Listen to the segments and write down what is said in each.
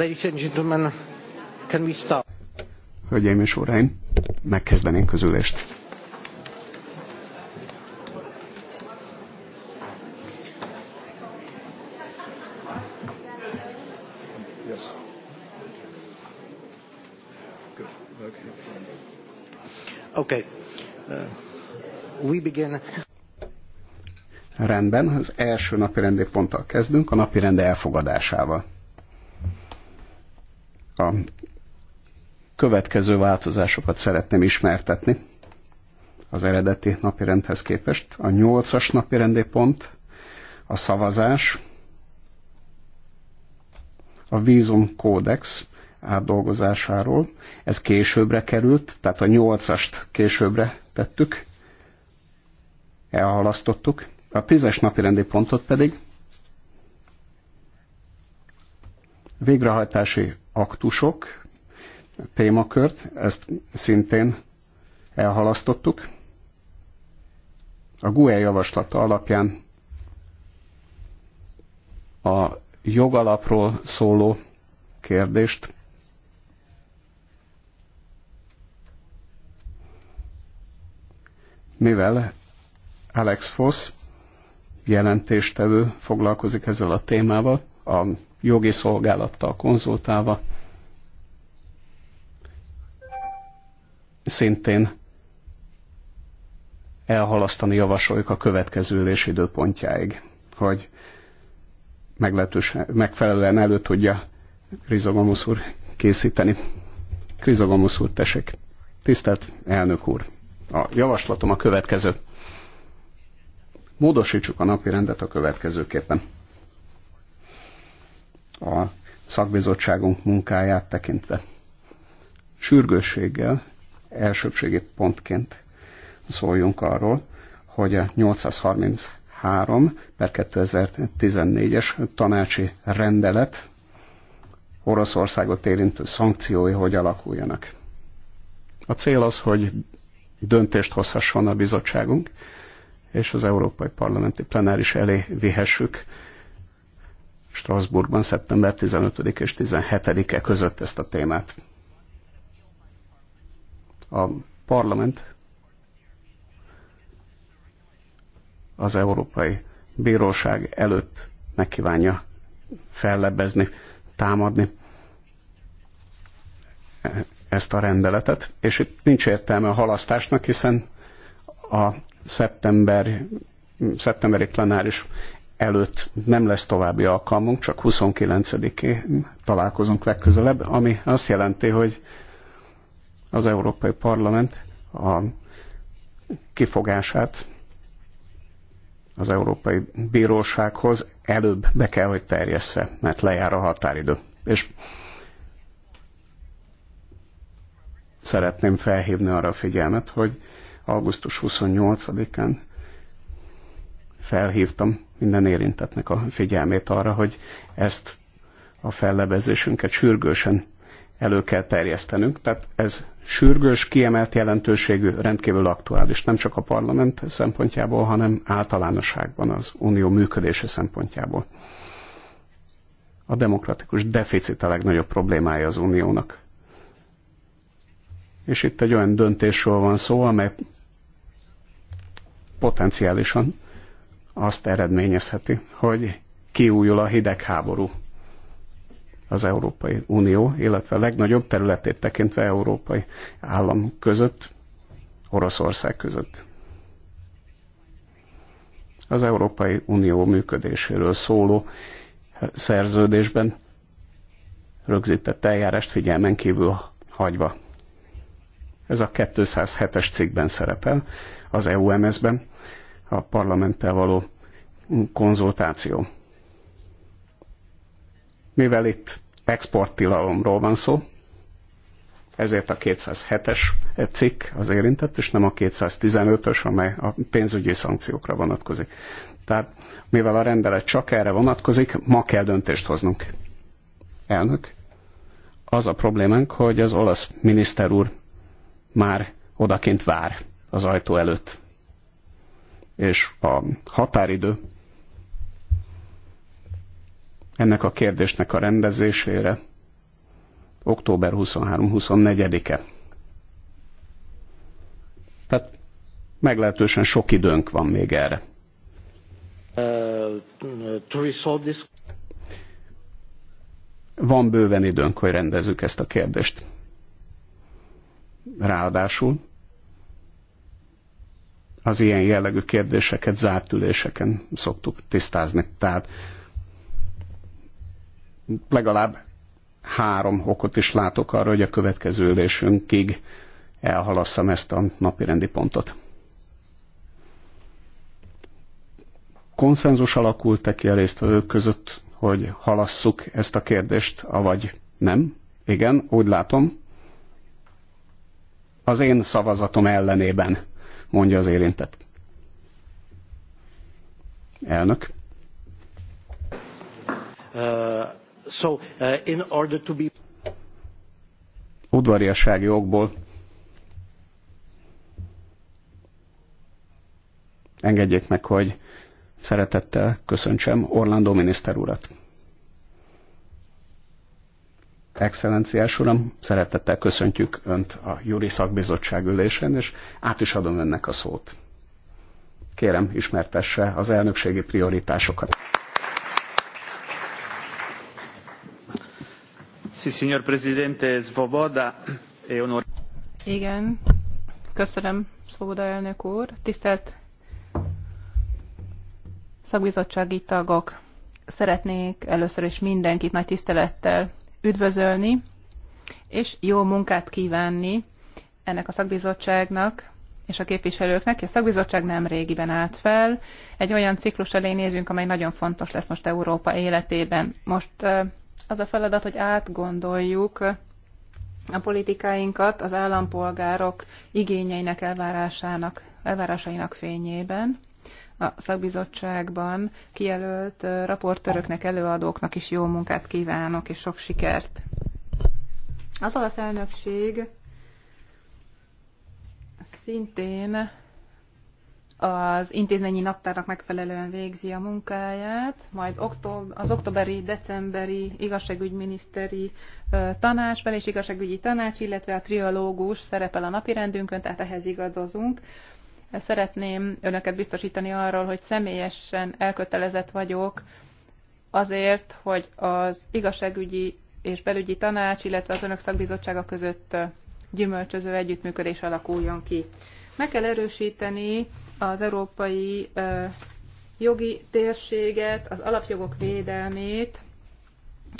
Ladies and gentlemen, can we start? Hölgyeim és uraim, megkezdenénk az ülést. Okay. Uh, we begin. Rendben, az első napi rendi ponttal kezdünk, a napi rende elfogadásával. következő változásokat szeretném ismertetni az eredeti napirendhez képest. A nyolcas napirendi pont, a szavazás, a kódex átdolgozásáról. Ez későbbre került, tehát a nyolcast későbbre tettük, elhalasztottuk. A tízes napirendi pontot pedig végrehajtási aktusok, témakört, ezt szintén elhalasztottuk. A GUE javaslata alapján a jogalapról szóló kérdést mivel Alex Foss jelentéstevő foglalkozik ezzel a témával, a jogi szolgálattal konzultálva, szintén elhalasztani javasoljuk a következő ülés időpontjáig, hogy megfelelően elő tudja Krizogomusz úr készíteni. Krizogomusz úr, tessék. Tisztelt elnök úr, a javaslatom a következő. Módosítsuk a napi rendet a következőképpen. A szakbizottságunk munkáját tekintve. Sürgősséggel elsőbségi pontként szóljunk arról, hogy a 833 per 2014-es tanácsi rendelet Oroszországot érintő szankciói hogy alakuljanak. A cél az, hogy döntést hozhasson a bizottságunk, és az Európai Parlamenti Plenáris elé vihessük Strasbourgban szeptember 15 és 17-e között ezt a témát. A parlament az Európai Bíróság előtt megkívánja fellebbezni, támadni ezt a rendeletet, és itt nincs értelme a halasztásnak, hiszen a szeptember, szeptemberi plenáris előtt nem lesz további alkalmunk, csak 29-én találkozunk legközelebb, ami azt jelenti, hogy az Európai Parlament a kifogását az Európai Bírósághoz előbb be kell, hogy terjessze, mert lejár a határidő. És szeretném felhívni arra a figyelmet, hogy augusztus 28-án felhívtam minden érintetnek a figyelmét arra, hogy ezt a fellebezésünket sürgősen elő kell terjesztenünk. Tehát ez sürgős, kiemelt jelentőségű, rendkívül aktuális, nem csak a parlament szempontjából, hanem általánosságban az unió működése szempontjából. A demokratikus deficit a legnagyobb problémája az uniónak. És itt egy olyan döntésről van szó, amely potenciálisan azt eredményezheti, hogy kiújul a hidegháború az Európai Unió, illetve a legnagyobb területét tekintve európai állam között, Oroszország között. Az Európai Unió működéséről szóló szerződésben rögzített eljárást figyelmen kívül hagyva. Ez a 207-es cikkben szerepel, az EUMS-ben, a parlamenttel való konzultáció mivel itt exporttilalomról van szó, ezért a 207-es cikk az érintett, és nem a 215-ös, amely a pénzügyi szankciókra vonatkozik. Tehát mivel a rendelet csak erre vonatkozik, ma kell döntést hoznunk. Elnök, az a problémánk, hogy az olasz miniszter úr már odakint vár az ajtó előtt. És a határidő ennek a kérdésnek a rendezésére október 23-24-e. Tehát meglehetősen sok időnk van még erre. Van bőven időnk, hogy rendezzük ezt a kérdést. Ráadásul az ilyen jellegű kérdéseket zárt üléseken szoktuk tisztázni. Tehát legalább három okot is látok arra, hogy a következő ülésünkig elhalasszam ezt a napirendi pontot. Konszenzus alakult -e ki a résztvevők között, hogy halasszuk ezt a kérdést, avagy nem? Igen, úgy látom. Az én szavazatom ellenében, mondja az érintett. Elnök. Uh So, uh, in order to be... Udvariassági okból engedjék meg, hogy szeretettel köszöntsem Orlandó miniszter urat. Excellenciás uram, szeretettel köszöntjük Önt a Juri Szakbizottság ülésen, és át is adom Önnek a szót. Kérem, ismertesse az elnökségi prioritásokat. presidente, Igen, köszönöm, Svoboda elnök úr. Tisztelt szakbizottsági tagok, szeretnék először is mindenkit nagy tisztelettel üdvözölni, és jó munkát kívánni ennek a szakbizottságnak és a képviselőknek. A szakbizottság nem régiben állt fel. Egy olyan ciklus elé nézünk, amely nagyon fontos lesz most Európa életében. Most az a feladat, hogy átgondoljuk a politikáinkat az állampolgárok igényeinek, elvárásának, elvárásainak fényében. A szakbizottságban kijelölt raportöröknek, előadóknak is jó munkát kívánok, és sok sikert. Az olasz elnökség szintén az intézményi naptárnak megfelelően végzi a munkáját, majd az októberi, decemberi igazságügyminiszteri tanácsban és igazságügyi tanács, illetve a triológus szerepel a napirendünkön, tehát ehhez igazozunk. Szeretném önöket biztosítani arról, hogy személyesen elkötelezett vagyok azért, hogy az igazságügyi és belügyi tanács, illetve az önök szakbizottsága között gyümölcsöző együttműködés alakuljon ki. Meg kell erősíteni az európai jogi térséget, az alapjogok védelmét.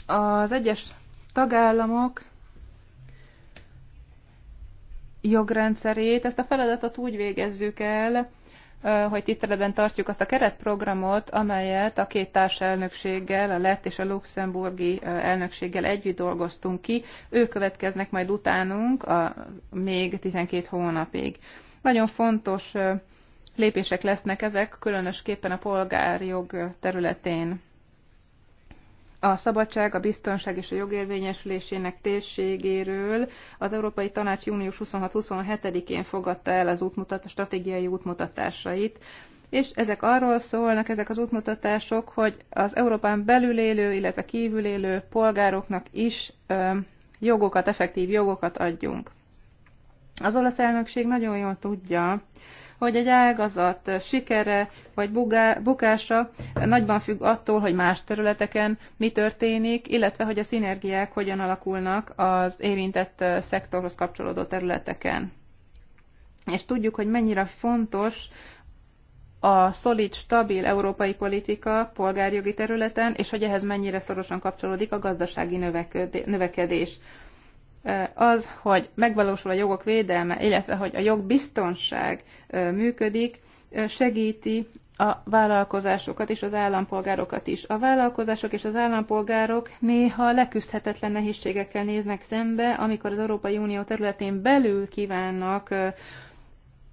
Az egyes tagállamok jogrendszerét, ezt a feladatot úgy végezzük el, hogy tiszteletben tartjuk azt a keretprogramot, amelyet a két társelnökséggel, a lett és a luxemburgi elnökséggel együtt dolgoztunk ki. Ők következnek majd utánunk a még 12 hónapig. Nagyon fontos lépések lesznek ezek, különösképpen a polgárjog területén. A szabadság, a biztonság és a jogérvényesülésének térségéről az Európai Tanács június 26-27-én fogadta el az útmutat, a stratégiai útmutatásait, és ezek arról szólnak, ezek az útmutatások, hogy az Európán belül élő, illetve kívül élő polgároknak is ö, jogokat, effektív jogokat adjunk. Az olasz elnökség nagyon jól tudja, hogy egy ágazat sikere vagy bukása nagyban függ attól, hogy más területeken mi történik, illetve hogy a szinergiák hogyan alakulnak az érintett szektorhoz kapcsolódó területeken. És tudjuk, hogy mennyire fontos a szolid, stabil európai politika polgárjogi területen, és hogy ehhez mennyire szorosan kapcsolódik a gazdasági növekedés az, hogy megvalósul a jogok védelme, illetve hogy a jogbiztonság működik, segíti a vállalkozásokat és az állampolgárokat is. A vállalkozások és az állampolgárok néha leküzdhetetlen nehézségekkel néznek szembe, amikor az Európai Unió területén belül kívánnak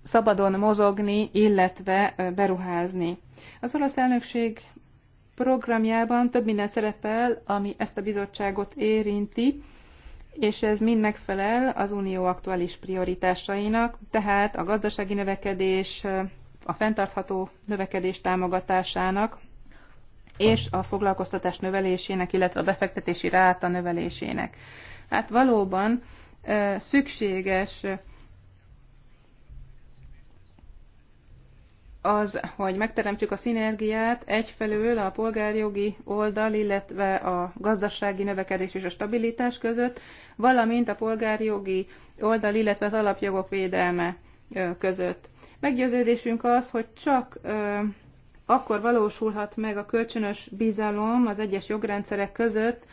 szabadon mozogni, illetve beruházni. Az olasz elnökség programjában több minden szerepel, ami ezt a bizottságot érinti, és ez mind megfelel az unió aktuális prioritásainak, tehát a gazdasági növekedés, a fenntartható növekedés támogatásának, és a foglalkoztatás növelésének, illetve a befektetési ráta növelésének. Hát valóban szükséges az, hogy megteremtsük a szinergiát egyfelől a polgárjogi oldal, illetve a gazdasági növekedés és a stabilitás között, valamint a polgárjogi oldal, illetve az alapjogok védelme között. Meggyőződésünk az, hogy csak akkor valósulhat meg a kölcsönös bizalom az egyes jogrendszerek között,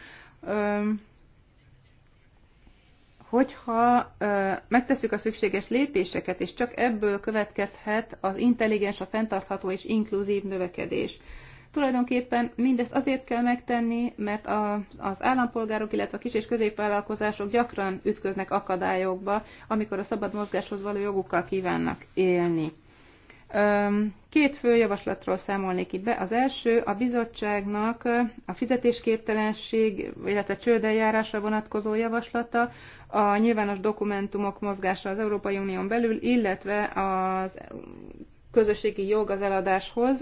hogyha ö, megtesszük a szükséges lépéseket, és csak ebből következhet az intelligens, a fenntartható és inkluzív növekedés. Tulajdonképpen mindezt azért kell megtenni, mert a, az állampolgárok, illetve a kis- és középvállalkozások gyakran ütköznek akadályokba, amikor a szabad mozgáshoz való jogukkal kívánnak élni. Két fő javaslatról számolnék itt be. Az első a bizottságnak a fizetésképtelenség, illetve csődeljárásra vonatkozó javaslata, a nyilvános dokumentumok mozgása az Európai Unión belül, illetve az közösségi jog az eladáshoz.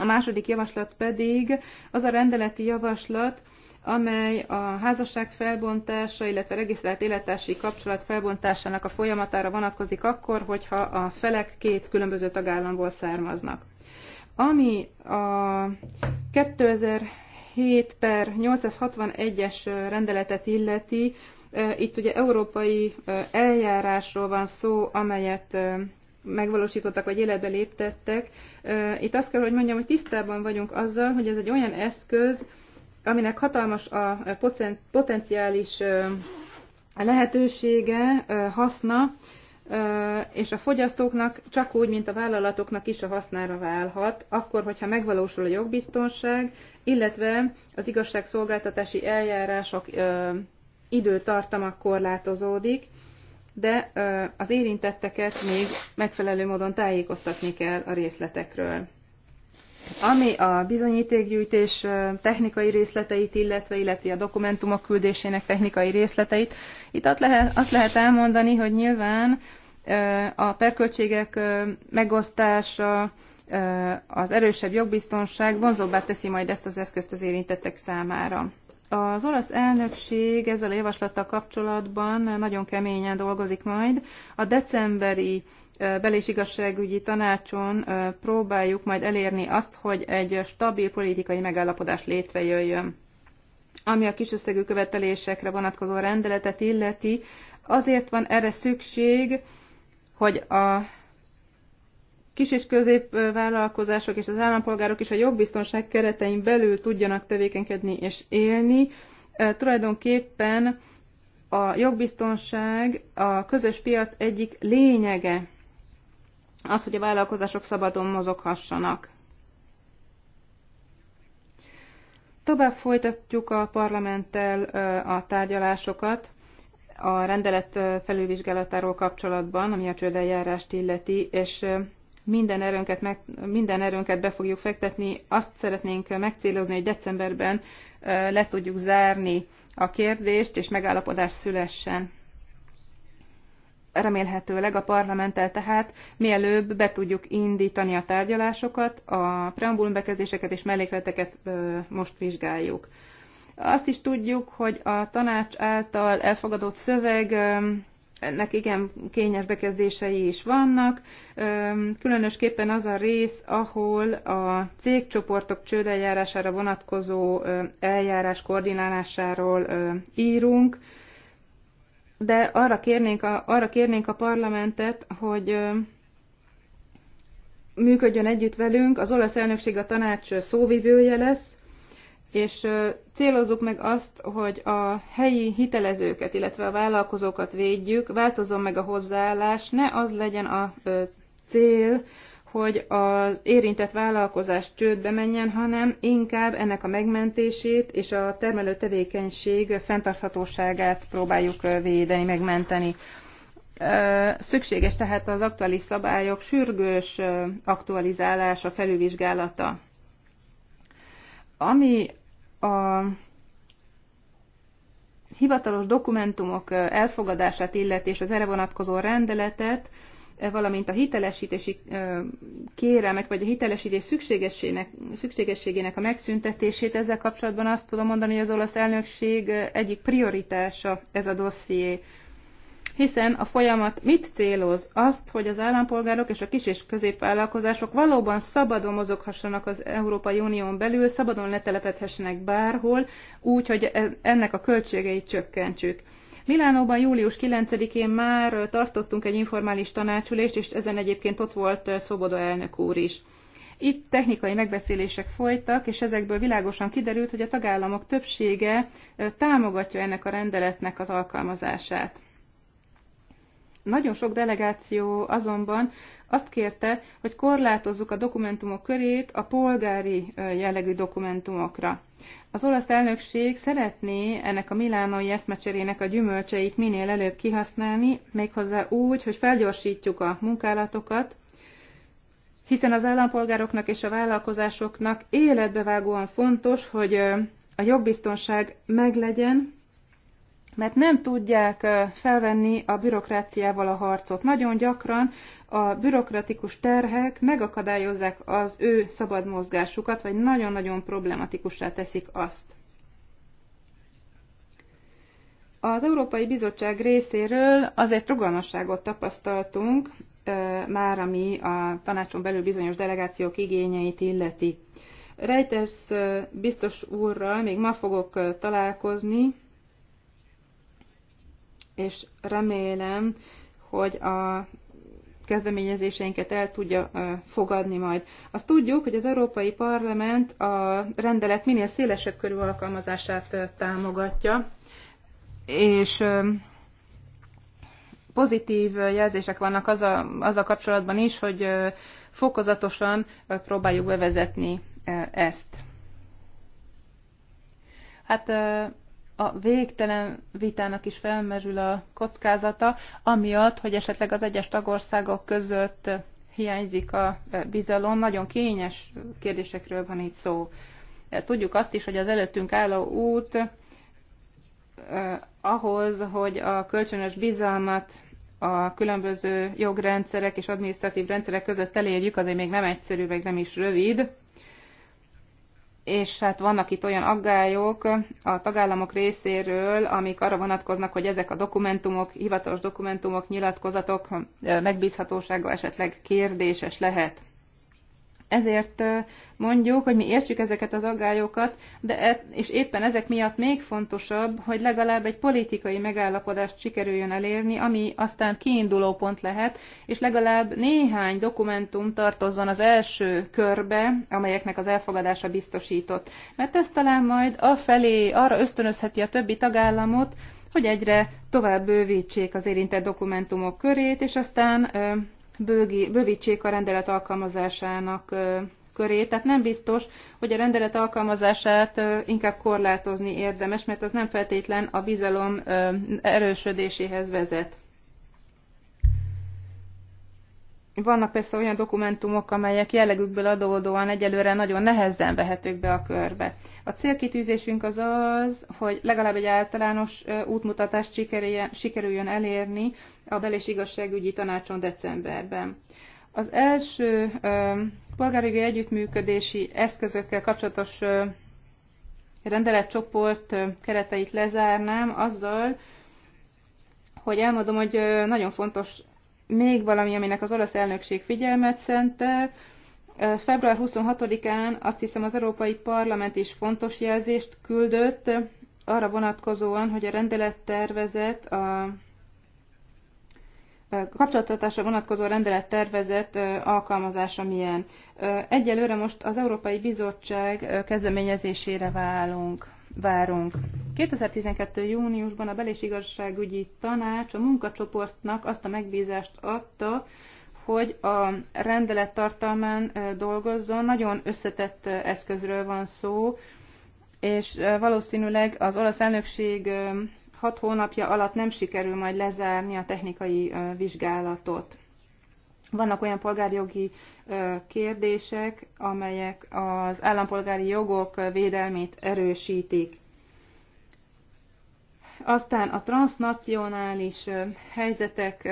A második javaslat pedig az a rendeleti javaslat, amely a házasság felbontása, illetve regisztrált élettársi kapcsolat felbontásának a folyamatára vonatkozik akkor, hogyha a felek két különböző tagállamból származnak. Ami a 2007 per 861-es rendeletet illeti, e, itt ugye európai e, eljárásról van szó, amelyet e, megvalósítottak vagy életbe léptettek. Itt azt kell, hogy mondjam, hogy tisztában vagyunk azzal, hogy ez egy olyan eszköz, aminek hatalmas a potenciális lehetősége, haszna, és a fogyasztóknak csak úgy, mint a vállalatoknak is a hasznára válhat, akkor, hogyha megvalósul a jogbiztonság, illetve az igazságszolgáltatási eljárások időtartama korlátozódik, de az érintetteket még megfelelő módon tájékoztatni kell a részletekről. Ami a bizonyítékgyűjtés technikai részleteit, illetve, illetve a dokumentumok küldésének technikai részleteit, itt azt lehet, azt lehet elmondani, hogy nyilván a perköltségek megosztása, az erősebb jogbiztonság vonzóbbá teszi majd ezt az eszközt az érintettek számára. Az olasz elnökség ezzel a javaslattal kapcsolatban nagyon keményen dolgozik majd. A decemberi bel- és igazságügyi tanácson próbáljuk majd elérni azt, hogy egy stabil politikai megállapodás létrejöjjön. Ami a kisösszegű követelésekre vonatkozó rendeletet illeti, azért van erre szükség, hogy a kis és középvállalkozások és az állampolgárok is a jogbiztonság keretein belül tudjanak tevékenykedni és élni. Tulajdonképpen a jogbiztonság a közös piac egyik lényege az, hogy a vállalkozások szabadon mozoghassanak. Tovább folytatjuk a parlamenttel a tárgyalásokat a rendelet felülvizsgálatáról kapcsolatban, ami a csődeljárást illeti, és minden erőnket, meg, minden erőnket be fogjuk fektetni. Azt szeretnénk megcélozni, hogy decemberben le tudjuk zárni a kérdést, és megállapodás szülessen remélhetőleg a parlamenttel tehát mielőbb be tudjuk indítani a tárgyalásokat, a preambulum bekezdéseket és mellékleteket most vizsgáljuk. Azt is tudjuk, hogy a tanács által elfogadott szöveg ennek igen kényes bekezdései is vannak, különösképpen az a rész, ahol a cégcsoportok csődeljárására vonatkozó eljárás koordinálásáról írunk, de arra kérnénk a, arra kérnénk a parlamentet, hogy működjön együtt velünk. Az olasz elnökség a tanács szóvivője lesz, és célozzuk meg azt, hogy a helyi hitelezőket, illetve a vállalkozókat védjük, változom meg a hozzáállás, ne az legyen a cél, hogy az érintett vállalkozás csődbe menjen, hanem inkább ennek a megmentését és a termelő tevékenység fenntarthatóságát próbáljuk védeni, megmenteni. Szükséges tehát az aktuális szabályok sürgős aktualizálása, felülvizsgálata. Ami a hivatalos dokumentumok elfogadását illeti és az erre vonatkozó rendeletet, valamint a hitelesítési kérelmek, vagy a hitelesítés szükségességének, szükségességének a megszüntetését. Ezzel kapcsolatban azt tudom mondani, hogy az olasz elnökség egyik prioritása ez a dosszié. Hiszen a folyamat mit céloz? Azt, hogy az állampolgárok és a kis- és középvállalkozások valóban szabadon mozoghassanak az Európai Unión belül, szabadon letelepedhessenek bárhol, úgy, hogy e- ennek a költségeit csökkentsük. Milánóban július 9-én már tartottunk egy informális tanácsülést, és ezen egyébként ott volt eh, Szoboda elnök úr is. Itt technikai megbeszélések folytak, és ezekből világosan kiderült, hogy a tagállamok többsége eh, támogatja ennek a rendeletnek az alkalmazását. Nagyon sok delegáció azonban azt kérte, hogy korlátozzuk a dokumentumok körét a polgári jellegű dokumentumokra. Az olasz elnökség szeretné ennek a milánoi eszmecserének a gyümölcseit minél előbb kihasználni, méghozzá úgy, hogy felgyorsítjuk a munkálatokat, hiszen az állampolgároknak és a vállalkozásoknak életbevágóan fontos, hogy a jogbiztonság meglegyen, mert nem tudják felvenni a bürokráciával a harcot. Nagyon gyakran a bürokratikus terhek megakadályozzák az ő szabad mozgásukat, vagy nagyon-nagyon problematikussá teszik azt. Az Európai Bizottság részéről azért rugalmasságot tapasztaltunk, már ami a tanácson belül bizonyos delegációk igényeit illeti. Reuters biztos úrral még ma fogok találkozni, és remélem, hogy a kezdeményezéseinket el tudja fogadni majd. Azt tudjuk, hogy az Európai Parlament a rendelet minél szélesebb körű alkalmazását támogatja, és pozitív jelzések vannak az a, az a kapcsolatban is, hogy fokozatosan próbáljuk bevezetni ezt. Hát a végtelen vitának is felmerül a kockázata, amiatt, hogy esetleg az egyes tagországok között hiányzik a bizalom. Nagyon kényes kérdésekről van itt szó. Tudjuk azt is, hogy az előttünk álló út ahhoz, hogy a kölcsönös bizalmat a különböző jogrendszerek és adminisztratív rendszerek között elérjük, azért még nem egyszerű, meg nem is rövid és hát vannak itt olyan aggályok a tagállamok részéről, amik arra vonatkoznak, hogy ezek a dokumentumok, hivatalos dokumentumok, nyilatkozatok megbízhatósága esetleg kérdéses lehet. Ezért mondjuk, hogy mi értjük ezeket az aggályokat, de e, és éppen ezek miatt még fontosabb, hogy legalább egy politikai megállapodást sikerüljön elérni, ami aztán kiinduló pont lehet, és legalább néhány dokumentum tartozzon az első körbe, amelyeknek az elfogadása biztosított. Mert ez talán majd afelé arra ösztönözheti a többi tagállamot, hogy egyre tovább bővítsék az érintett dokumentumok körét, és aztán bőgi, bővítsék a rendelet alkalmazásának köré. Tehát nem biztos, hogy a rendelet alkalmazását inkább korlátozni érdemes, mert az nem feltétlen a bizalom erősödéséhez vezet. Vannak persze olyan dokumentumok, amelyek jellegükből adódóan egyelőre nagyon nehezen vehetők be a körbe. A célkitűzésünk az az, hogy legalább egy általános útmutatást sikerüljön elérni a bel- és igazságügyi tanácson decemberben. Az első polgárjogi együttműködési eszközökkel kapcsolatos rendeletcsoport kereteit lezárnám azzal, hogy elmondom, hogy nagyon fontos még valami, aminek az olasz elnökség figyelmet szentel, február 26-án azt hiszem az Európai Parlament is fontos jelzést küldött arra vonatkozóan, hogy a rendelettervezet a kapcsolatotásra vonatkozó rendelet tervezett alkalmazása milyen. Egyelőre most az Európai Bizottság kezdeményezésére válunk várunk. 2012. júniusban a Belés Igazságügyi Tanács a munkacsoportnak azt a megbízást adta, hogy a rendelet tartalmán dolgozzon. Nagyon összetett eszközről van szó, és valószínűleg az olasz elnökség hat hónapja alatt nem sikerül majd lezárni a technikai vizsgálatot. Vannak olyan polgárjogi kérdések, amelyek az állampolgári jogok védelmét erősítik. Aztán a transnacionális helyzetek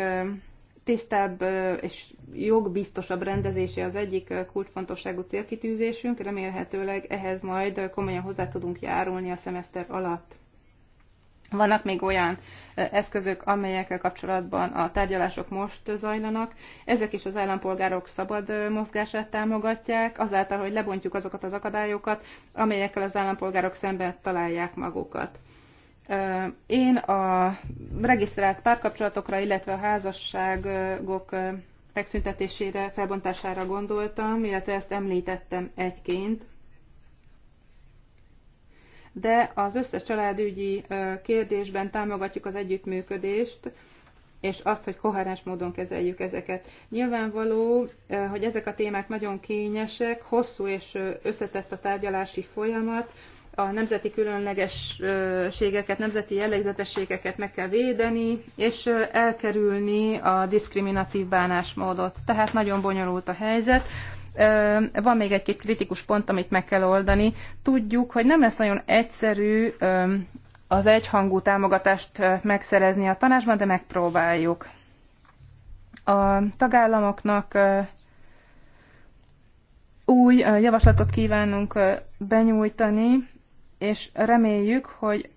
tisztább és jogbiztosabb rendezése az egyik kulcsfontosságú célkitűzésünk, remélhetőleg ehhez majd komolyan hozzá tudunk járulni a szemeszter alatt. Vannak még olyan eszközök, amelyekkel kapcsolatban a tárgyalások most zajlanak. Ezek is az állampolgárok szabad mozgását támogatják, azáltal, hogy lebontjuk azokat az akadályokat, amelyekkel az állampolgárok szemben találják magukat. Én a regisztrált párkapcsolatokra, illetve a házasságok megszüntetésére, felbontására gondoltam, illetve ezt említettem egyként de az összes családügyi kérdésben támogatjuk az együttműködést, és azt, hogy koherens módon kezeljük ezeket. Nyilvánvaló, hogy ezek a témák nagyon kényesek, hosszú és összetett a tárgyalási folyamat, a nemzeti különlegességeket, nemzeti jellegzetességeket meg kell védeni, és elkerülni a diszkriminatív bánásmódot. Tehát nagyon bonyolult a helyzet, van még egy-két kritikus pont, amit meg kell oldani. Tudjuk, hogy nem lesz nagyon egyszerű az egyhangú támogatást megszerezni a tanácsban, de megpróbáljuk. A tagállamoknak új javaslatot kívánunk benyújtani, és reméljük, hogy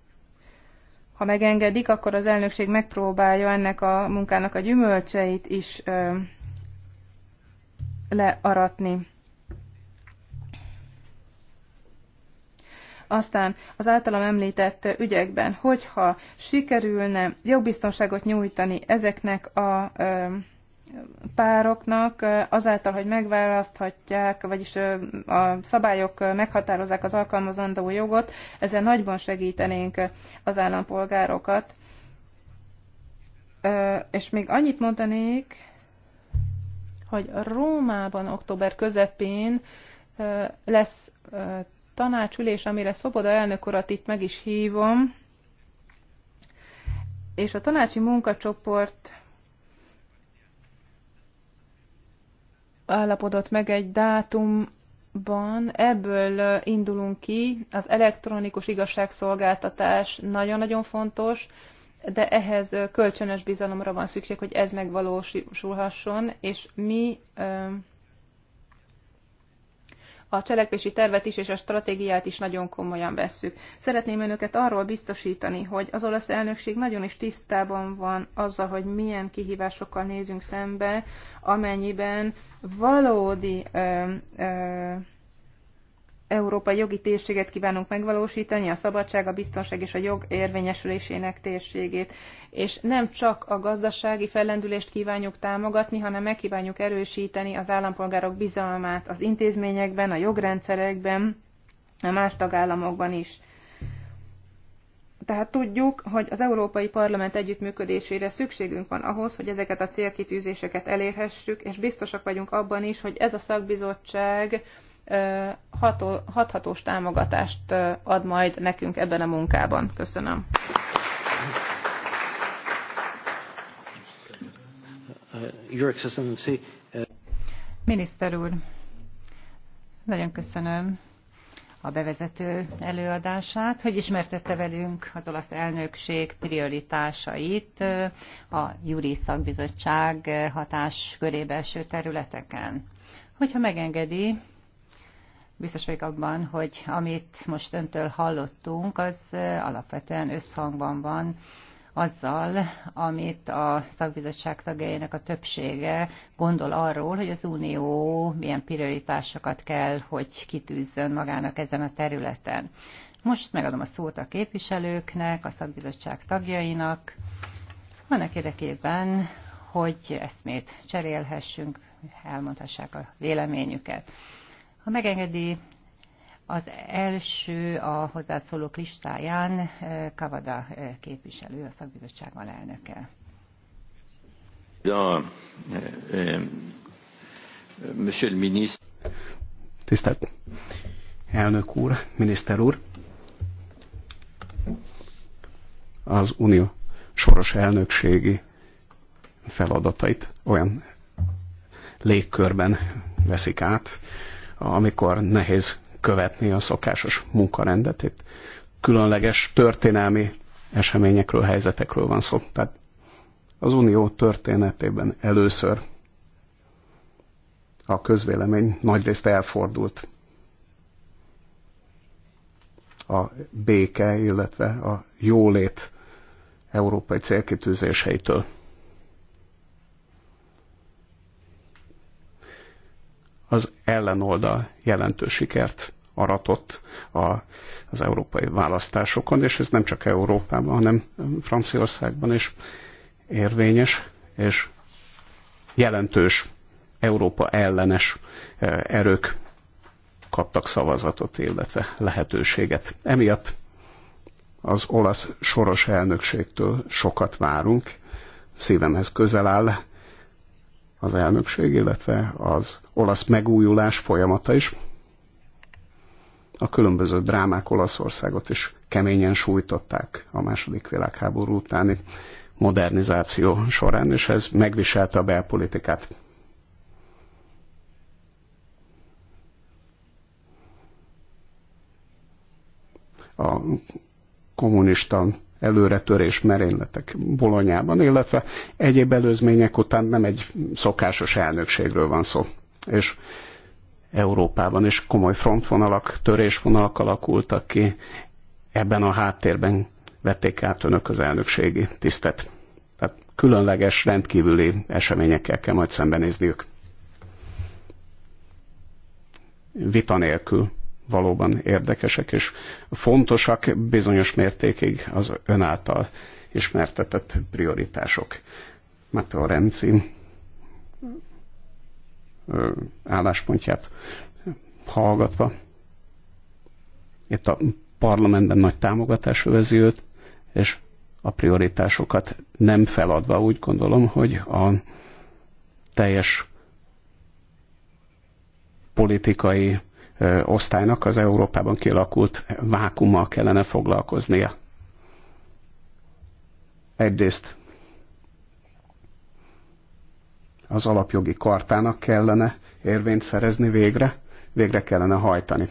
ha megengedik, akkor az elnökség megpróbálja ennek a munkának a gyümölcseit is learatni. Aztán az általam említett ügyekben, hogyha sikerülne jogbiztonságot nyújtani ezeknek a pároknak azáltal, hogy megválaszthatják, vagyis a szabályok meghatározzák az alkalmazandó jogot, ezzel nagyban segítenénk az állampolgárokat. És még annyit mondanék, hogy Rómában október közepén lesz tanácsülés, amire Szoboda elnök urat itt meg is hívom, és a tanácsi munkacsoport állapodott meg egy dátumban, ebből indulunk ki, az elektronikus igazságszolgáltatás nagyon-nagyon fontos, de ehhez kölcsönös bizalomra van szükség, hogy ez megvalósulhasson, és mi a cselekvési tervet is és a stratégiát is nagyon komolyan vesszük. Szeretném önöket arról biztosítani, hogy az olasz elnökség nagyon is tisztában van azzal, hogy milyen kihívásokkal nézünk szembe, amennyiben valódi ö, ö, európai jogi térséget kívánunk megvalósítani, a szabadság, a biztonság és a jog érvényesülésének térségét. És nem csak a gazdasági fellendülést kívánjuk támogatni, hanem megkívánjuk erősíteni az állampolgárok bizalmát az intézményekben, a jogrendszerekben, a más tagállamokban is. Tehát tudjuk, hogy az Európai Parlament együttműködésére szükségünk van ahhoz, hogy ezeket a célkitűzéseket elérhessük, és biztosak vagyunk abban is, hogy ez a szakbizottság ható, hathatós támogatást ad majd nekünk ebben a munkában. Köszönöm. Uh, Your Excellency. Uh, Miniszter úr, nagyon köszönöm a bevezető előadását, hogy ismertette velünk az olasz elnökség prioritásait a Júri Szakbizottság hatáskörébe eső területeken. Hogyha megengedi, biztos vagyok abban, hogy amit most öntől hallottunk, az alapvetően összhangban van azzal, amit a szakbizottság tagjainak a többsége gondol arról, hogy az Unió milyen prioritásokat kell, hogy kitűzzön magának ezen a területen. Most megadom a szót a képviselőknek, a szakbizottság tagjainak, annak érdekében, hogy eszmét cserélhessünk, elmondhassák a véleményüket. Ha megengedi, az első a hozzászólók listáján eh, Kavada eh, képviselő, a szakbizottság alelnöke. Eh, Tisztelt elnök úr, miniszter úr, az unió soros elnökségi feladatait olyan légkörben veszik át, amikor nehéz követni a szokásos munkarendet. Itt különleges történelmi eseményekről, helyzetekről van szó. Tehát az Unió történetében először a közvélemény nagyrészt elfordult a béke, illetve a jólét európai célkitűzéseitől. az ellenoldal jelentős sikert aratott a, az európai választásokon, és ez nem csak Európában, hanem Franciaországban is érvényes, és jelentős Európa ellenes e, erők kaptak szavazatot, illetve lehetőséget. Emiatt az olasz soros elnökségtől sokat várunk, szívemhez közel áll az elnökség, illetve az olasz megújulás folyamata is. A különböző drámák Olaszországot is keményen sújtották a második világháború utáni modernizáció során, és ez megviselte a belpolitikát. A kommunista előretörés merényletek Bolonyában, illetve egyéb előzmények után nem egy szokásos elnökségről van szó. És Európában is komoly frontvonalak, törésvonalak alakultak ki, ebben a háttérben vették át önök az elnökségi tisztet. Tehát különleges, rendkívüli eseményekkel kell majd szembenézniük. Vita nélkül valóban érdekesek és fontosak bizonyos mértékig az ön által ismertetett prioritások. Mateo Renzi álláspontját hallgatva. Itt a parlamentben nagy támogatás övezi őt, és a prioritásokat nem feladva úgy gondolom, hogy a teljes politikai osztálynak az Európában kialakult vákummal kellene foglalkoznia. Egyrészt az alapjogi kartának kellene érvényt szerezni végre, végre kellene hajtani.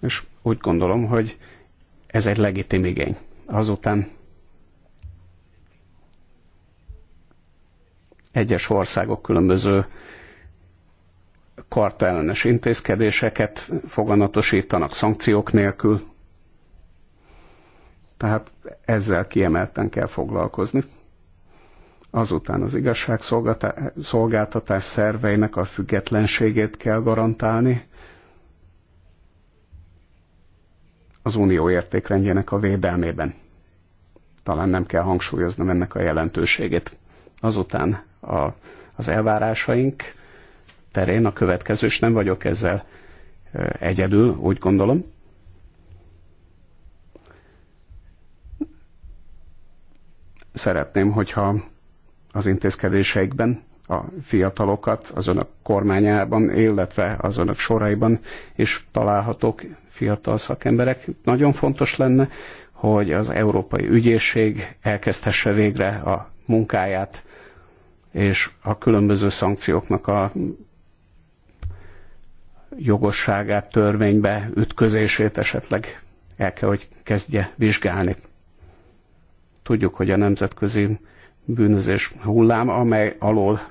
És úgy gondolom, hogy ez egy legitim igény. Azután egyes országok különböző kartellenes intézkedéseket foganatosítanak szankciók nélkül. Tehát ezzel kiemelten kell foglalkozni. Azután az igazságszolgáltatás szerveinek a függetlenségét kell garantálni, az unió értékrendjének a védelmében. Talán nem kell hangsúlyoznom ennek a jelentőségét. Azután a, az elvárásaink terén a következő, és nem vagyok ezzel egyedül, úgy gondolom. Szeretném, hogyha az intézkedéseikben a fiatalokat az önök kormányában, illetve az önök soraiban is találhatók fiatal szakemberek. Nagyon fontos lenne, hogy az Európai Ügyészség elkezdhesse végre a munkáját, és a különböző szankcióknak a jogosságát, törvénybe ütközését esetleg el kell, hogy kezdje vizsgálni. Tudjuk, hogy a nemzetközi bűnözés hullám, amely alól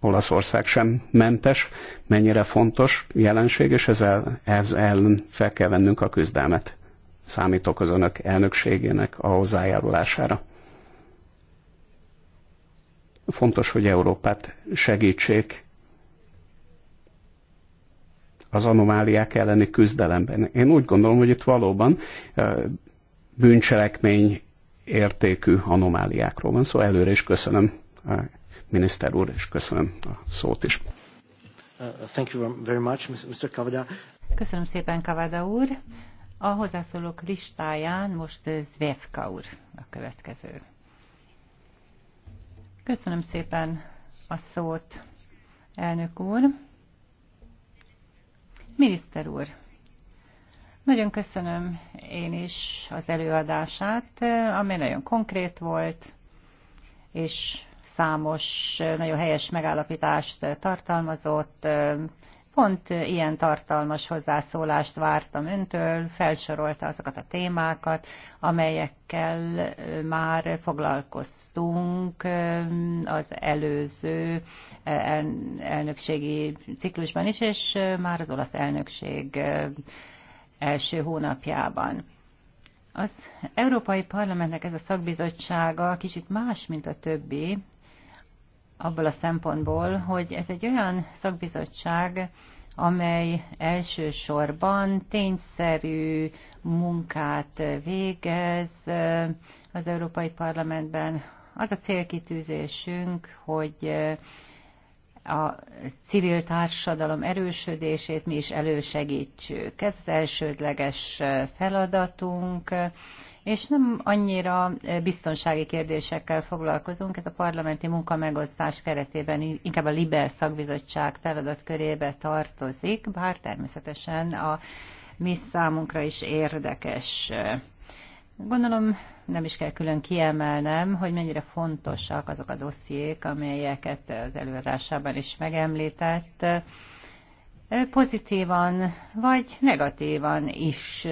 Olaszország sem mentes, mennyire fontos jelenség, és ezzel, ez ellen fel kell vennünk a küzdelmet. Számítok az önök elnökségének a hozzájárulására. Fontos, hogy Európát segítsék az anomáliák elleni küzdelemben. Én úgy gondolom, hogy itt valóban bűncselekmény értékű anomáliákról van szó. Szóval előre is köszönöm, miniszter úr, és köszönöm a szót is. Uh, thank you very much, Mr. Kavada. Köszönöm szépen, Kavada úr. A hozzászólók listáján most Zvevka úr a következő. Köszönöm szépen a szót, elnök úr. Miniszter úr, nagyon köszönöm én is az előadását, amely nagyon konkrét volt, és számos nagyon helyes megállapítást tartalmazott, Pont ilyen tartalmas hozzászólást vártam öntől, felsorolta azokat a témákat, amelyekkel már foglalkoztunk az előző elnökségi ciklusban is, és már az olasz elnökség első hónapjában. Az Európai Parlamentnek ez a szakbizottsága kicsit más, mint a többi, abból a szempontból, hogy ez egy olyan szakbizottság, amely elsősorban tényszerű munkát végez eh, az Európai Parlamentben. Az a célkitűzésünk, hogy eh, a civil társadalom erősödését mi is elősegítsük. Ez az elsődleges eh, feladatunk, és nem annyira eh, biztonsági kérdésekkel foglalkozunk, ez a parlamenti munkamegosztás keretében inkább a Liber szakbizottság feladatkörébe tartozik, bár természetesen a mi számunkra is érdekes. Gondolom nem is kell külön kiemelnem, hogy mennyire fontosak azok a dossziék, amelyeket az előadásában is megemlített, pozitívan vagy negatívan is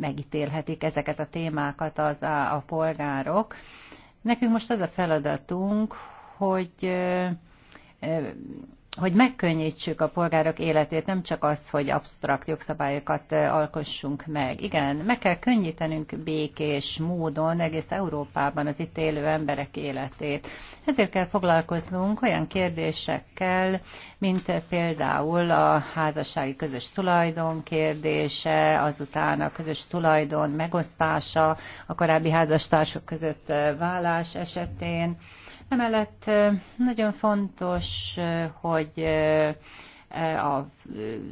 megítélhetik ezeket a témákat az a, a polgárok. Nekünk most az a feladatunk, hogy hogy megkönnyítsük a polgárok életét, nem csak az, hogy absztrakt jogszabályokat alkossunk meg. Igen, meg kell könnyítenünk békés módon egész Európában az itt élő emberek életét. Ezért kell foglalkoznunk olyan kérdésekkel, mint például a házassági közös tulajdon kérdése, azután a közös tulajdon megosztása a korábbi házastársok között vállás esetén, Emellett nagyon fontos, hogy a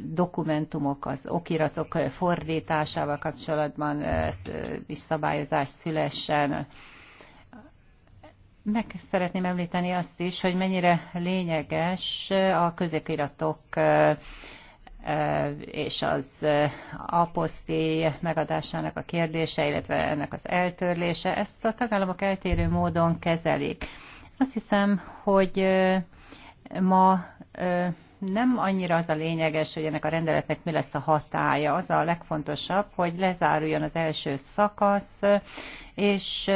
dokumentumok, az okiratok fordításával kapcsolatban is szabályozás szülessen. Meg szeretném említeni azt is, hogy mennyire lényeges a közökiratok és az aposté megadásának a kérdése, illetve ennek az eltörlése, ezt a tagállamok eltérő módon kezelik. Azt hiszem, hogy ma nem annyira az a lényeges, hogy ennek a rendeletnek mi lesz a hatája. Az a legfontosabb, hogy lezáruljon az első szakasz, és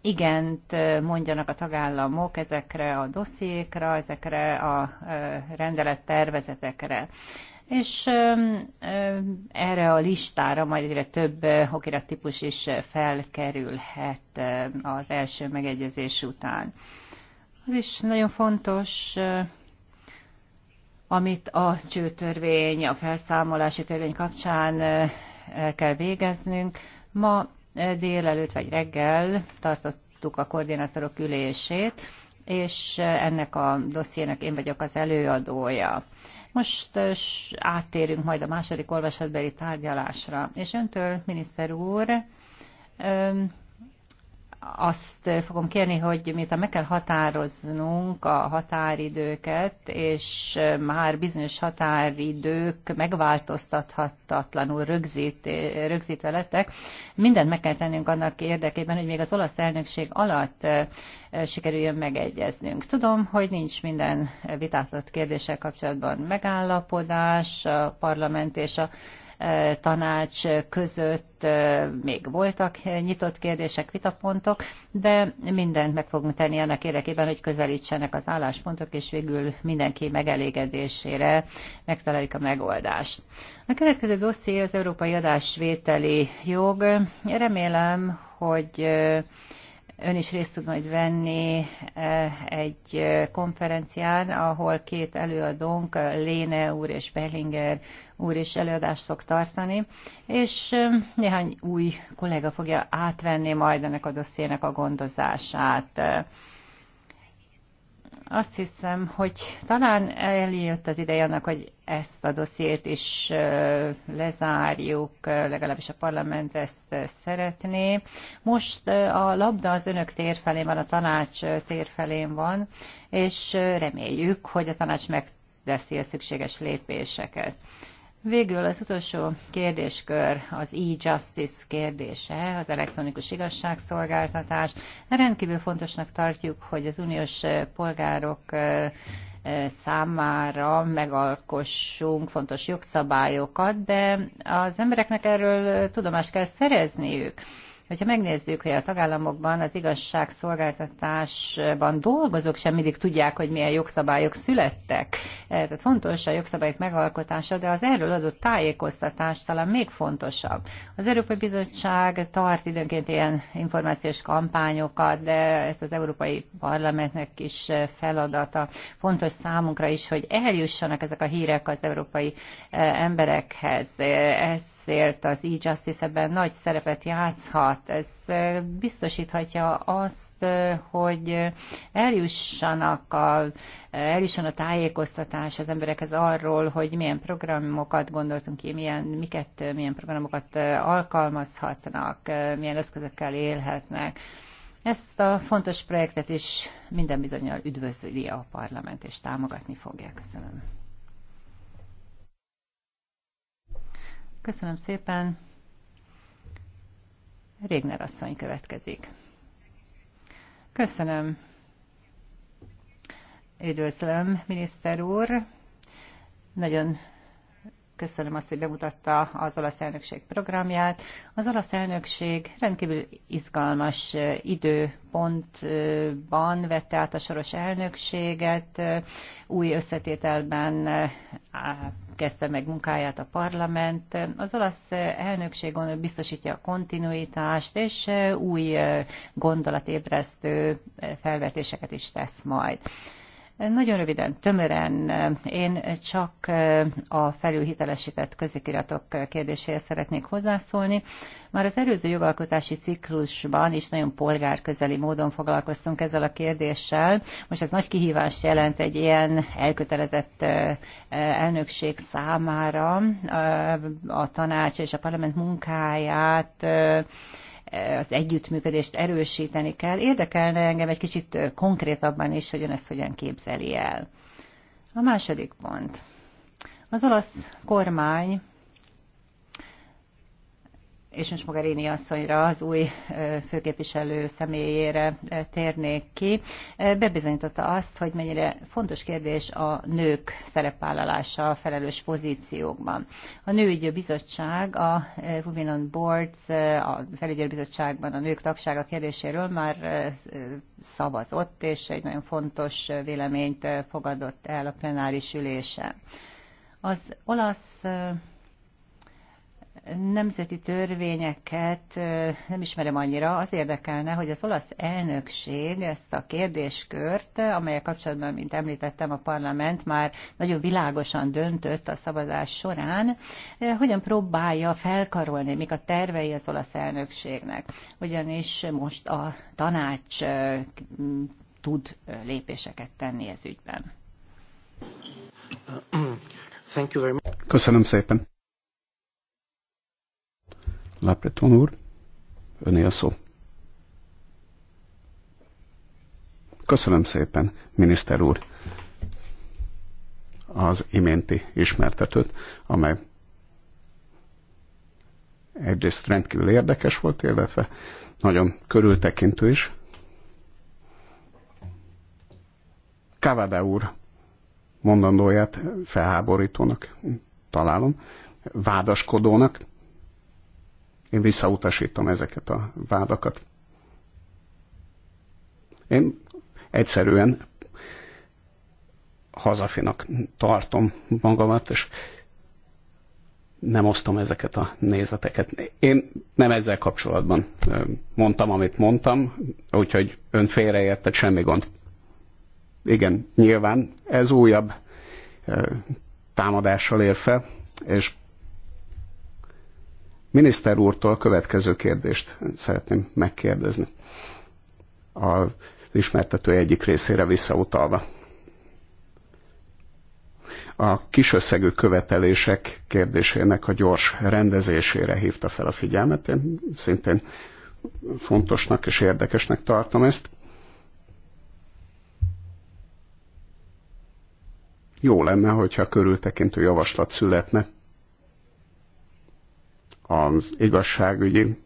igent mondjanak a tagállamok ezekre a dossziékra, ezekre a rendelettervezetekre és erre a listára majd egyre több típus is felkerülhet az első megegyezés után. Az is nagyon fontos, amit a csőtörvény, a felszámolási törvény kapcsán el kell végeznünk. Ma délelőtt vagy reggel tartottuk a koordinátorok ülését, és ennek a dossziének én vagyok az előadója. Most áttérünk majd a második olvasatbeli tárgyalásra, és öntől, miniszter úr, azt fogom kérni, hogy miután meg kell határoznunk a határidőket, és már bizonyos határidők megváltoztathatatlanul rögzít, rögzítve lettek, mindent meg kell tennünk annak érdekében, hogy még az olasz elnökség alatt eh, sikerüljön megegyeznünk. Tudom, hogy nincs minden vitátott kérdéssel kapcsolatban megállapodás, a parlament és a E, tanács között e, még voltak nyitott kérdések, vitapontok, de mindent meg fogunk tenni annak érdekében, hogy közelítsenek az álláspontok, és végül mindenki megelégedésére megtaláljuk a megoldást. A következő dosszié az európai adásvételi jog. Remélem, hogy e, Ön is részt tud majd venni e, egy e, konferencián, ahol két előadónk, Léne úr és Bellinger úr is előadást fog tartani, és e, néhány új kollega fogja átvenni majd ennek a dossziének a gondozását azt hiszem, hogy talán eljött az ideje annak, hogy ezt a dossziét is lezárjuk, legalábbis a parlament ezt szeretné. Most a labda az önök térfelén van, a tanács térfelén van, és reméljük, hogy a tanács megteszi a szükséges lépéseket. Végül az utolsó kérdéskör az e-justice kérdése, az elektronikus igazságszolgáltatás. Rendkívül fontosnak tartjuk, hogy az uniós polgárok számára megalkossunk fontos jogszabályokat, de az embereknek erről tudomást kell szerezniük Hogyha megnézzük, hogy a tagállamokban az igazságszolgáltatásban dolgozók sem mindig tudják, hogy milyen jogszabályok születtek. Eh, tehát fontos a jogszabályok megalkotása, de az erről adott tájékoztatás talán még fontosabb. Az Európai Bizottság tart időnként ilyen információs kampányokat, de ezt az Európai Parlamentnek is eh, feladata. Fontos számunkra is, hogy eljussanak ezek a hírek az európai eh, emberekhez. Ez beszélt, az e-justice ebben nagy szerepet játszhat. Ez biztosíthatja azt, hogy eljussanak a, eljusson a tájékoztatás az emberekhez arról, hogy milyen programokat gondoltunk ki, milyen, miket, milyen programokat alkalmazhatnak, milyen eszközökkel élhetnek. Ezt a fontos projektet is minden bizonyal üdvözli a parlament, és támogatni fogja. Köszönöm. Köszönöm szépen. Régner asszony következik. Köszönöm. Üdvözlöm, miniszter úr. Nagyon Köszönöm azt, hogy bemutatta az olasz elnökség programját. Az olasz elnökség rendkívül izgalmas időpontban vette át a soros elnökséget, új összetételben kezdte meg munkáját a parlament. Az olasz elnökség biztosítja a kontinuitást, és új gondolatébresztő felvetéseket is tesz majd. Nagyon röviden, tömören én csak a felülhitelesített közikiratok kérdéséhez szeretnék hozzászólni. Már az előző jogalkotási ciklusban is nagyon polgárközeli módon foglalkoztunk ezzel a kérdéssel. Most ez nagy kihívást jelent egy ilyen elkötelezett elnökség számára a tanács és a parlament munkáját az együttműködést erősíteni kell. Érdekelne engem egy kicsit konkrétabban is, hogy ön ezt hogyan képzeli el. A második pont. Az olasz kormány és most Mogherini asszonyra, az új főképviselő személyére térnék ki, bebizonyította azt, hogy mennyire fontos kérdés a nők szerepvállalása a felelős pozíciókban. A Nőügyi Bizottság, a Women on Boards, a felügyelő bizottságban a nők tagsága kérdéséről már szavazott, és egy nagyon fontos véleményt fogadott el a plenáris ülésen. Az olasz nemzeti törvényeket nem ismerem annyira, az érdekelne, hogy az olasz elnökség ezt a kérdéskört, amelyek kapcsolatban, mint említettem, a parlament már nagyon világosan döntött a szavazás során, hogyan próbálja felkarolni, mik a tervei az olasz elnökségnek. Ugyanis most a tanács tud lépéseket tenni ez ügyben. Köszönöm szépen. Lapreton úr, öné a szó. Köszönöm szépen, miniszter úr, az iménti ismertetőt, amely egyrészt rendkívül érdekes volt, illetve nagyon körültekintő is. Kavada úr mondandóját felháborítónak találom, vádaskodónak, én visszautasítom ezeket a vádakat. Én egyszerűen hazafinak tartom magamat, és nem osztom ezeket a nézeteket. Én nem ezzel kapcsolatban mondtam, amit mondtam, úgyhogy ön félreértett, semmi gond. Igen, nyilván ez újabb támadással ér fel, és Miniszter úrtól a következő kérdést szeretném megkérdezni. Az ismertető egyik részére visszautalva. A kisösszegű követelések kérdésének a gyors rendezésére hívta fel a figyelmet. Én szintén fontosnak és érdekesnek tartom ezt. Jó lenne, hogyha körültekintő javaslat születne az igazságügyi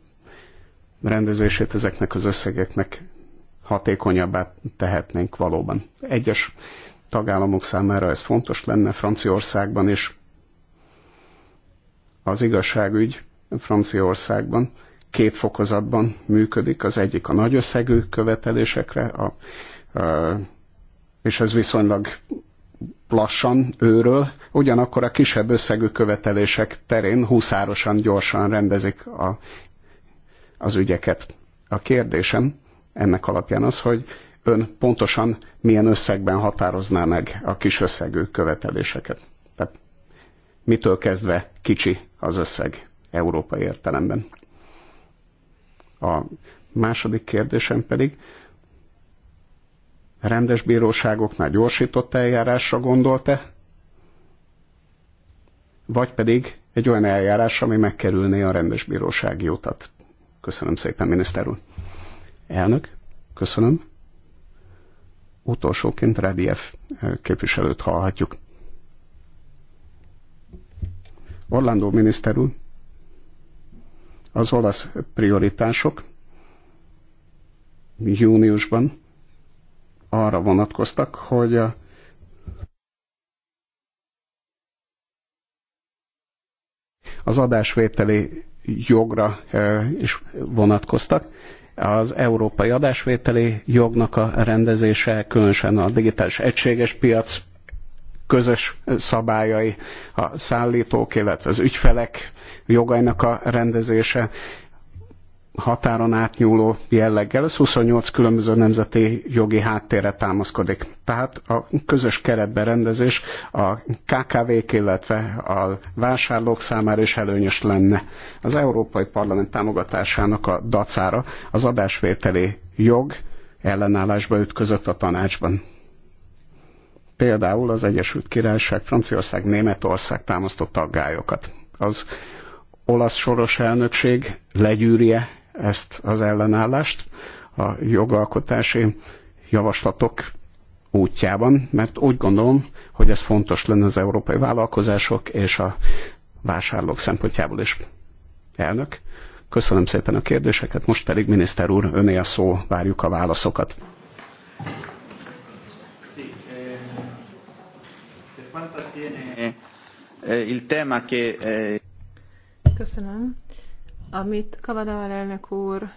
rendezését ezeknek az összegeknek hatékonyabbá tehetnénk valóban. Egyes tagállamok számára ez fontos lenne, Franciaországban is. Az igazságügy Franciaországban két fokozatban működik, az egyik a nagy összegű követelésekre, a, és ez viszonylag lassan őről, ugyanakkor a kisebb összegű követelések terén húszárosan gyorsan rendezik a, az ügyeket. A kérdésem ennek alapján az, hogy ön pontosan milyen összegben határozná meg a kis összegű követeléseket. Tehát mitől kezdve kicsi az összeg európai értelemben. A második kérdésem pedig, rendes bíróságoknál gyorsított eljárásra gondolt-e, vagy pedig egy olyan eljárás, ami megkerülné a rendes bírósági utat. Köszönöm szépen, miniszter úr. Elnök, köszönöm. Utolsóként Radiev eh, képviselőt hallhatjuk. Orlandó miniszter úr, az olasz prioritások júniusban arra vonatkoztak, hogy a az adásvételi jogra e, is vonatkoztak. Az európai adásvételi jognak a rendezése, különösen a digitális egységes piac közös szabályai, a szállítók, illetve az ügyfelek jogainak a rendezése, határon átnyúló jelleggel, ez 28 különböző nemzeti jogi háttérre támaszkodik. Tehát a közös keretberendezés a KKV-k, illetve a vásárlók számára is előnyös lenne. Az Európai Parlament támogatásának a dacára az adásvételi jog ellenállásba ütközött a tanácsban. Például az Egyesült Királyság, Franciaország, Németország támasztott aggályokat. Az olasz soros elnökség legyűrje ezt az ellenállást a jogalkotási javaslatok útjában, mert úgy gondolom, hogy ez fontos lenne az európai vállalkozások és a vásárlók szempontjából is. Elnök, köszönöm szépen a kérdéseket, most pedig miniszter úr, öné a szó, várjuk a válaszokat. Köszönöm amit Kavada elnök úr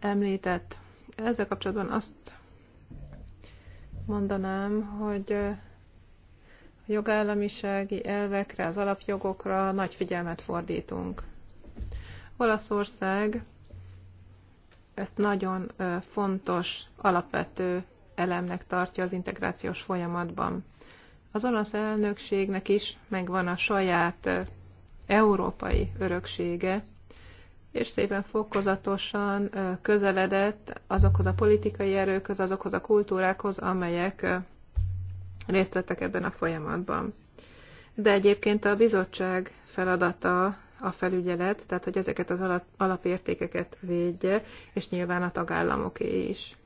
említett. Ezzel kapcsolatban azt mondanám, hogy a jogállamisági elvekre, az alapjogokra nagy figyelmet fordítunk. Olaszország ezt nagyon fontos, alapvető elemnek tartja az integrációs folyamatban. Az olasz elnökségnek is megvan a saját európai öröksége, és szépen fokozatosan közeledett azokhoz a politikai erőkhöz, azokhoz a kultúrákhoz, amelyek részt vettek ebben a folyamatban. De egyébként a bizottság feladata a felügyelet, tehát hogy ezeket az alapértékeket védje, és nyilván a tagállamoké is.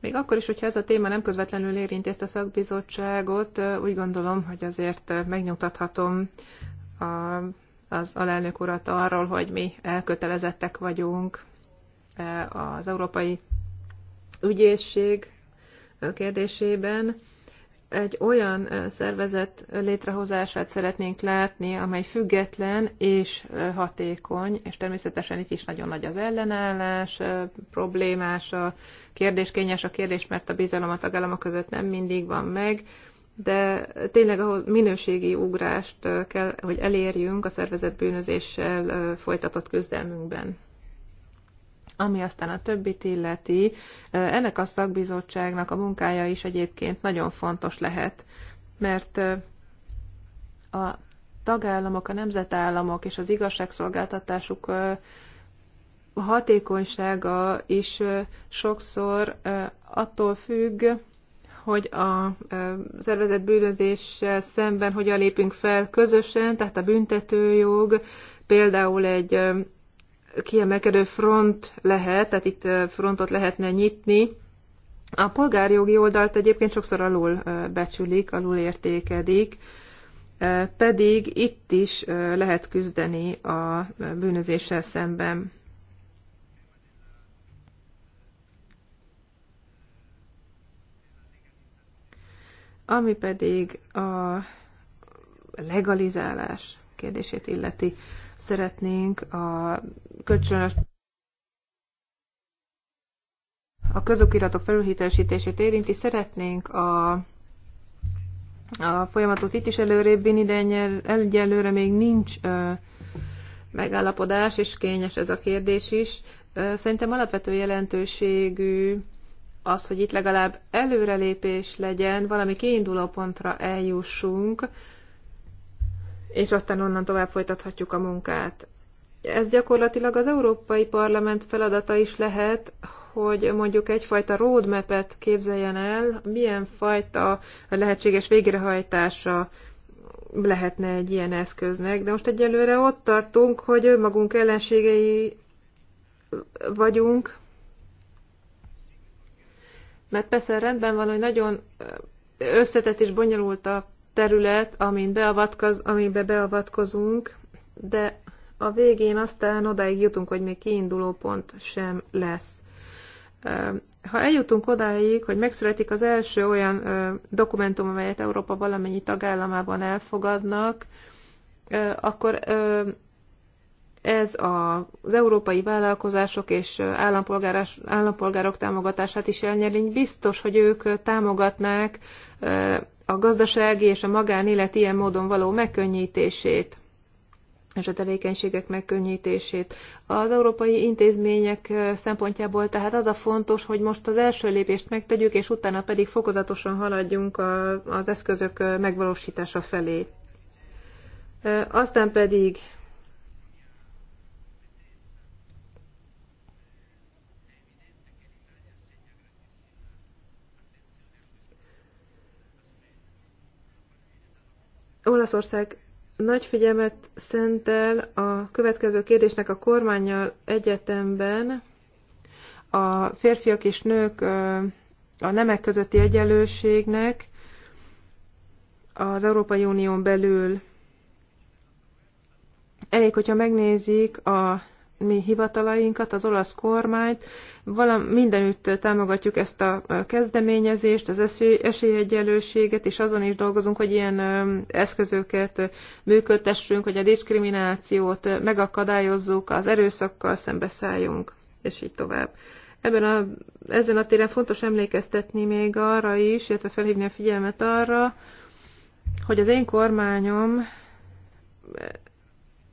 Még akkor is, hogyha ez a téma nem közvetlenül érinti ezt a szakbizottságot, úgy gondolom, hogy azért megnyugtathatom a az alelnök urat arról, hogy mi elkötelezettek vagyunk eh, az Európai Ügyészség kérdésében. Egy olyan eh, szervezet létrehozását szeretnénk látni, amely független és eh, hatékony, és természetesen itt is nagyon nagy az ellenállás, problémás a kérdés, kényes a kérdés, mert a bizalom a tagállamok között nem mindig van meg de tényleg ahhoz minőségi ugrást kell, hogy elérjünk a szervezett bűnözéssel folytatott küzdelmünkben. Ami aztán a többit illeti, ennek a szakbizottságnak a munkája is egyébként nagyon fontos lehet, mert a tagállamok, a nemzetállamok és az igazságszolgáltatásuk hatékonysága is sokszor attól függ, hogy a szervezett bűnözés szemben hogyan lépünk fel közösen, tehát a büntetőjog például egy kiemelkedő front lehet, tehát itt frontot lehetne nyitni. A polgárjogi oldalt egyébként sokszor alul becsülik, alul értékedik, pedig itt is lehet küzdeni a bűnözéssel szemben. Ami pedig a legalizálás kérdését illeti, szeretnénk a kölcsönös a közokiratok felülhitelesítését érinti, szeretnénk a, a folyamatot itt is előrébb vinni, de egyelőre még nincs ö, megállapodás, és kényes ez a kérdés is. Szerintem alapvető jelentőségű az, hogy itt legalább előrelépés legyen, valami kiinduló pontra eljussunk, és aztán onnan tovább folytathatjuk a munkát. Ez gyakorlatilag az Európai Parlament feladata is lehet, hogy mondjuk egyfajta roadmap-et képzeljen el, milyen fajta lehetséges végrehajtása lehetne egy ilyen eszköznek. De most egyelőre ott tartunk, hogy önmagunk ellenségei vagyunk, mert persze rendben van, hogy nagyon összetett és bonyolult a terület, amin beavatkoz, amibe beavatkozunk, de a végén aztán odáig jutunk, hogy még kiinduló pont sem lesz. Ha eljutunk odáig, hogy megszületik az első olyan dokumentum, amelyet Európa valamennyi tagállamában elfogadnak, akkor ez a, az európai vállalkozások és állampolgárok támogatását is elnyeri. Biztos, hogy ők támogatnák a gazdasági és a magánélet ilyen módon való megkönnyítését és a tevékenységek megkönnyítését. Az európai intézmények szempontjából tehát az a fontos, hogy most az első lépést megtegyük, és utána pedig fokozatosan haladjunk az eszközök megvalósítása felé. Aztán pedig Olaszország nagy figyelmet szentel a következő kérdésnek a kormányjal egyetemben a férfiak és nők a nemek közötti egyenlőségnek az Európai Unión belül. Elég, hogyha megnézik a mi hivatalainkat, az olasz kormányt, valam, mindenütt támogatjuk ezt a kezdeményezést, az esélyegyelőséget, és azon is dolgozunk, hogy ilyen eszközöket működtessünk, hogy a diszkriminációt megakadályozzuk, az erőszakkal szembeszálljunk, és így tovább. Ebben a, ezen a téren fontos emlékeztetni még arra is, illetve felhívni a figyelmet arra, hogy az én kormányom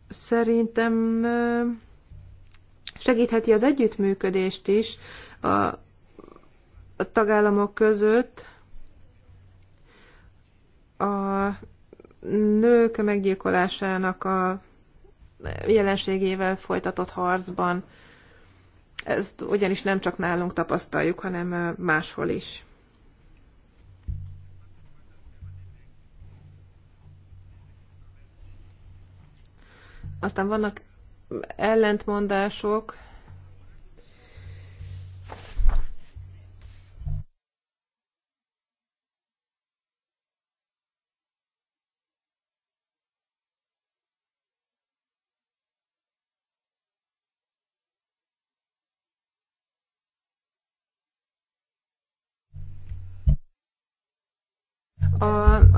szerintem segítheti az együttműködést is a, a tagállamok között a nők meggyilkolásának a jelenségével folytatott harcban. Ezt ugyanis nem csak nálunk tapasztaljuk, hanem máshol is. Aztán vannak ellentmondások,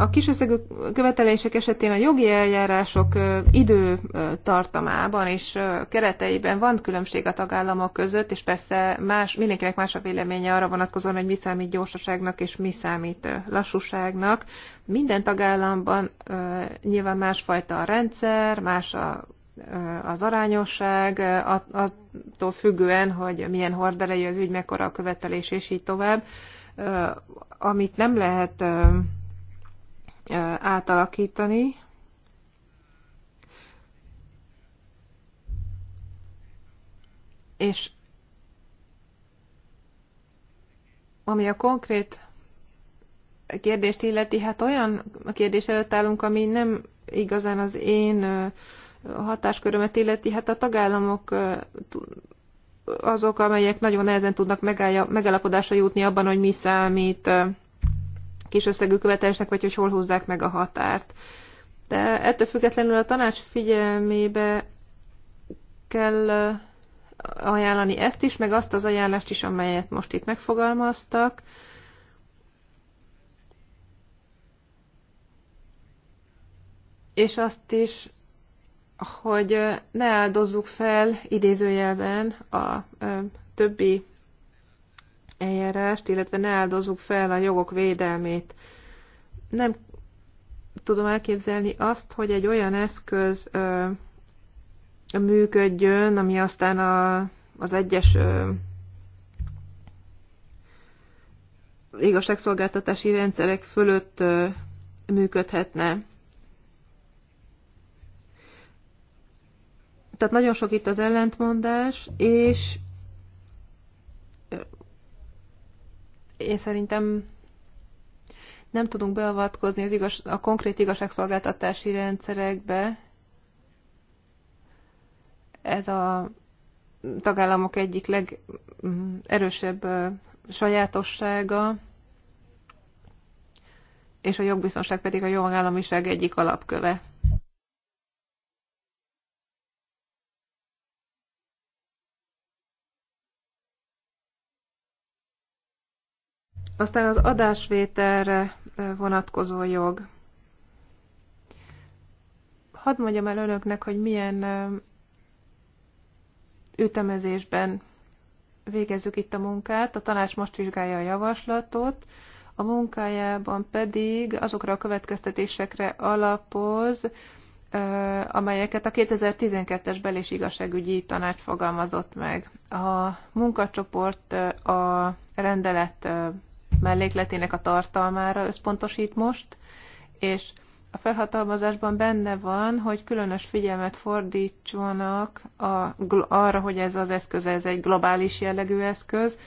A kisösszegű követelések esetén a jogi eljárások időtartamában és kereteiben van különbség a tagállamok között, és persze más, mindenkinek más a véleménye arra vonatkozóan, hogy mi számít gyorsaságnak és mi számít lassúságnak. Minden tagállamban nyilván másfajta a rendszer, más a az arányosság, attól függően, hogy milyen horderejű az ügy, mekkora a követelés, és így tovább. Amit nem lehet átalakítani. És ami a konkrét kérdést illeti, hát olyan kérdés előtt állunk, ami nem igazán az én hatáskörömet illeti, hát a tagállamok azok, amelyek nagyon nehezen tudnak megállapodásra jutni abban, hogy mi számít kis összegű követelésnek, vagy hogy hol húzzák meg a határt. De ettől függetlenül a tanács figyelmébe kell ajánlani ezt is, meg azt az ajánlást is, amelyet most itt megfogalmaztak. És azt is, hogy ne áldozzuk fel idézőjelben a többi eljárást, illetve ne áldozzuk fel a jogok védelmét. Nem tudom elképzelni azt, hogy egy olyan eszköz ö, működjön, ami aztán a, az egyes ö, igazságszolgáltatási rendszerek fölött ö, működhetne. Tehát nagyon sok itt az ellentmondás, és én szerintem nem tudunk beavatkozni az igaz, a konkrét igazságszolgáltatási rendszerekbe. Ez a tagállamok egyik legerősebb mm, sajátossága, és a jogbiztonság pedig a jogállamiság egyik alapköve. Aztán az adásvételre vonatkozó jog. Hadd mondjam el önöknek, hogy milyen ütemezésben végezzük itt a munkát. A tanács most vizsgálja a javaslatot, a munkájában pedig azokra a következtetésekre alapoz, amelyeket a 2012-es bel- és igazságügyi tanács fogalmazott meg. A munkacsoport a rendelet mellékletének a tartalmára összpontosít most, és a felhatalmazásban benne van, hogy különös figyelmet fordítsanak a, arra, hogy ez az eszköz, ez egy globális jellegű eszköz,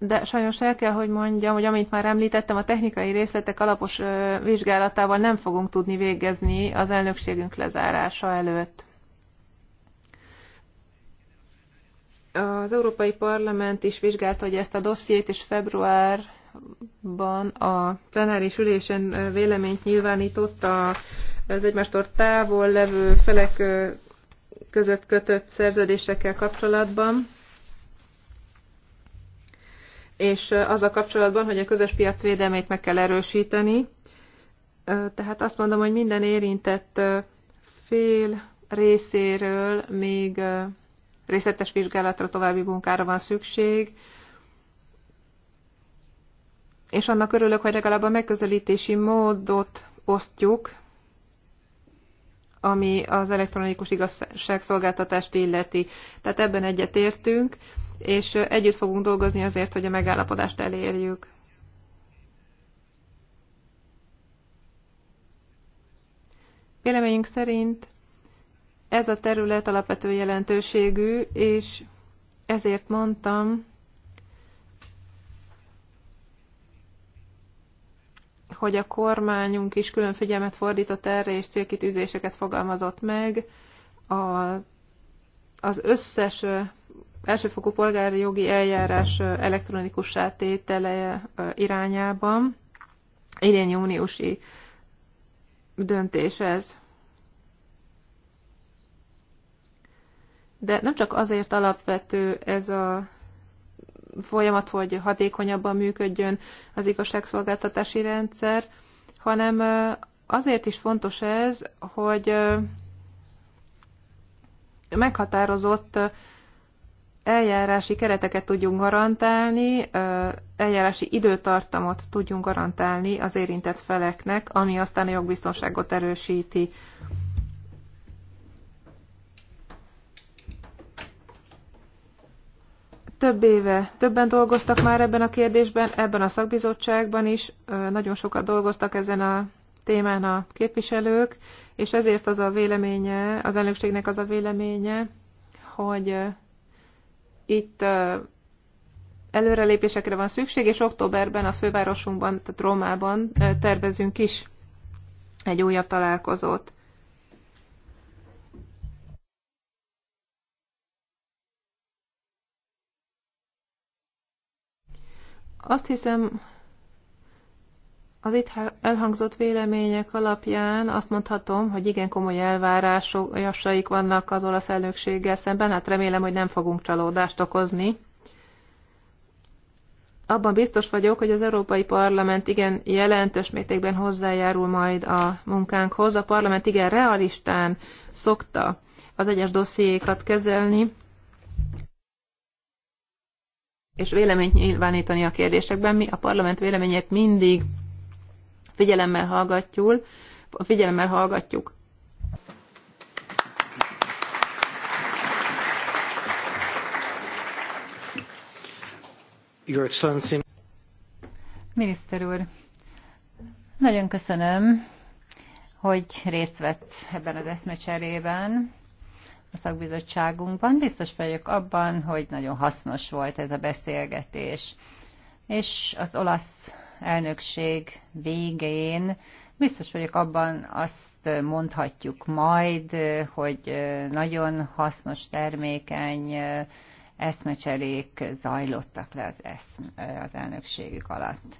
de sajnos el kell, hogy mondjam, hogy amint már említettem, a technikai részletek alapos vizsgálatával nem fogunk tudni végezni az elnökségünk lezárása előtt. Az Európai Parlament is vizsgálta, hogy ezt a dossziét, és februárban a plenáris ülésen véleményt nyilvánított a, az egymástól távol levő felek között kötött szerződésekkel kapcsolatban és az a kapcsolatban, hogy a közös piac védelmét meg kell erősíteni. Tehát azt mondom, hogy minden érintett fél részéről még részletes vizsgálatra, további munkára van szükség, és annak örülök, hogy legalább a megközelítési módot osztjuk, ami az elektronikus igazságszolgáltatást illeti. Tehát ebben egyetértünk, és együtt fogunk dolgozni azért, hogy a megállapodást elérjük. Véleményünk szerint ez a terület alapvető jelentőségű, és ezért mondtam, hogy a kormányunk is külön figyelmet fordított erre, és célkitűzéseket fogalmazott meg. A, az összes elsőfokú polgári jogi eljárás elektronikus tétele irányában idén júniusi döntés ez. De nem csak azért alapvető ez a folyamat, hogy hatékonyabban működjön az igazságszolgáltatási rendszer, hanem azért is fontos ez, hogy meghatározott eljárási kereteket tudjunk garantálni, eljárási időtartamot tudjunk garantálni az érintett feleknek, ami aztán a jogbiztonságot erősíti. Több éve többen dolgoztak már ebben a kérdésben, ebben a szakbizottságban is, nagyon sokat dolgoztak ezen a témán a képviselők, és ezért az a véleménye, az elnökségnek az a véleménye, hogy itt előrelépésekre van szükség, és októberben a fővárosunkban, tehát Rómában tervezünk is egy újabb találkozót. Azt hiszem, az itt elhangzott vélemények alapján azt mondhatom, hogy igen komoly elvárásaik vannak az olasz elnökséggel szemben, hát remélem, hogy nem fogunk csalódást okozni. Abban biztos vagyok, hogy az Európai Parlament igen jelentős mértékben hozzájárul majd a munkánkhoz. A parlament igen realistán szokta az egyes dossziékat kezelni, és véleményt nyilvánítani a kérdésekben. Mi a parlament véleményét mindig figyelemmel hallgatjuk, figyelemmel hallgatjuk. Your Excellency. Miniszter úr, nagyon köszönöm, hogy részt vett ebben az eszmecserében a szakbizottságunkban. Biztos vagyok abban, hogy nagyon hasznos volt ez a beszélgetés. És az olasz elnökség végén biztos vagyok abban, azt mondhatjuk majd, hogy nagyon hasznos, termékeny eszmecserék zajlottak le az, eszme, az elnökségük alatt.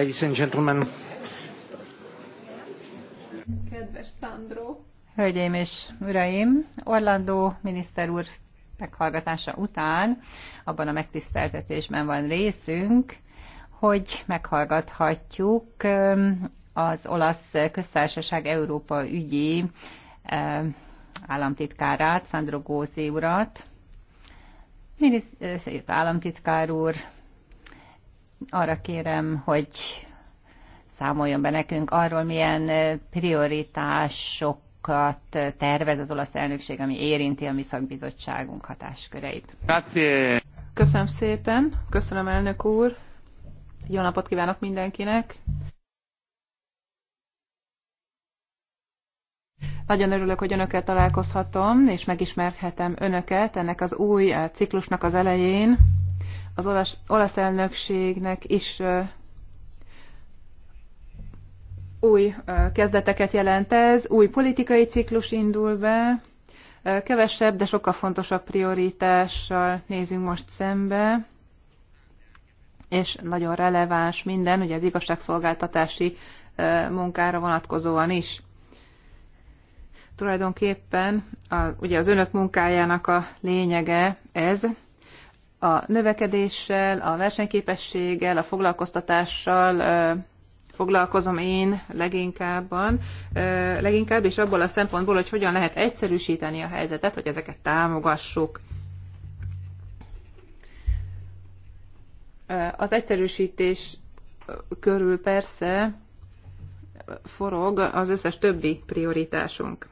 ladies and gentlemen. Kedves Sandro. Hölgyeim és uraim, Orlandó miniszter úr meghallgatása után abban a megtiszteltetésben van részünk, hogy meghallgathatjuk az olasz köztársaság Európa ügyi államtitkárát, Sandro Gózi urat. minisz államtitkár úr, arra kérem, hogy számoljon be nekünk arról, milyen prioritásokat tervez az olasz elnökség, ami érinti a mi szakbizottságunk hatásköreit. Köszönöm szépen, köszönöm elnök úr, jó napot kívánok mindenkinek. Nagyon örülök, hogy önökkel találkozhatom, és megismerhetem önöket ennek az új ciklusnak az elején az olasz, olasz elnökségnek is új kezdeteket jelent ez, új politikai ciklus indul be, kevesebb, de sokkal fontosabb prioritással nézünk most szembe, és nagyon releváns minden, ugye az igazságszolgáltatási munkára vonatkozóan is. Tulajdonképpen a, ugye az önök munkájának a lényege ez, a növekedéssel, a versenyképességgel, a foglalkoztatással foglalkozom én leginkábban, leginkább, és abból a szempontból, hogy hogyan lehet egyszerűsíteni a helyzetet, hogy ezeket támogassuk. Az egyszerűsítés körül persze forog az összes többi prioritásunk.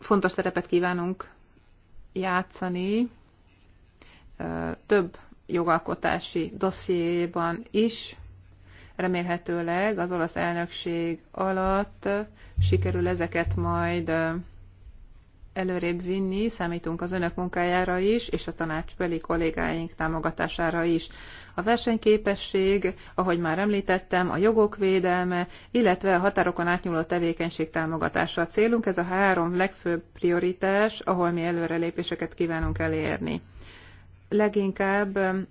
Fontos szerepet kívánunk játszani több jogalkotási dossziéban is. Remélhetőleg az olasz elnökség alatt sikerül ezeket majd előrébb vinni, számítunk az önök munkájára is, és a tanácsbeli kollégáink támogatására is. A versenyképesség, ahogy már említettem, a jogok védelme, illetve a határokon átnyúló tevékenység támogatása a célunk, ez a három legfőbb prioritás, ahol mi előrelépéseket kívánunk elérni. Leginkább um,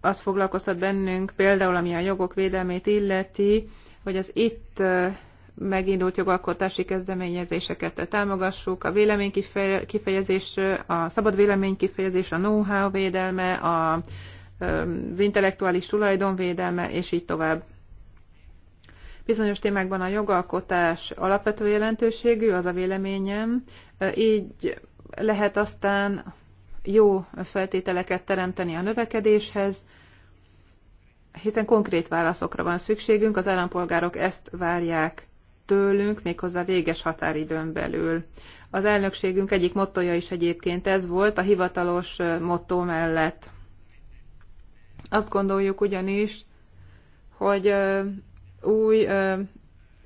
az foglalkoztat bennünk, például ami a jogok védelmét illeti, hogy az itt uh, megindult jogalkotási kezdeményezéseket támogassuk, a véleménykifejezés, a szabad véleménykifejezés, a know-how védelme, a, az intellektuális tulajdonvédelme, és így tovább. Bizonyos témákban a jogalkotás alapvető jelentőségű, az a véleményem, így lehet aztán jó feltételeket teremteni a növekedéshez, hiszen konkrét válaszokra van szükségünk, az állampolgárok ezt várják tőlünk, méghozzá véges határidőn belül. Az elnökségünk egyik mottoja is egyébként ez volt, a hivatalos motto mellett. Azt gondoljuk ugyanis, hogy új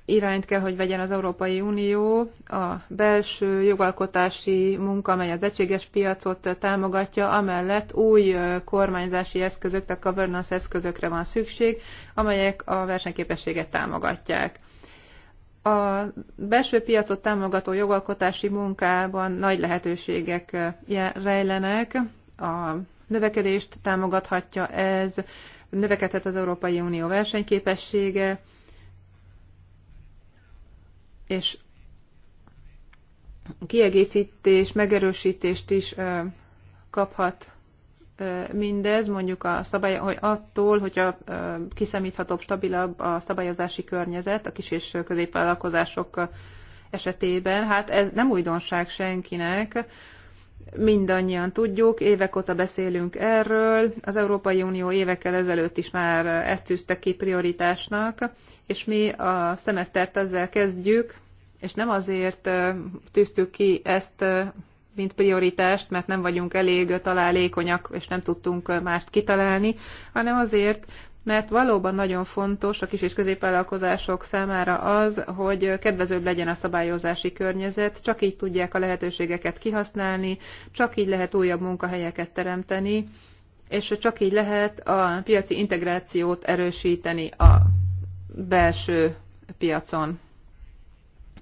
irányt kell, hogy vegyen az Európai Unió, a belső jogalkotási munka, amely az egységes piacot támogatja, amellett új kormányzási eszközök, tehát governance eszközökre van szükség, amelyek a versenyképességet támogatják. A belső piacot támogató jogalkotási munkában nagy lehetőségek eh, rejlenek. A növekedést támogathatja ez, növekedhet az Európai Unió versenyképessége, és kiegészítés, megerősítést is eh, kaphat mindez, mondjuk a szabály, hogy attól, hogyha kiszemíthatóbb, stabilabb a szabályozási környezet a kis és középvállalkozások esetében, hát ez nem újdonság senkinek, mindannyian tudjuk, évek óta beszélünk erről, az Európai Unió évekkel ezelőtt is már ezt tűzte ki prioritásnak, és mi a szemesztert ezzel kezdjük, és nem azért tűztük ki ezt mint prioritást, mert nem vagyunk elég találékonyak, és nem tudtunk mást kitalálni, hanem azért, mert valóban nagyon fontos a kis és középvállalkozások számára az, hogy kedvezőbb legyen a szabályozási környezet, csak így tudják a lehetőségeket kihasználni, csak így lehet újabb munkahelyeket teremteni, és csak így lehet a piaci integrációt erősíteni a belső piacon.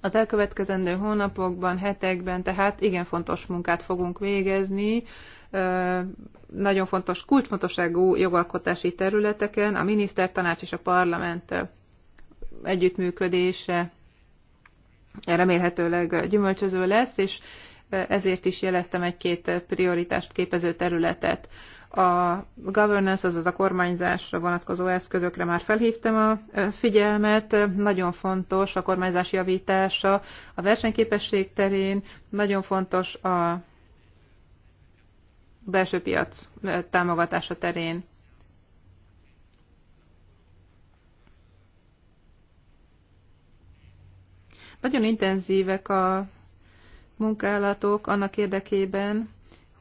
Az elkövetkezendő hónapokban, hetekben tehát igen fontos munkát fogunk végezni, nagyon fontos, kulcsfontosságú jogalkotási területeken, a minisztertanács és a parlament együttműködése remélhetőleg gyümölcsöző lesz, és ezért is jeleztem egy-két prioritást képező területet. A governance, azaz a kormányzásra vonatkozó eszközökre már felhívtam a figyelmet. Nagyon fontos a kormányzás javítása a versenyképesség terén, nagyon fontos a belső piac támogatása terén. Nagyon intenzívek a munkálatok annak érdekében,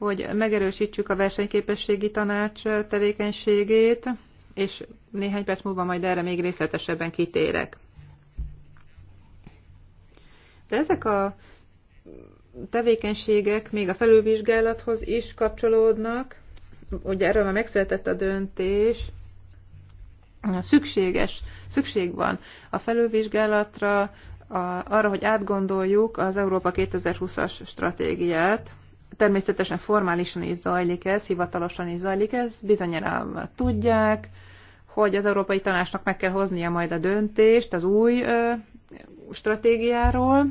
hogy megerősítsük a versenyképességi tanács tevékenységét, és néhány perc múlva majd erre még részletesebben kitérek. De ezek a tevékenységek még a felülvizsgálathoz is kapcsolódnak. Ugye erről már megszületett a döntés, szükséges, szükség van a felülvizsgálatra, a, arra, hogy átgondoljuk az Európa 2020-as stratégiát, Természetesen formálisan is zajlik ez, hivatalosan is zajlik ez, bizonyára tudják, hogy az Európai Tanácsnak meg kell hoznia majd a döntést az új ö, stratégiáról,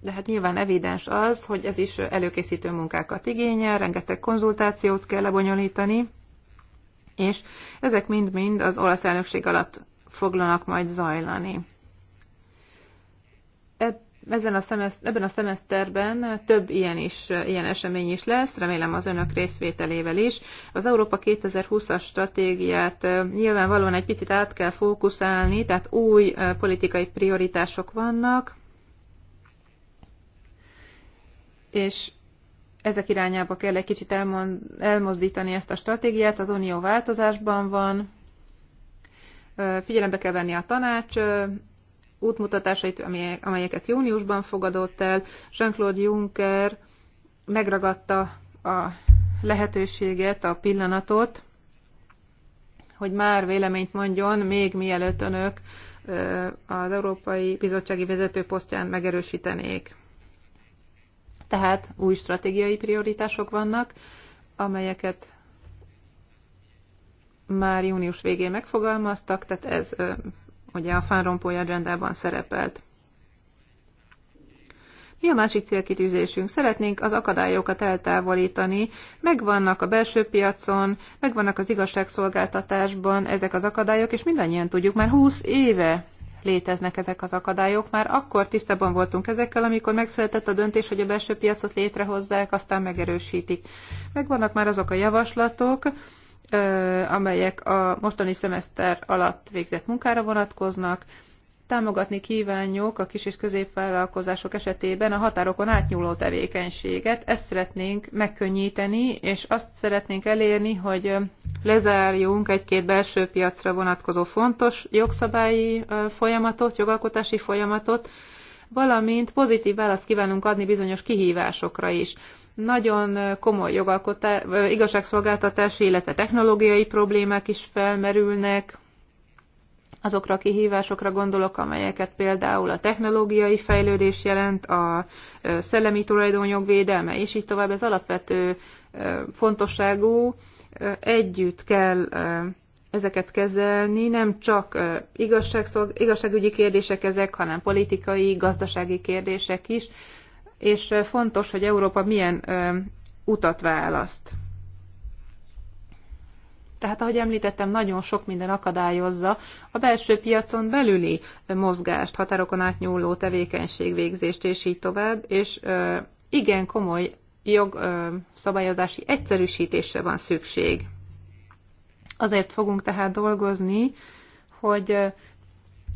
de hát nyilván evidens az, hogy ez is előkészítő munkákat igényel, rengeteg konzultációt kell lebonyolítani, és ezek mind-mind az olasz elnökség alatt foglanak majd zajlani ezen a szemeszt, ebben a szemeszterben több ilyen, is, ilyen esemény is lesz, remélem az önök részvételével is. Az Európa 2020-as stratégiát nyilvánvalóan egy picit át kell fókuszálni, tehát új politikai prioritások vannak, és ezek irányába kell egy kicsit elmond, elmozdítani ezt a stratégiát. Az unió változásban van, figyelembe kell venni a tanács útmutatásait, amelyeket júniusban fogadott el. Jean-Claude Juncker megragadta a lehetőséget, a pillanatot, hogy már véleményt mondjon, még mielőtt önök az Európai Bizottsági Vezető posztján megerősítenék. Tehát új stratégiai prioritások vannak, amelyeket már június végén megfogalmaztak, tehát ez ugye a fánrompói agendában szerepelt. Mi a másik célkitűzésünk? Szeretnénk az akadályokat eltávolítani. Megvannak a belső piacon, megvannak az igazságszolgáltatásban ezek az akadályok, és mindannyian tudjuk, már 20 éve léteznek ezek az akadályok. Már akkor tisztában voltunk ezekkel, amikor megszületett a döntés, hogy a belső piacot létrehozzák, aztán megerősítik. Megvannak már azok a javaslatok, amelyek a mostani szemeszter alatt végzett munkára vonatkoznak. Támogatni kívánjuk a kis és középvállalkozások esetében a határokon átnyúló tevékenységet. Ezt szeretnénk megkönnyíteni, és azt szeretnénk elérni, hogy lezárjunk egy-két belső piacra vonatkozó fontos jogszabályi folyamatot, jogalkotási folyamatot, valamint pozitív választ kívánunk adni bizonyos kihívásokra is nagyon komoly igazságszolgáltatási, illetve technológiai problémák is felmerülnek. Azokra a kihívásokra gondolok, amelyeket például a technológiai fejlődés jelent, a szellemi tulajdonjog védelme, és így tovább. Ez alapvető fontosságú. Együtt kell ezeket kezelni, nem csak igazságügyi kérdések ezek, hanem politikai, gazdasági kérdések is, és fontos, hogy Európa milyen utat választ. Tehát, ahogy említettem, nagyon sok minden akadályozza a belső piacon belüli mozgást, határokon átnyúló tevékenység végzést, és így tovább, és igen komoly jogszabályozási egyszerűsítésre van szükség. Azért fogunk tehát dolgozni, hogy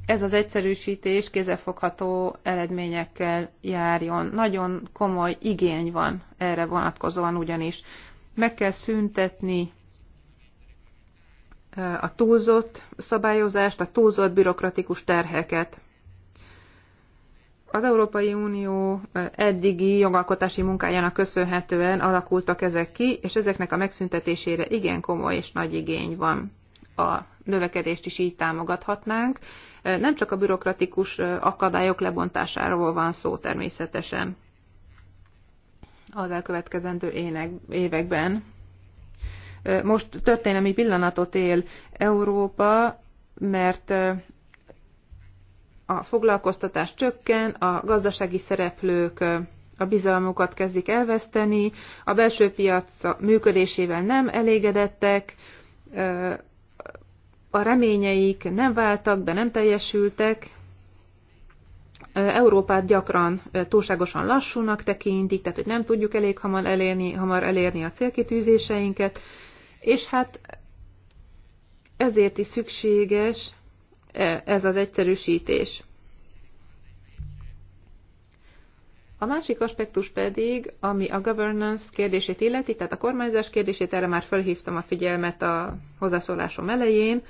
ez az egyszerűsítés kézefogható eredményekkel járjon. Nagyon komoly igény van erre vonatkozóan ugyanis. Meg kell szüntetni a túlzott szabályozást, a túlzott bürokratikus terheket. Az Európai Unió eddigi jogalkotási munkájának köszönhetően alakultak ezek ki, és ezeknek a megszüntetésére igen komoly és nagy igény van a növekedést is így támogathatnánk. Nem csak a bürokratikus akadályok lebontásáról van szó természetesen az elkövetkezendő ének, években. Most történelmi pillanatot él Európa, mert a foglalkoztatás csökken, a gazdasági szereplők a bizalmukat kezdik elveszteni, a belső piac működésével nem elégedettek, a reményeik nem váltak be, nem teljesültek, Európát gyakran túlságosan lassúnak tekintik, tehát hogy nem tudjuk elég hamar elérni, hamar elérni a célkitűzéseinket, és hát ezért is szükséges e, ez az egyszerűsítés. A másik aspektus pedig, ami a governance kérdését illeti, tehát a kormányzás kérdését, erre már felhívtam a figyelmet a hozzászólásom elején,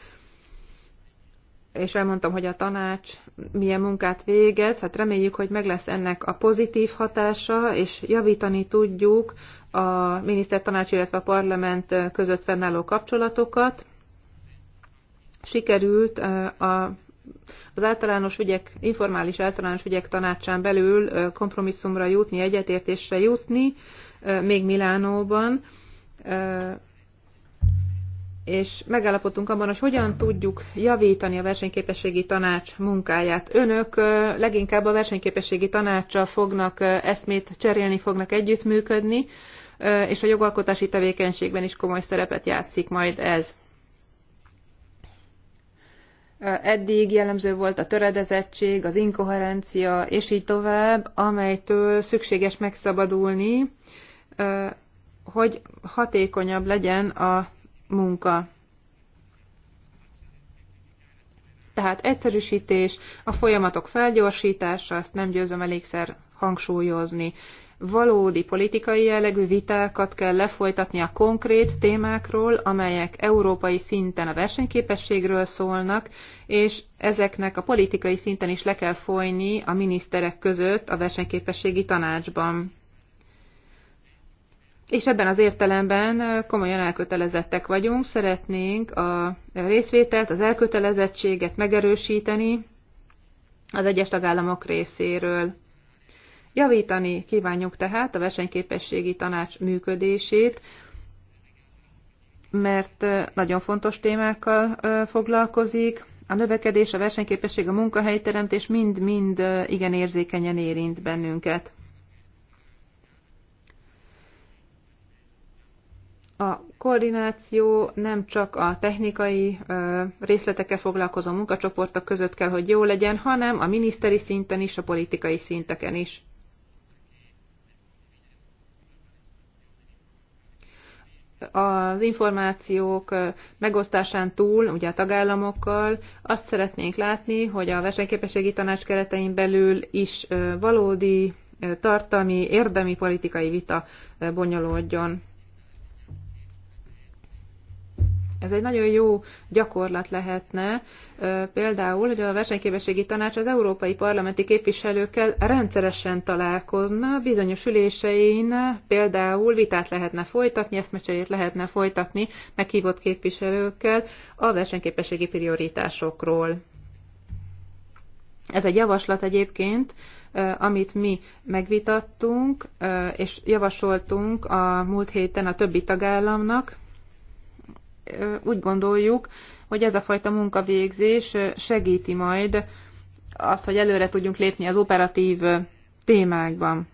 és elmondtam, hogy a tanács milyen munkát végez, hát reméljük, hogy meg lesz ennek a pozitív hatása, és javítani tudjuk a tanács, illetve a parlament között fennálló kapcsolatokat. Sikerült a az általános ügyek, informális általános ügyek tanácsán belül kompromisszumra jutni, egyetértésre jutni, még Milánóban és megállapodtunk abban, hogy hogyan tudjuk javítani a versenyképességi tanács munkáját. Önök leginkább a versenyképességi tanácssal fognak eszmét cserélni, fognak együttműködni, és a jogalkotási tevékenységben is komoly szerepet játszik majd ez. Eddig jellemző volt a töredezettség, az inkoherencia, és így tovább, amelytől szükséges megszabadulni, hogy hatékonyabb legyen a munka. Tehát egyszerűsítés, a folyamatok felgyorsítása, azt nem győzöm elégszer hangsúlyozni. Valódi politikai jellegű vitákat kell lefolytatni a konkrét témákról, amelyek európai szinten a versenyképességről szólnak, és ezeknek a politikai szinten is le kell folyni a miniszterek között a versenyképességi tanácsban. És ebben az értelemben komolyan elkötelezettek vagyunk, szeretnénk a részvételt, az elkötelezettséget megerősíteni az egyes tagállamok részéről. Javítani kívánjuk tehát a versenyképességi tanács működését, mert nagyon fontos témákkal foglalkozik. A növekedés, a versenyképesség, a munkahelyteremtés mind-mind igen érzékenyen érint bennünket. A koordináció nem csak a technikai részletekkel foglalkozó munkacsoportok között kell, hogy jó legyen, hanem a miniszteri szinten is, a politikai szinteken is. az információk megosztásán túl, ugye a tagállamokkal, azt szeretnénk látni, hogy a versenyképességi tanács keretein belül is valódi, tartalmi, érdemi politikai vita bonyolódjon ez egy nagyon jó gyakorlat lehetne, például, hogy a versenyképességi tanács az európai parlamenti képviselőkkel rendszeresen találkozna, bizonyos ülésein például vitát lehetne folytatni, eszmecserét lehetne folytatni meghívott képviselőkkel a versenyképességi prioritásokról. Ez egy javaslat egyébként, amit mi megvitattunk és javasoltunk a múlt héten a többi tagállamnak, úgy gondoljuk, hogy ez a fajta munkavégzés segíti majd azt, hogy előre tudjunk lépni az operatív témákban.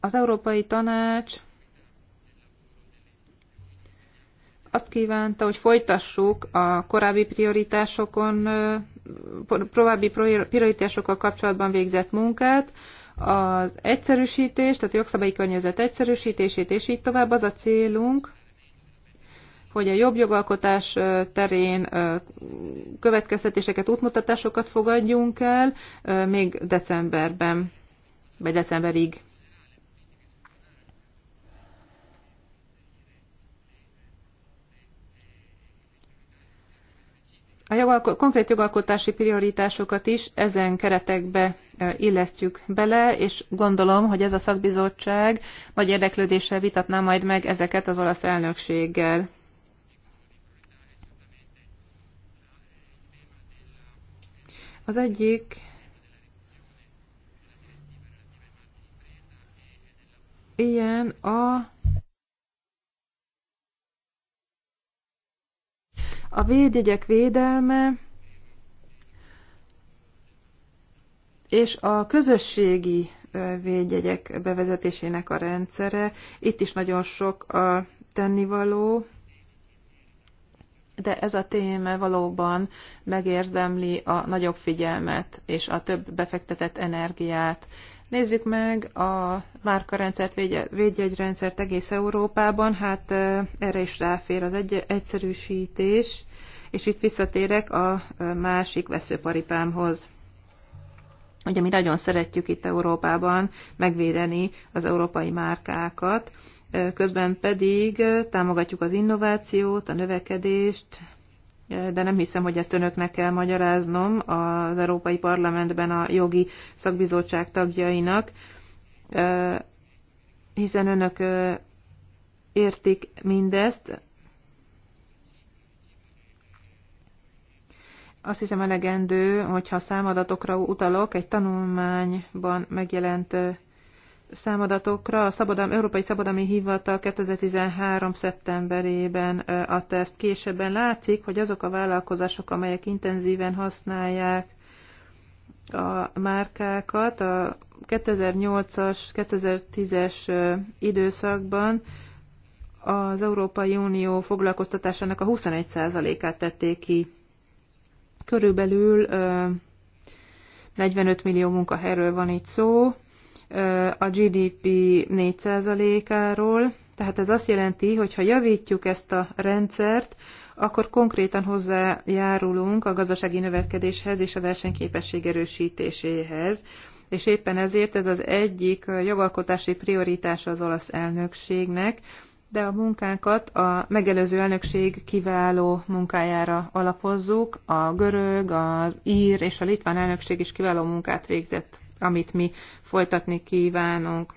Az Európai Tanács azt kívánta, hogy folytassuk a korábbi prioritásokon, további prioritásokkal kapcsolatban végzett munkát, az egyszerűsítés, tehát a jogszabályi környezet egyszerűsítését, és így tovább az a célunk, hogy a jobb jogalkotás terén következtetéseket, útmutatásokat fogadjunk el még decemberben, vagy decemberig. A jogalko- konkrét jogalkotási prioritásokat is ezen keretekbe illesztjük bele, és gondolom, hogy ez a szakbizottság nagy érdeklődéssel vitatná majd meg ezeket az olasz elnökséggel. Az egyik ilyen a A védjegyek védelme és a közösségi védjegyek bevezetésének a rendszere. Itt is nagyon sok a tennivaló, de ez a téma valóban megérdemli a nagyobb figyelmet és a több befektetett energiát, Nézzük meg a márkarendszert, védjegyrendszert egész Európában. Hát erre is ráfér az egy, egyszerűsítés, és itt visszatérek a másik veszőparipámhoz. Ugye mi nagyon szeretjük itt Európában megvédeni az európai márkákat, közben pedig támogatjuk az innovációt, a növekedést, de nem hiszem, hogy ezt önöknek kell magyaráznom az Európai Parlamentben a jogi szakbizottság tagjainak, hiszen önök értik mindezt. Azt hiszem elegendő, hogyha számadatokra utalok, egy tanulmányban megjelent számadatokra a szabadalmi, Európai Szabadalmi Hivatal 2013. szeptemberében a teszt későbben. Látszik, hogy azok a vállalkozások, amelyek intenzíven használják a márkákat, a 2008-as, 2010-es időszakban az Európai Unió foglalkoztatásának a 21%-át tették ki. Körülbelül 45 millió munkahelyről van itt szó, a GDP 4%-áról, tehát ez azt jelenti, hogy ha javítjuk ezt a rendszert, akkor konkrétan hozzájárulunk a gazdasági növekedéshez és a versenyképesség erősítéséhez. És éppen ezért ez az egyik jogalkotási prioritása az olasz elnökségnek, de a munkánkat a megelőző elnökség kiváló munkájára alapozzuk. A görög, az ír és a litván elnökség is kiváló munkát végzett amit mi folytatni kívánunk.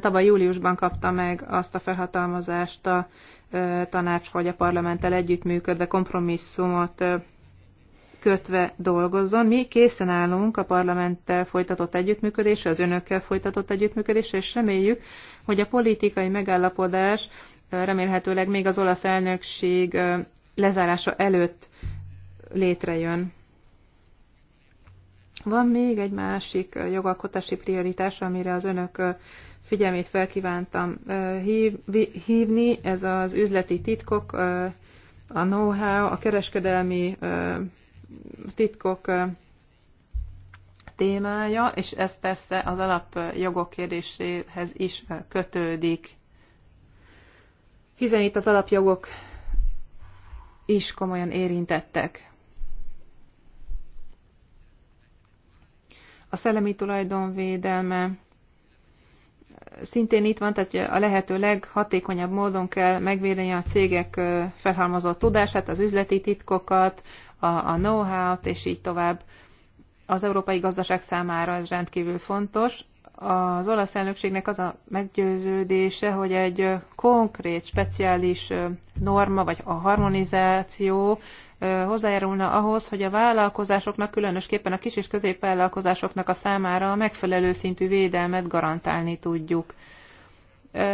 Tavaly júliusban kapta meg azt a felhatalmazást a tanács, hogy a parlamenttel együttműködve kompromisszumot kötve dolgozzon. Mi készen állunk a parlamenttel folytatott együttműködésre, az önökkel folytatott együttműködésre, és reméljük, hogy a politikai megállapodás remélhetőleg még az olasz elnökség lezárása előtt létrejön. Van még egy másik jogalkotási prioritás, amire az önök figyelmét felkívántam hívni, ez az üzleti titkok, a know-how, a kereskedelmi titkok témája, és ez persze az alapjogok kérdéséhez is kötődik. Hiszen itt az alapjogok is komolyan érintettek. a szellemi tulajdon védelme szintén itt van, tehát a lehető leghatékonyabb módon kell megvédeni a cégek felhalmozott tudását, az üzleti titkokat, a, a know-how-t, és így tovább. Az európai gazdaság számára ez rendkívül fontos, az olasz elnökségnek az a meggyőződése, hogy egy konkrét, speciális norma vagy a harmonizáció hozzájárulna ahhoz, hogy a vállalkozásoknak, különösképpen a kis és középvállalkozásoknak a számára a megfelelő szintű védelmet garantálni tudjuk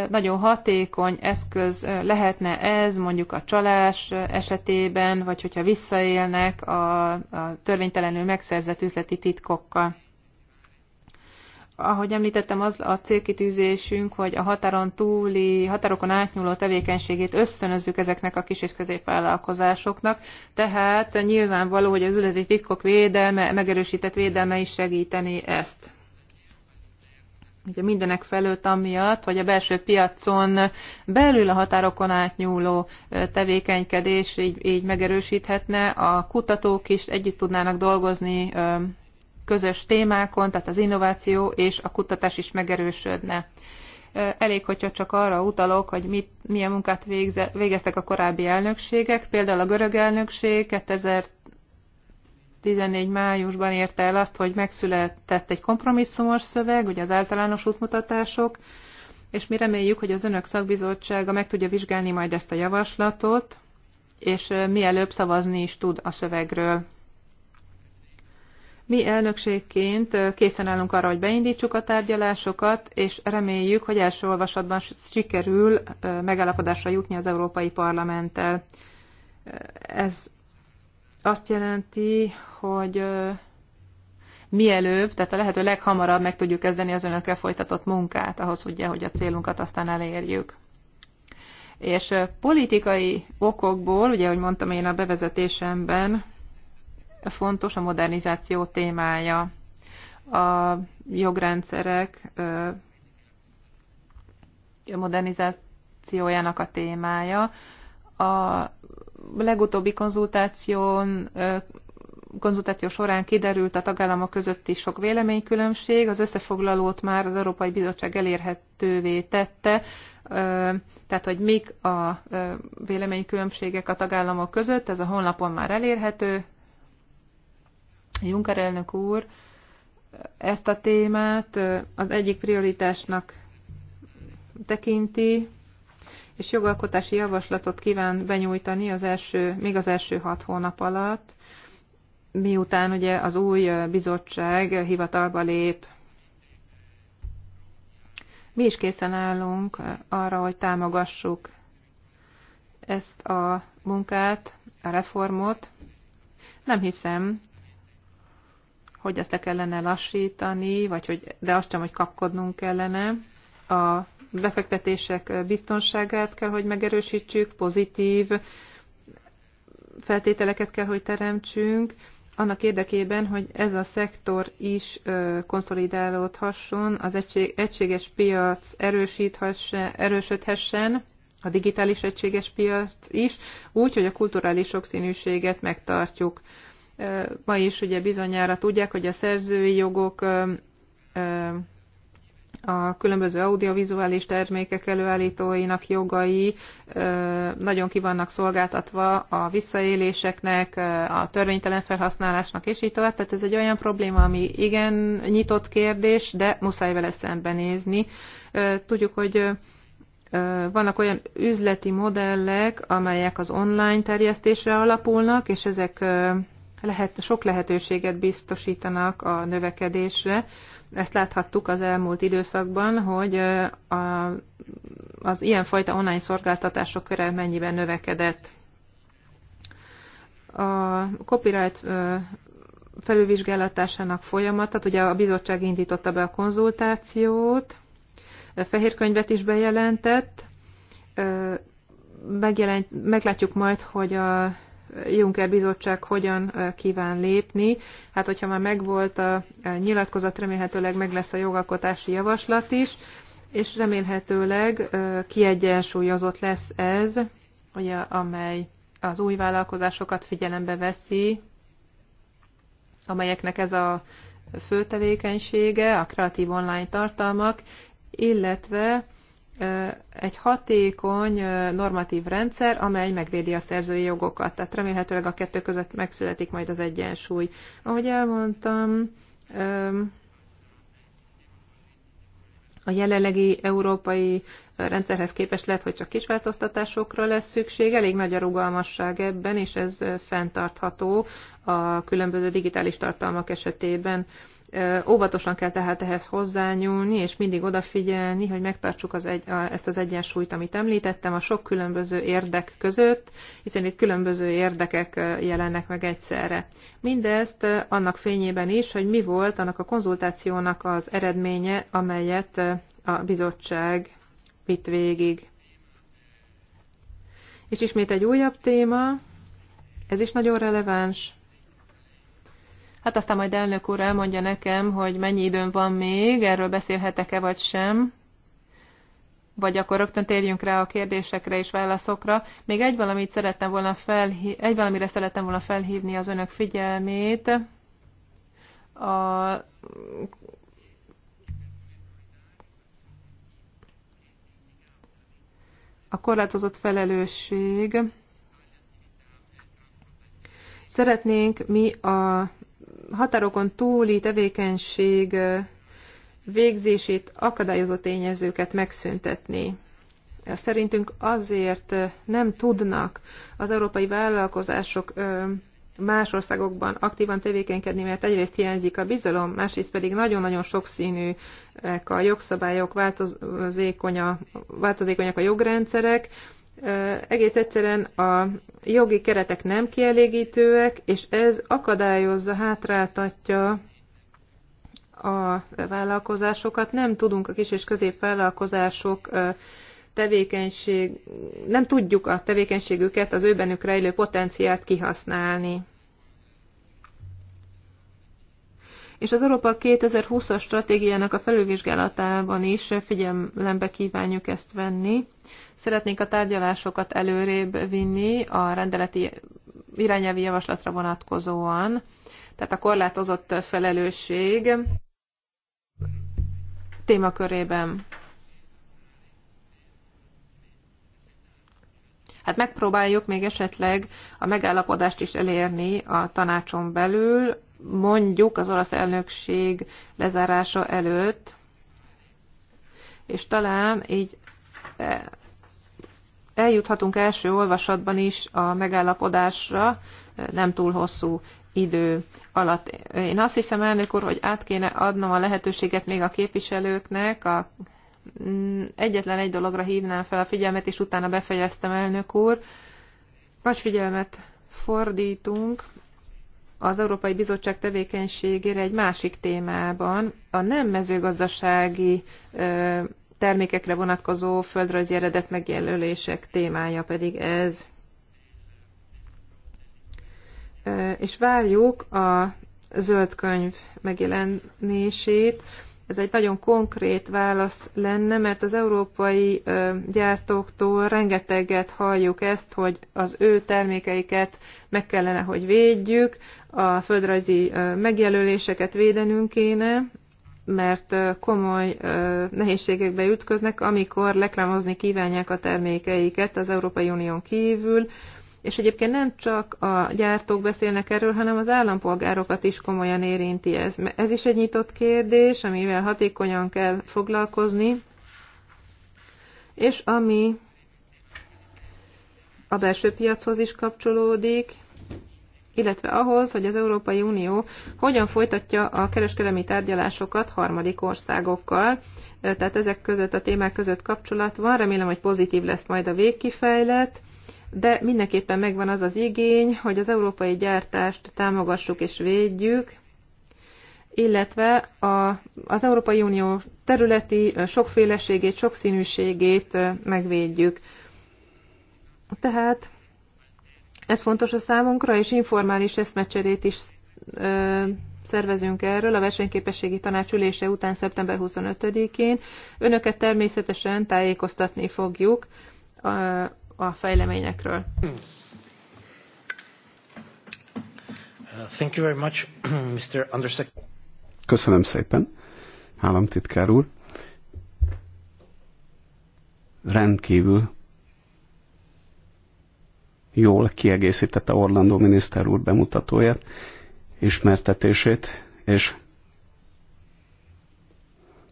nagyon hatékony eszköz lehetne ez mondjuk a csalás esetében, vagy hogyha visszaélnek a, a törvénytelenül megszerzett üzleti titkokkal ahogy említettem, az a célkitűzésünk, hogy a határon túli, határokon átnyúló tevékenységét összönözzük ezeknek a kis és középvállalkozásoknak, tehát nyilvánvaló, hogy az üzleti titkok védelme, megerősített védelme is segíteni ezt. Ugye mindenek felőtt amiatt, hogy a belső piacon belül a határokon átnyúló tevékenykedés így, így megerősíthetne, a kutatók is együtt tudnának dolgozni közös témákon, tehát az innováció és a kutatás is megerősödne. Elég, hogyha csak arra utalok, hogy mit, milyen munkát végze, végeztek a korábbi elnökségek, például a görög elnökség 2014 májusban érte el azt, hogy megszületett egy kompromisszumos szöveg, ugye az általános útmutatások, és mi reméljük, hogy az önök szakbizottsága meg tudja vizsgálni majd ezt a javaslatot, és mielőbb szavazni is tud a szövegről. Mi elnökségként készen állunk arra, hogy beindítsuk a tárgyalásokat, és reméljük, hogy első olvasatban sikerül megállapodásra jutni az Európai Parlamenttel. Ez azt jelenti, hogy mielőbb, tehát a lehető leghamarabb meg tudjuk kezdeni az önökkel folytatott munkát, ahhoz ugye, hogy a célunkat aztán elérjük. És politikai okokból, ugye, ahogy mondtam én a bevezetésemben, fontos a modernizáció témája. A jogrendszerek modernizációjának a témája. A legutóbbi konzultáción konzultáció során kiderült a tagállamok közötti sok véleménykülönbség, az összefoglalót már az Európai Bizottság elérhetővé tette, tehát hogy mik a véleménykülönbségek a tagállamok között, ez a honlapon már elérhető, Juncker elnök úr ezt a témát az egyik prioritásnak tekinti, és jogalkotási javaslatot kíván benyújtani az első, még az első hat hónap alatt, miután ugye az új bizottság hivatalba lép. Mi is készen állunk arra, hogy támogassuk ezt a munkát, a reformot. Nem hiszem, hogy ezt le kellene lassítani, vagy hogy, de azt sem, hogy kapkodnunk kellene. A befektetések biztonságát kell, hogy megerősítsük, pozitív feltételeket kell, hogy teremtsünk, annak érdekében, hogy ez a szektor is konszolidálódhasson, az egység, egységes piac erősödhessen, a digitális egységes piac is, úgy, hogy a kulturális sokszínűséget megtartjuk ma is ugye bizonyára tudják, hogy a szerzői jogok a különböző audiovizuális termékek előállítóinak jogai nagyon ki vannak szolgáltatva a visszaéléseknek, a törvénytelen felhasználásnak, és így tovább. Tehát ez egy olyan probléma, ami igen nyitott kérdés, de muszáj vele szembenézni. Tudjuk, hogy vannak olyan üzleti modellek, amelyek az online terjesztésre alapulnak, és ezek lehet, sok lehetőséget biztosítanak a növekedésre. Ezt láthattuk az elmúlt időszakban, hogy a, az ilyenfajta online szolgáltatások köre mennyiben növekedett. A copyright felülvizsgálatásának folyamatát, ugye a bizottság indította be a konzultációt, a fehérkönyvet is bejelentett, megjelent, meglátjuk majd, hogy a Juncker bizottság hogyan kíván lépni. Hát, hogyha már megvolt a nyilatkozat, remélhetőleg meg lesz a jogalkotási javaslat is, és remélhetőleg kiegyensúlyozott lesz ez, ugye, amely az új vállalkozásokat figyelembe veszi, amelyeknek ez a fő tevékenysége, a kreatív online tartalmak, illetve egy hatékony normatív rendszer, amely megvédi a szerzői jogokat. Tehát remélhetőleg a kettő között megszületik majd az egyensúly. Ahogy elmondtam, a jelenlegi európai rendszerhez képest lehet, hogy csak kis változtatásokra lesz szükség. Elég nagy a rugalmasság ebben, és ez fenntartható a különböző digitális tartalmak esetében. Óvatosan kell tehát ehhez hozzányúlni, és mindig odafigyelni, hogy megtartsuk az egy, a, ezt az egyensúlyt, amit említettem, a sok különböző érdek között, hiszen itt különböző érdekek jelennek meg egyszerre. Mindezt annak fényében is, hogy mi volt annak a konzultációnak az eredménye, amelyet a bizottság vitt végig. És ismét egy újabb téma, ez is nagyon releváns, Hát aztán majd elnök úr elmondja nekem, hogy mennyi időm van még, erről beszélhetek-e vagy sem. Vagy akkor rögtön térjünk rá a kérdésekre és válaszokra. Még egy, valamit szerettem volna felhív, egy valamire szerettem volna felhívni az önök figyelmét. A a korlátozott felelősség. Szeretnénk mi a határokon túli tevékenység végzését akadályozó tényezőket megszüntetni. Szerintünk azért nem tudnak az európai vállalkozások más országokban aktívan tevékenykedni, mert egyrészt hiányzik a bizalom, másrészt pedig nagyon-nagyon sokszínűek a jogszabályok, változékonyak a jogrendszerek, egész egyszerűen a jogi keretek nem kielégítőek, és ez akadályozza, hátráltatja a vállalkozásokat. Nem tudunk a kis és középvállalkozások tevékenység, nem tudjuk a tevékenységüket, az őbenük rejlő potenciált kihasználni. És az Európa 2020-as stratégiának a felülvizsgálatában is figyelembe kívánjuk ezt venni Szeretnénk a tárgyalásokat előrébb vinni a rendeleti irányelvi javaslatra vonatkozóan, tehát a korlátozott felelősség témakörében. Hát megpróbáljuk még esetleg a megállapodást is elérni a tanácson belül, mondjuk az olasz elnökség lezárása előtt, és talán így eljuthatunk első olvasatban is a megállapodásra, nem túl hosszú idő alatt. Én azt hiszem, elnök úr, hogy át kéne adnom a lehetőséget még a képviselőknek, a mm, egyetlen egy dologra hívnám fel a figyelmet, és utána befejeztem, elnök úr. Nagy figyelmet fordítunk az Európai Bizottság tevékenységére egy másik témában, a nem mezőgazdasági termékekre vonatkozó földrajzi eredet megjelölések témája pedig ez. És várjuk a zöld könyv megjelenését. Ez egy nagyon konkrét válasz lenne, mert az európai gyártóktól rengeteget halljuk ezt, hogy az ő termékeiket meg kellene, hogy védjük, a földrajzi megjelöléseket védenünk kéne, mert komoly nehézségekbe ütköznek, amikor reklámozni kívánják a termékeiket az Európai Unión kívül, és egyébként nem csak a gyártók beszélnek erről, hanem az állampolgárokat is komolyan érinti ez. Ez is egy nyitott kérdés, amivel hatékonyan kell foglalkozni, és ami a belső piachoz is kapcsolódik, illetve ahhoz, hogy az Európai Unió hogyan folytatja a kereskedelmi tárgyalásokat harmadik országokkal. Tehát ezek között, a témák között kapcsolat van. Remélem, hogy pozitív lesz majd a végkifejlet, de mindenképpen megvan az az igény, hogy az európai gyártást támogassuk és védjük, illetve a, az Európai Unió területi sokféleségét, sokszínűségét megvédjük. Tehát ez fontos a számunkra, és informális eszmecserét is ö, szervezünk erről a versenyképességi tanácsülése után szeptember 25-én. Önöket természetesen tájékoztatni fogjuk a, a fejleményekről. Thank you very much, Mr. Undersec- Köszönöm szépen, államtitkár úr. Rendkívül jól kiegészítette Orlandó miniszter úr bemutatóját, ismertetését, és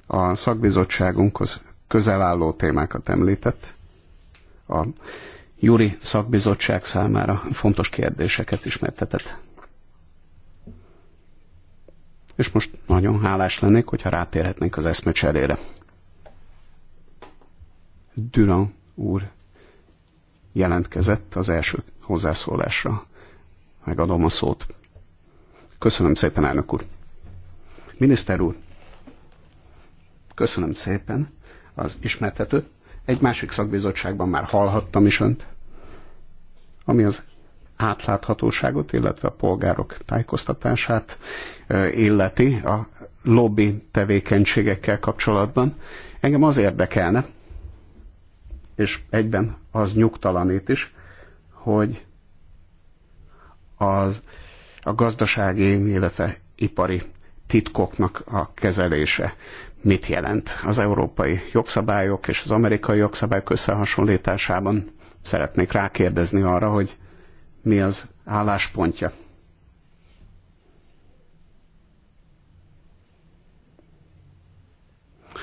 a szakbizottságunkhoz közel álló témákat említett. A Juri szakbizottság számára fontos kérdéseket ismertetett. És most nagyon hálás lennék, hogyha rátérhetnénk az eszmecserére. Durand úr jelentkezett az első hozzászólásra. Megadom a szót. Köszönöm szépen, elnök úr. Miniszter úr, köszönöm szépen az ismertető. Egy másik szakbizottságban már hallhattam is önt, ami az átláthatóságot, illetve a polgárok tájékoztatását illeti a lobby tevékenységekkel kapcsolatban. Engem az érdekelne, és egyben az nyugtalanít is, hogy az, a gazdasági, illetve ipari titkoknak a kezelése mit jelent. Az európai jogszabályok és az amerikai jogszabályok összehasonlításában szeretnék rákérdezni arra, hogy mi az álláspontja.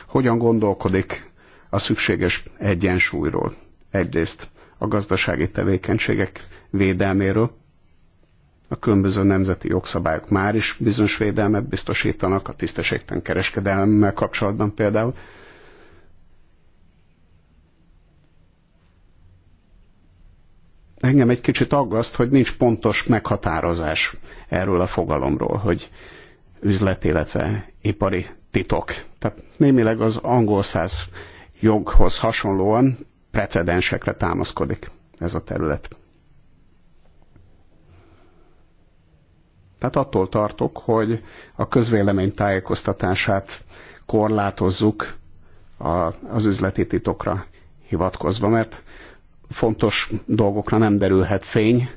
Hogyan gondolkodik a szükséges egyensúlyról. Egyrészt a gazdasági tevékenységek védelméről, a különböző nemzeti jogszabályok már is bizonyos védelmet biztosítanak, a tisztességtelen kereskedelemmel kapcsolatban például. Engem egy kicsit aggaszt, hogy nincs pontos meghatározás erről a fogalomról, hogy üzlet, illetve ipari titok. Tehát némileg az angol száz joghoz hasonlóan precedensekre támaszkodik ez a terület. Tehát attól tartok, hogy a közvélemény tájékoztatását korlátozzuk az üzleti titokra hivatkozva, mert fontos dolgokra nem derülhet fény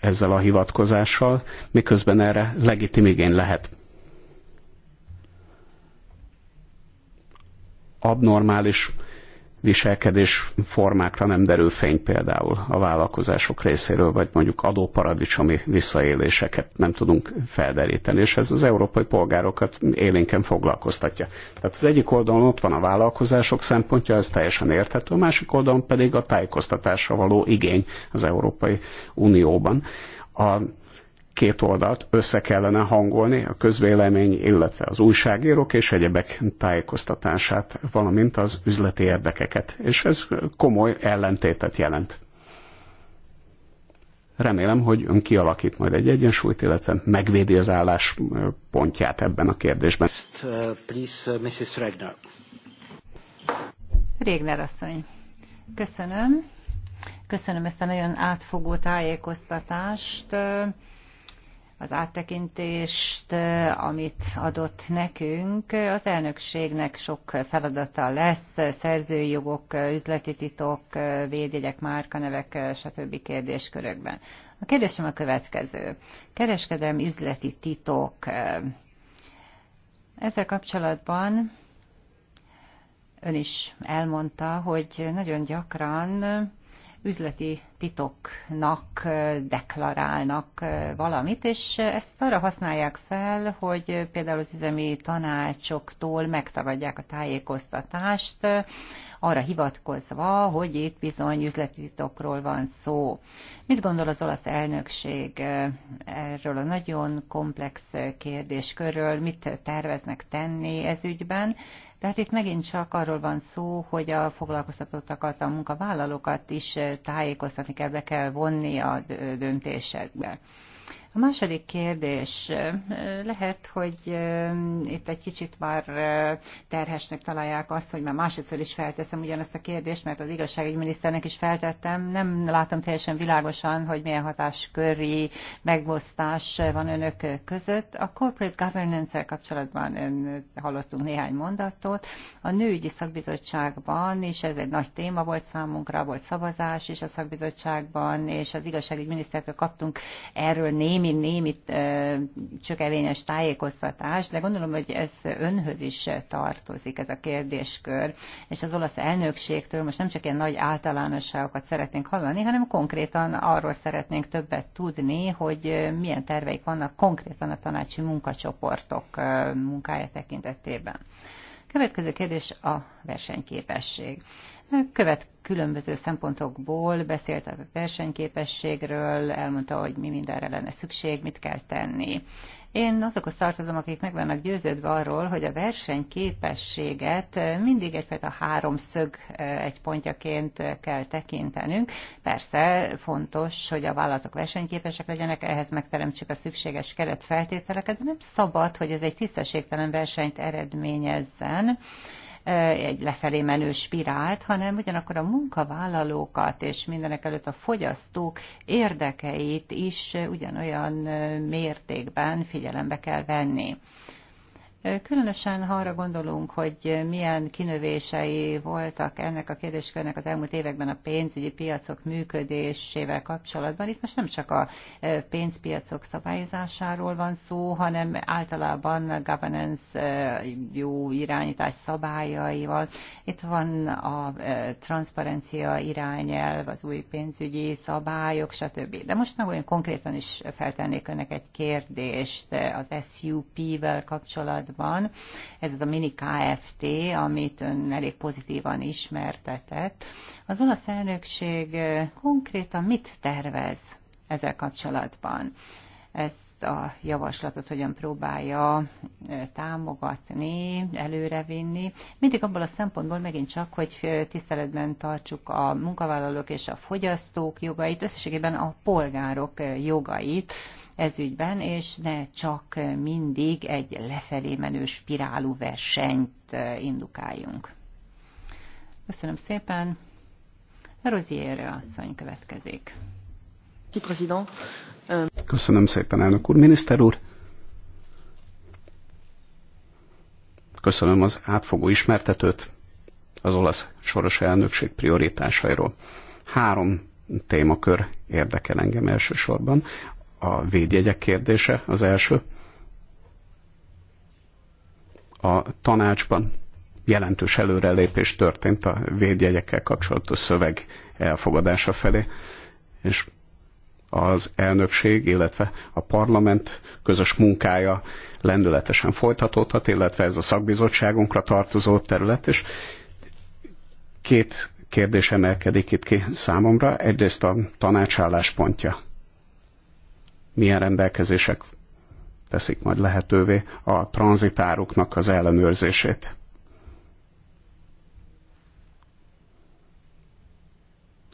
ezzel a hivatkozással, miközben erre legitim igény lehet. abnormális viselkedés formákra nem derül fény például a vállalkozások részéről, vagy mondjuk adóparadicsomi visszaéléseket nem tudunk felderíteni, és ez az európai polgárokat élénken foglalkoztatja. Tehát az egyik oldalon ott van a vállalkozások szempontja, ez teljesen érthető, a másik oldalon pedig a tájékoztatásra való igény az Európai Unióban. A két oldalt össze kellene hangolni, a közvélemény, illetve az újságírók és egyebek tájékoztatását, valamint az üzleti érdekeket. És ez komoly ellentétet jelent. Remélem, hogy ön kialakít majd egy egyensúlyt, illetve megvédi az álláspontját ebben a kérdésben. Uh, uh, Regner. Régner asszony. Köszönöm. Köszönöm ezt a nagyon átfogó tájékoztatást az áttekintést, amit adott nekünk. Az elnökségnek sok feladata lesz, szerzői jogok, üzleti titok, védjegyek, márkanevek, stb. kérdéskörökben. A kérdésem a következő. Kereskedelmi üzleti titok. Ezzel kapcsolatban ön is elmondta, hogy nagyon gyakran üzleti titoknak deklarálnak valamit, és ezt arra használják fel, hogy például az üzemi tanácsoktól megtagadják a tájékoztatást, arra hivatkozva, hogy itt bizony üzleti titokról van szó. Mit gondol az olasz elnökség erről a nagyon komplex kérdéskörről, mit terveznek tenni ez ügyben, tehát itt megint csak arról van szó, hogy a foglalkoztatottakat, a munkavállalókat is eh, tájékoztatni kell, be kell vonni a döntésekbe. A második kérdés. Lehet, hogy itt egy kicsit már terhesnek találják azt, hogy már másodszor is felteszem ugyanazt a kérdést, mert az igazságügyi miniszternek is feltettem. Nem látom teljesen világosan, hogy milyen hatásköri megosztás van önök között. A corporate governance-el kapcsolatban hallottunk néhány mondatot. A nőügyi szakbizottságban is ez egy nagy téma volt számunkra, volt szavazás is a szakbizottságban, és az igazságügyi minisztertől kaptunk erről némi némi csökevényes tájékoztatás, de gondolom, hogy ez önhöz is tartozik ez a kérdéskör, és az olasz elnökségtől most nem csak ilyen nagy általánosságokat szeretnénk hallani, hanem konkrétan arról szeretnénk többet tudni, hogy milyen terveik vannak konkrétan a tanácsi munkacsoportok munkája tekintetében. Következő kérdés a versenyképesség. Követ különböző szempontokból beszélt a versenyképességről, elmondta, hogy mi mindenre lenne szükség, mit kell tenni. Én azokhoz tartozom, akik meg vannak győződve arról, hogy a versenyképességet mindig egyfajta háromszög eh, egy pontjaként kell tekintenünk. Persze fontos, hogy a vállalatok versenyképesek legyenek, ehhez megteremtsük a szükséges keretfeltételeket, de nem szabad, hogy ez egy tisztességtelen versenyt eredményezzen egy lefelé menő spirált, hanem ugyanakkor a munkavállalókat és mindenek előtt a fogyasztók érdekeit is ugyanolyan mértékben figyelembe kell venni. Különösen ha arra gondolunk, hogy milyen kinövései voltak ennek a kérdéskörnek az elmúlt években a pénzügyi piacok működésével kapcsolatban. Itt most nem csak a e, pénzpiacok szabályozásáról van szó, hanem általában a governance e, jó irányítás szabályaival. Itt van a e, transzparencia irányelv, az új pénzügyi szabályok, stb. De most nagyon konkrétan is feltennék önnek egy kérdést az SUP-vel kapcsolatban kapcsolatban. Ez az a mini KFT, amit ön elég pozitívan ismertetett. Az olasz elnökség konkrétan mit tervez ezzel kapcsolatban? Ezt a javaslatot hogyan próbálja támogatni, előrevinni. Mindig abból a szempontból megint csak, hogy tiszteletben tartsuk a munkavállalók és a fogyasztók jogait, összességében a polgárok jogait, ez ügyben, és ne csak mindig egy lefelé menő spirálú versenyt indukáljunk. Köszönöm szépen. Rozier asszony következik. Köszönöm szépen, elnök úr, miniszter úr. Köszönöm az átfogó ismertetőt az olasz soros elnökség prioritásairól. Három témakör érdekel engem elsősorban a védjegyek kérdése az első. A tanácsban jelentős előrelépés történt a védjegyekkel kapcsolatos szöveg elfogadása felé, és az elnökség, illetve a parlament közös munkája lendületesen folytatódhat, illetve ez a szakbizottságunkra tartozó terület, és két kérdés emelkedik itt ki számomra. Egyrészt a tanácsálláspontja milyen rendelkezések teszik majd lehetővé a tranzitáruknak az ellenőrzését.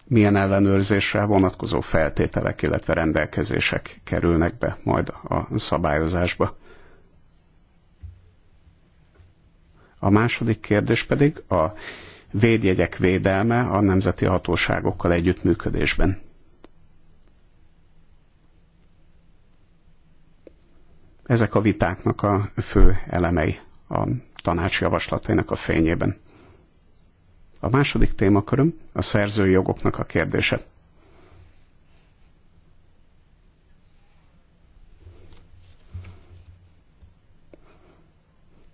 Milyen ellenőrzésre vonatkozó feltételek, illetve rendelkezések kerülnek be majd a szabályozásba. A második kérdés pedig a védjegyek védelme a nemzeti hatóságokkal együttműködésben. Ezek a vitáknak a fő elemei a tanács javaslatainak a fényében. A második témaköröm a szerzői jogoknak a kérdése.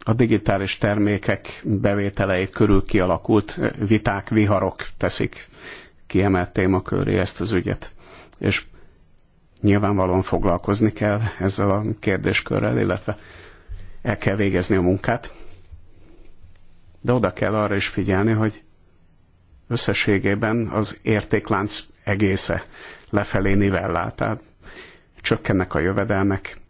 a digitális termékek bevételei körül kialakult viták, viharok teszik kiemelt témaköré ezt az ügyet. És Nyilvánvalóan foglalkozni kell ezzel a kérdéskörrel, illetve el kell végezni a munkát. De oda kell arra is figyelni, hogy összességében az értéklánc egésze lefelé nivellál, tehát csökkennek a jövedelmek.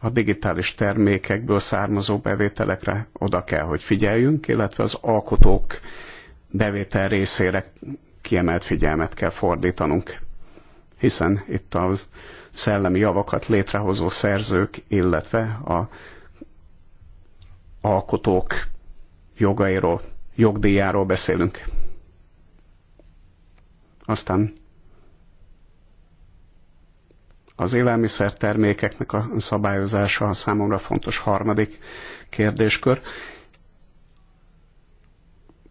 A digitális termékekből származó bevételekre oda kell, hogy figyeljünk, illetve az alkotók bevétel részére kiemelt figyelmet kell fordítanunk, hiszen itt a szellemi javakat létrehozó szerzők, illetve a alkotók jogairól, jogdíjáról beszélünk. Aztán az élelmiszertermékeknek a szabályozása a számomra fontos harmadik kérdéskör.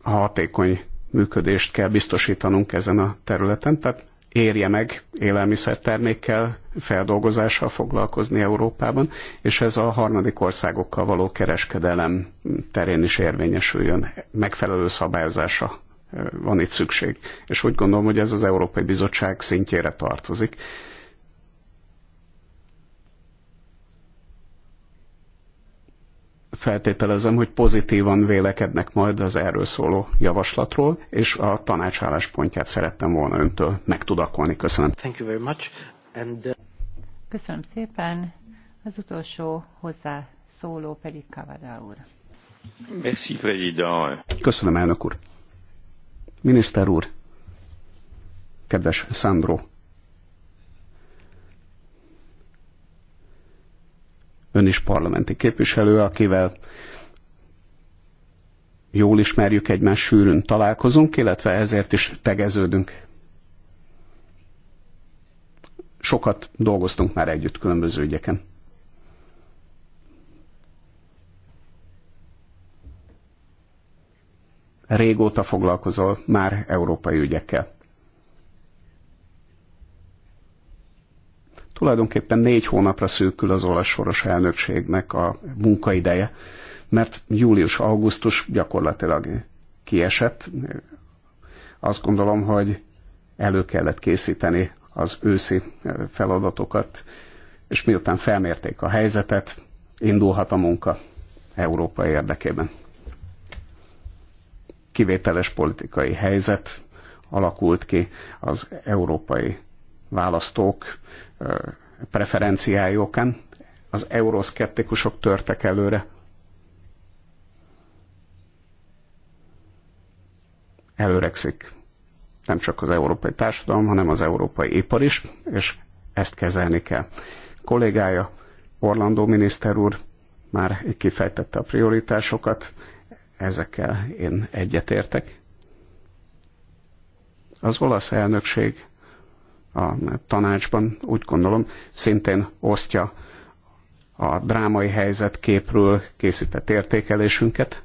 A hatékony működést kell biztosítanunk ezen a területen, tehát érje meg élelmiszertermékkel, feldolgozással foglalkozni Európában, és ez a harmadik országokkal való kereskedelem terén is érvényesüljön. Megfelelő szabályozása eh, van itt szükség. És úgy gondolom, hogy ez az Európai Bizottság szintjére tartozik, feltételezem, hogy pozitívan vélekednek majd az erről szóló javaslatról, és a tanács álláspontját szerettem volna öntől megtudakolni. Köszönöm. Thank you very much. And, uh... Köszönöm szépen. Az utolsó hozzá szóló pedig Kavada úr. Merci, président. Köszönöm, elnök úr. Miniszter úr, kedves Sandro Ön is parlamenti képviselő, akivel jól ismerjük egymás sűrűn találkozunk, illetve ezért is tegeződünk. Sokat dolgoztunk már együtt különböző ügyeken. Régóta foglalkozol már európai ügyekkel. Tulajdonképpen négy hónapra szűkül az olasz soros elnökségnek a munkaideje, mert július-augusztus gyakorlatilag kiesett. Azt gondolom, hogy elő kellett készíteni az őszi feladatokat, és miután felmérték a helyzetet, indulhat a munka Európa érdekében. Kivételes politikai helyzet alakult ki az európai választók preferenciájokán az euroszkeptikusok törtek előre. Előrekszik nem csak az európai társadalom, hanem az európai ipar is, és ezt kezelni kell. Kollégája Orlandó miniszter úr már kifejtette a prioritásokat, ezekkel én egyetértek. Az olasz elnökség a tanácsban úgy gondolom szintén osztja a drámai helyzet képről készített értékelésünket.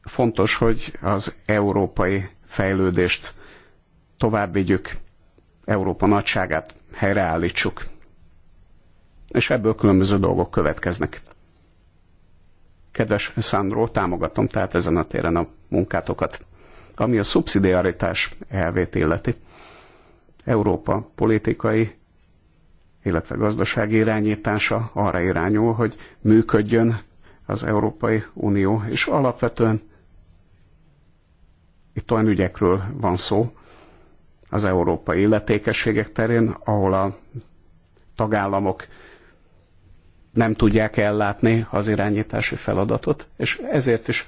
Fontos, hogy az európai fejlődést tovább vigyük, Európa nagyságát helyreállítsuk. És ebből különböző dolgok következnek. Kedves Sandro, támogatom tehát ezen a téren a munkátokat. Ami a szubszidiaritás elvét illeti, Európa politikai, illetve gazdasági irányítása arra irányul, hogy működjön az Európai Unió, és alapvetően itt olyan ügyekről van szó az európai illetékességek terén, ahol a tagállamok nem tudják ellátni az irányítási feladatot, és ezért is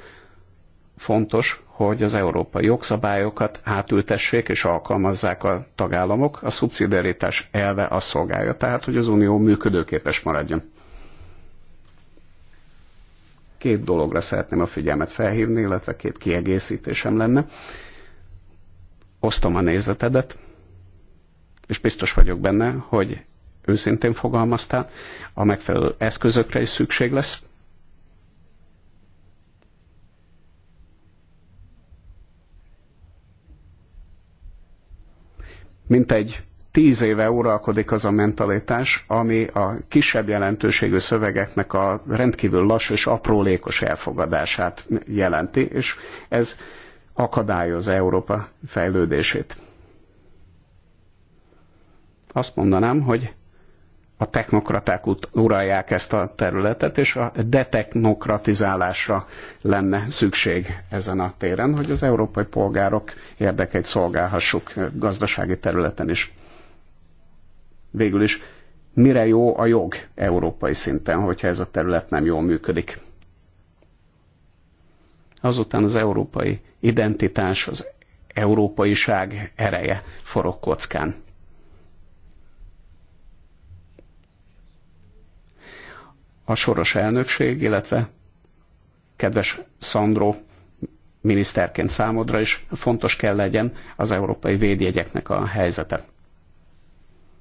fontos, hogy az európai jogszabályokat átültessék és alkalmazzák a tagállamok. A szubszidiaritás elve azt szolgálja, tehát hogy az unió működőképes maradjon. Két dologra szeretném a figyelmet felhívni, illetve két kiegészítésem lenne. Osztom a nézetedet, és biztos vagyok benne, hogy őszintén fogalmaztál, a megfelelő eszközökre is szükség lesz, Mint egy tíz éve uralkodik az a mentalitás, ami a kisebb jelentőségű szövegeknek a rendkívül lassú és aprólékos elfogadását jelenti, és ez akadályoz Európa fejlődését. Azt mondanám, hogy a technokraták uralják ezt a területet, és a deteknokratizálásra lenne szükség ezen a téren, hogy az európai polgárok érdekeit szolgálhassuk gazdasági területen is. Végül is, mire jó a jog európai szinten, hogyha ez a terület nem jól működik? Azután az európai identitás, az európaiság ereje forog kockán a soros elnökség, illetve kedves Szandró miniszterként számodra is fontos kell legyen az európai védjegyeknek a helyzete.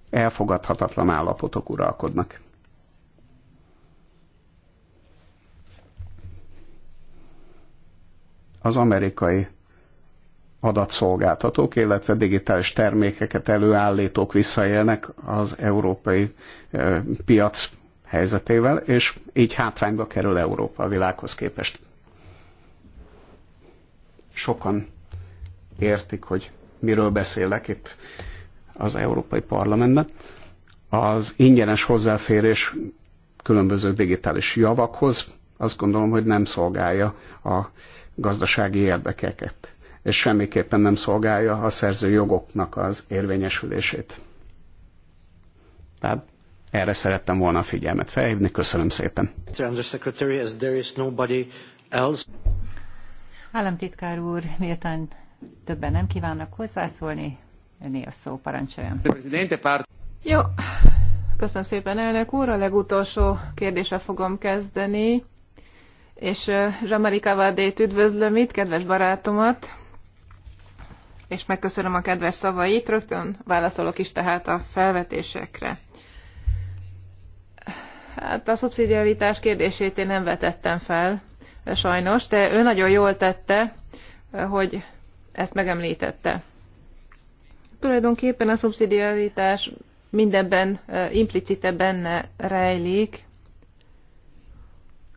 Elfogadhatatlan állapotok uralkodnak. Az amerikai adatszolgáltatók, illetve digitális termékeket előállítók visszaélnek az európai piac helyzetével, és így hátrányba kerül Európa a világhoz képest. Sokan értik, hogy miről beszélek itt az Európai Parlamentben. Az ingyenes hozzáférés különböző digitális javakhoz azt gondolom, hogy nem szolgálja a gazdasági érdekeket, és semmiképpen nem szolgálja a szerző jogoknak az érvényesülését. Tehát erre szerettem volna a figyelmet felhívni. Köszönöm szépen. Államtitkár úr, miután többen nem kívánnak hozzászólni, Önné a szó, parancsoljon. Jó, köszönöm szépen elnök úr, a legutolsó kérdésre fogom kezdeni, és Zsamari Kavadét üdvözlöm itt, kedves barátomat, és megköszönöm a kedves szavait, rögtön válaszolok is tehát a felvetésekre. Hát a szubszidiaritás kérdését én nem vetettem fel, eh, sajnos, de ő nagyon jól tette, eh, hogy ezt megemlítette. Tulajdonképpen a szubszidiaritás mindenben eh, implicite benne rejlik,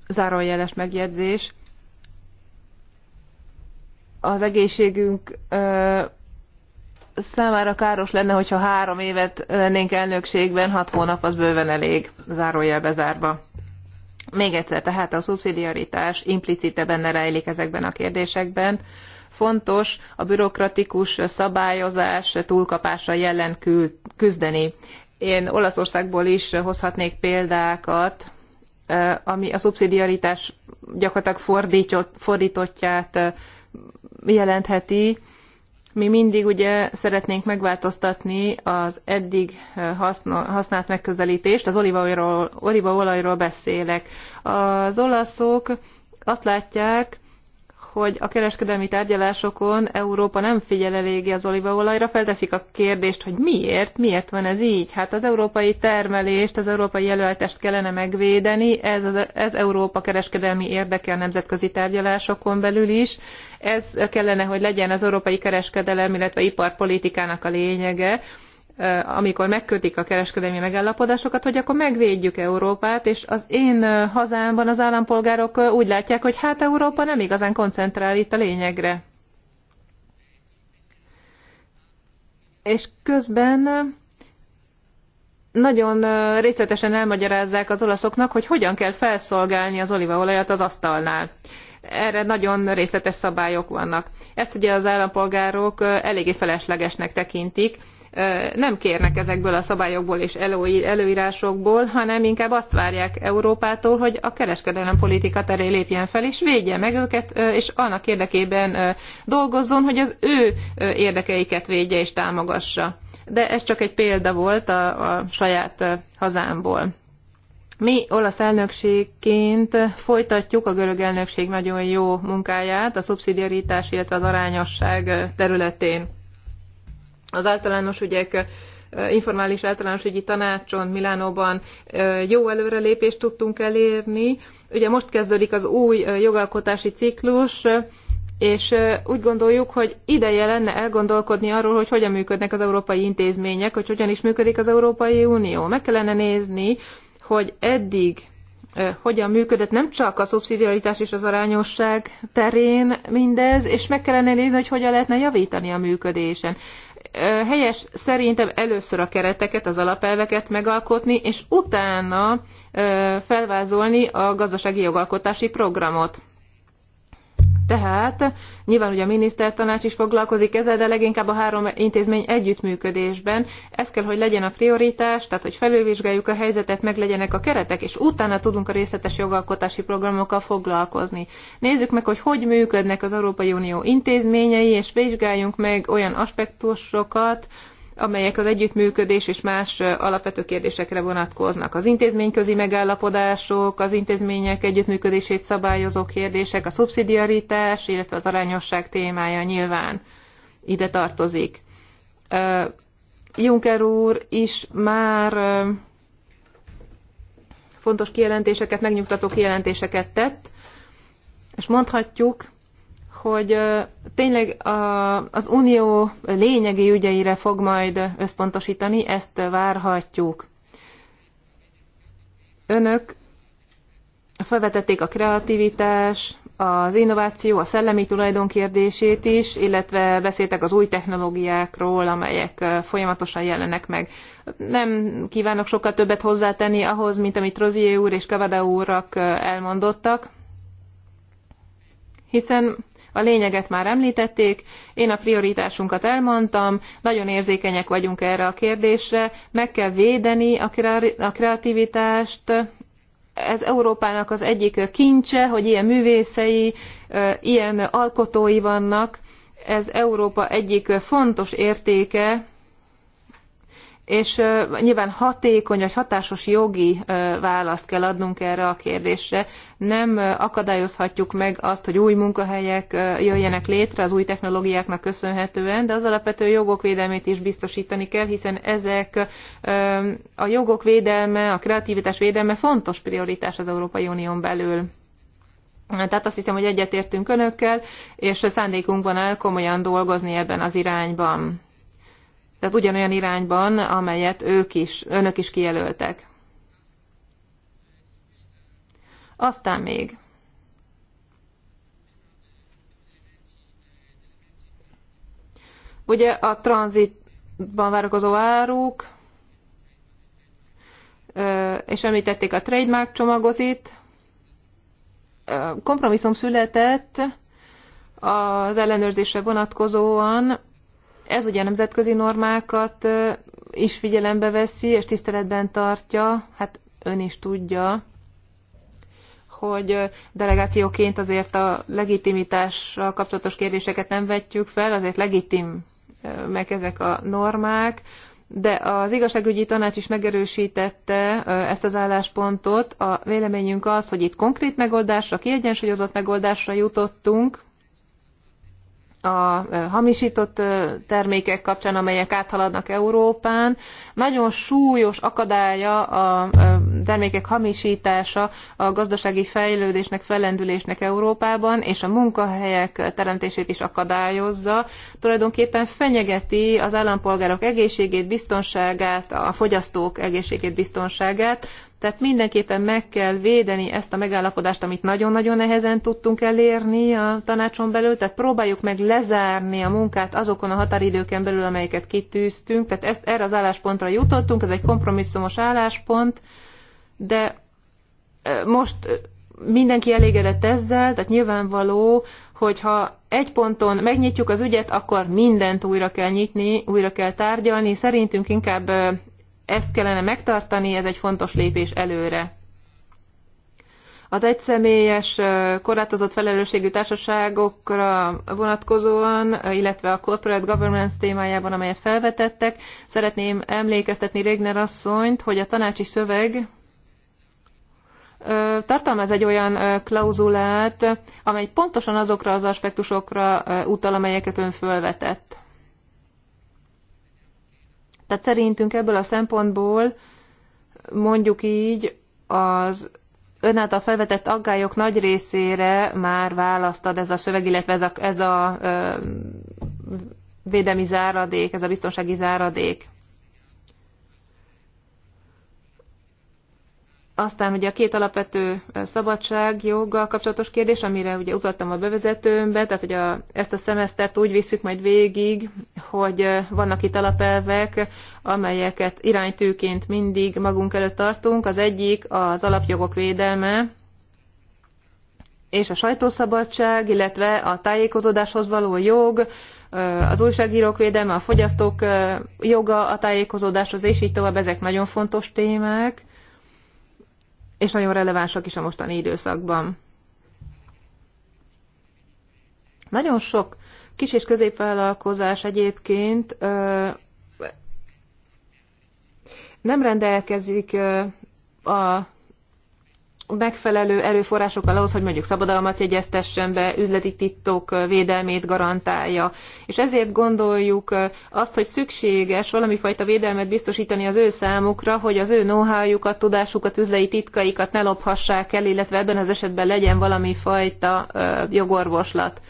zárójeles megjegyzés, az egészségünk számára káros lenne, hogyha három évet lennénk elnökségben, hat hónap az bőven elég, zárójel bezárva. Még egyszer, tehát a szubszidiaritás implicite benne rejlik ezekben a kérdésekben. Fontos a bürokratikus szabályozás túlkapása jelen küzdeni. Én Olaszországból is hozhatnék példákat, eh, ami a szubszidiaritás gyakorlatilag fordítottját eh, jelentheti mi mindig ugye szeretnénk megváltoztatni az eddig eh, használt megközelítést, az olívaolajról, olívaolajról beszélek. Az olaszok azt látják, hogy a kereskedelmi tárgyalásokon Európa nem figyel eléggé az olívaolajra, felteszik a kérdést, hogy miért, miért van ez így. Hát az európai termelést, az európai jelöltest kellene megvédeni, ez, az, ez Európa kereskedelmi érdeke a nemzetközi tárgyalásokon belül is, ez kellene, hogy legyen az európai kereskedelem, illetve iparpolitikának a lényege, amikor megkötik a kereskedelmi megállapodásokat, hogy akkor megvédjük Európát, és az én hazámban az állampolgárok úgy látják, hogy hát Európa nem igazán koncentrál itt a lényegre. És közben nagyon részletesen elmagyarázzák az olaszoknak, hogy hogyan kell felszolgálni az olívaolajat az asztalnál. Erre nagyon részletes szabályok vannak. Ezt ugye az állampolgárok eléggé feleslegesnek tekintik, nem kérnek ezekből a szabályokból és előírásokból, hanem inkább azt várják Európától, hogy a kereskedelem politika terén lépjen fel, és védje meg őket, és annak érdekében dolgozzon, hogy az ő érdekeiket védje és támogassa. De ez csak egy példa volt a, a saját hazámból. Mi olasz elnökségként folytatjuk a görög elnökség nagyon jó munkáját a szubszidiaritás, illetve az arányosság területén az általános ügyek informális általános ügyi tanácson Milánóban jó előrelépést tudtunk elérni. Ugye most kezdődik az új jogalkotási ciklus, és úgy gondoljuk, hogy ideje lenne elgondolkodni arról, hogy hogyan működnek az európai intézmények, hogy hogyan is működik az Európai Unió. Meg kellene nézni, hogy eddig hogyan működött nem csak a szubszidiaritás és az arányosság terén mindez, és meg kellene nézni, hogy hogyan lehetne javítani a működésen helyes szerintem először a kereteket, az alapelveket megalkotni, és utána felvázolni a gazdasági jogalkotási programot. Tehát nyilván ugye a minisztertanács is foglalkozik ezzel, de leginkább a három intézmény együttműködésben. Ez kell, hogy legyen a prioritás, tehát hogy felülvizsgáljuk a helyzetet, meg legyenek a keretek, és utána tudunk a részletes jogalkotási programokkal foglalkozni. Nézzük meg, hogy hogy működnek az Európai Unió intézményei, és vizsgáljunk meg olyan aspektusokat, amelyek az együttműködés és más alapvető kérdésekre vonatkoznak. Az intézményközi megállapodások, az intézmények együttműködését szabályozó kérdések, a szubszidiaritás, illetve az arányosság témája nyilván ide tartozik. Juncker úr is már fontos kijelentéseket, megnyugtató kijelentéseket tett, és mondhatjuk, hogy tényleg az unió lényegi ügyeire fog majd összpontosítani, ezt várhatjuk. Önök felvetették a kreativitás, az innováció, a szellemi tulajdon kérdését is, illetve beszéltek az új technológiákról, amelyek folyamatosan jelenek meg. Nem kívánok sokkal többet hozzátenni ahhoz, mint amit Rozier úr és Kavada úrak elmondottak, hiszen a lényeget már említették, én a prioritásunkat elmondtam, nagyon érzékenyek vagyunk erre a kérdésre, meg kell védeni a kreativitást, ez Európának az egyik kincse, hogy ilyen művészei, ilyen alkotói vannak, ez Európa egyik fontos értéke, és nyilván hatékony vagy hatásos jogi választ kell adnunk erre a kérdésre. Nem akadályozhatjuk meg azt, hogy új munkahelyek jöjjenek létre az új technológiáknak köszönhetően, de az alapvető jogok védelmét is biztosítani kell, hiszen ezek a jogok védelme, a kreativitás védelme fontos prioritás az Európai Unión belül. Tehát azt hiszem, hogy egyetértünk önökkel, és szándékunkban el komolyan dolgozni ebben az irányban tehát ugyanolyan irányban, amelyet ők is, önök is kijelöltek. Aztán még. Ugye a tranzitban várakozó áruk, és említették a trademark csomagot itt. Kompromisszum született az ellenőrzésre vonatkozóan, ez ugye a nemzetközi normákat is figyelembe veszi, és tiszteletben tartja, hát ön is tudja, hogy delegációként azért a legitimitással kapcsolatos kérdéseket nem vetjük fel, azért meg ezek a normák, de az igazságügyi tanács is megerősítette ezt az álláspontot. A véleményünk az, hogy itt konkrét megoldásra, kiegyensúlyozott megoldásra jutottunk, a hamisított termékek kapcsán, amelyek áthaladnak Európán. Nagyon súlyos akadálya a termékek hamisítása a gazdasági fejlődésnek, fellendülésnek Európában, és a munkahelyek teremtését is akadályozza. Tulajdonképpen fenyegeti az állampolgárok egészségét, biztonságát, a fogyasztók egészségét, biztonságát, tehát mindenképpen meg kell védeni ezt a megállapodást, amit nagyon-nagyon nehezen tudtunk elérni a tanácson belül, tehát próbáljuk meg lezárni a munkát azokon a határidőken belül, amelyeket kitűztünk, tehát ezt, erre az álláspontra jutottunk, ez egy kompromisszumos álláspont, de most mindenki elégedett ezzel, tehát nyilvánvaló, hogyha egy ponton megnyitjuk az ügyet, akkor mindent újra kell nyitni, újra kell tárgyalni. Szerintünk inkább ezt kellene megtartani, ez egy fontos lépés előre. Az egyszemélyes korlátozott felelősségű társaságokra vonatkozóan, illetve a corporate governance témájában, amelyet felvetettek, szeretném emlékeztetni Régner asszonyt, hogy a tanácsi szöveg tartalmaz egy olyan klauzulát, amely pontosan azokra az aspektusokra utal, amelyeket ön felvetett. Tehát szerintünk ebből a szempontból mondjuk így az ön által felvetett aggályok nagy részére már választad ez a szöveg, illetve ez a, ez a ö, védelmi záradék, ez a biztonsági záradék. Aztán ugye a két alapvető szabadság, joggal kapcsolatos kérdés, amire ugye utaltam a bevezetőmbe, tehát hogy a, ezt a szemesztert úgy visszük majd végig, hogy vannak itt alapelvek, amelyeket iránytűként mindig magunk előtt tartunk. Az egyik az alapjogok védelme, és a sajtószabadság, illetve a tájékozódáshoz való jog, az újságírók védelme, a fogyasztók joga a tájékozódáshoz, és így tovább, ezek nagyon fontos témák és nagyon relevánsak is a mostani időszakban. Nagyon sok kis és középvállalkozás egyébként nem rendelkezik a megfelelő erőforrásokkal ahhoz, hogy mondjuk szabadalmat jegyeztessen be, üzleti titok védelmét garantálja. És ezért gondoljuk azt, hogy szükséges valami fajta védelmet biztosítani az ő számukra, hogy az ő know tudásukat, üzleti titkaikat ne lophassák el, illetve ebben az esetben legyen valami fajta jogorvoslat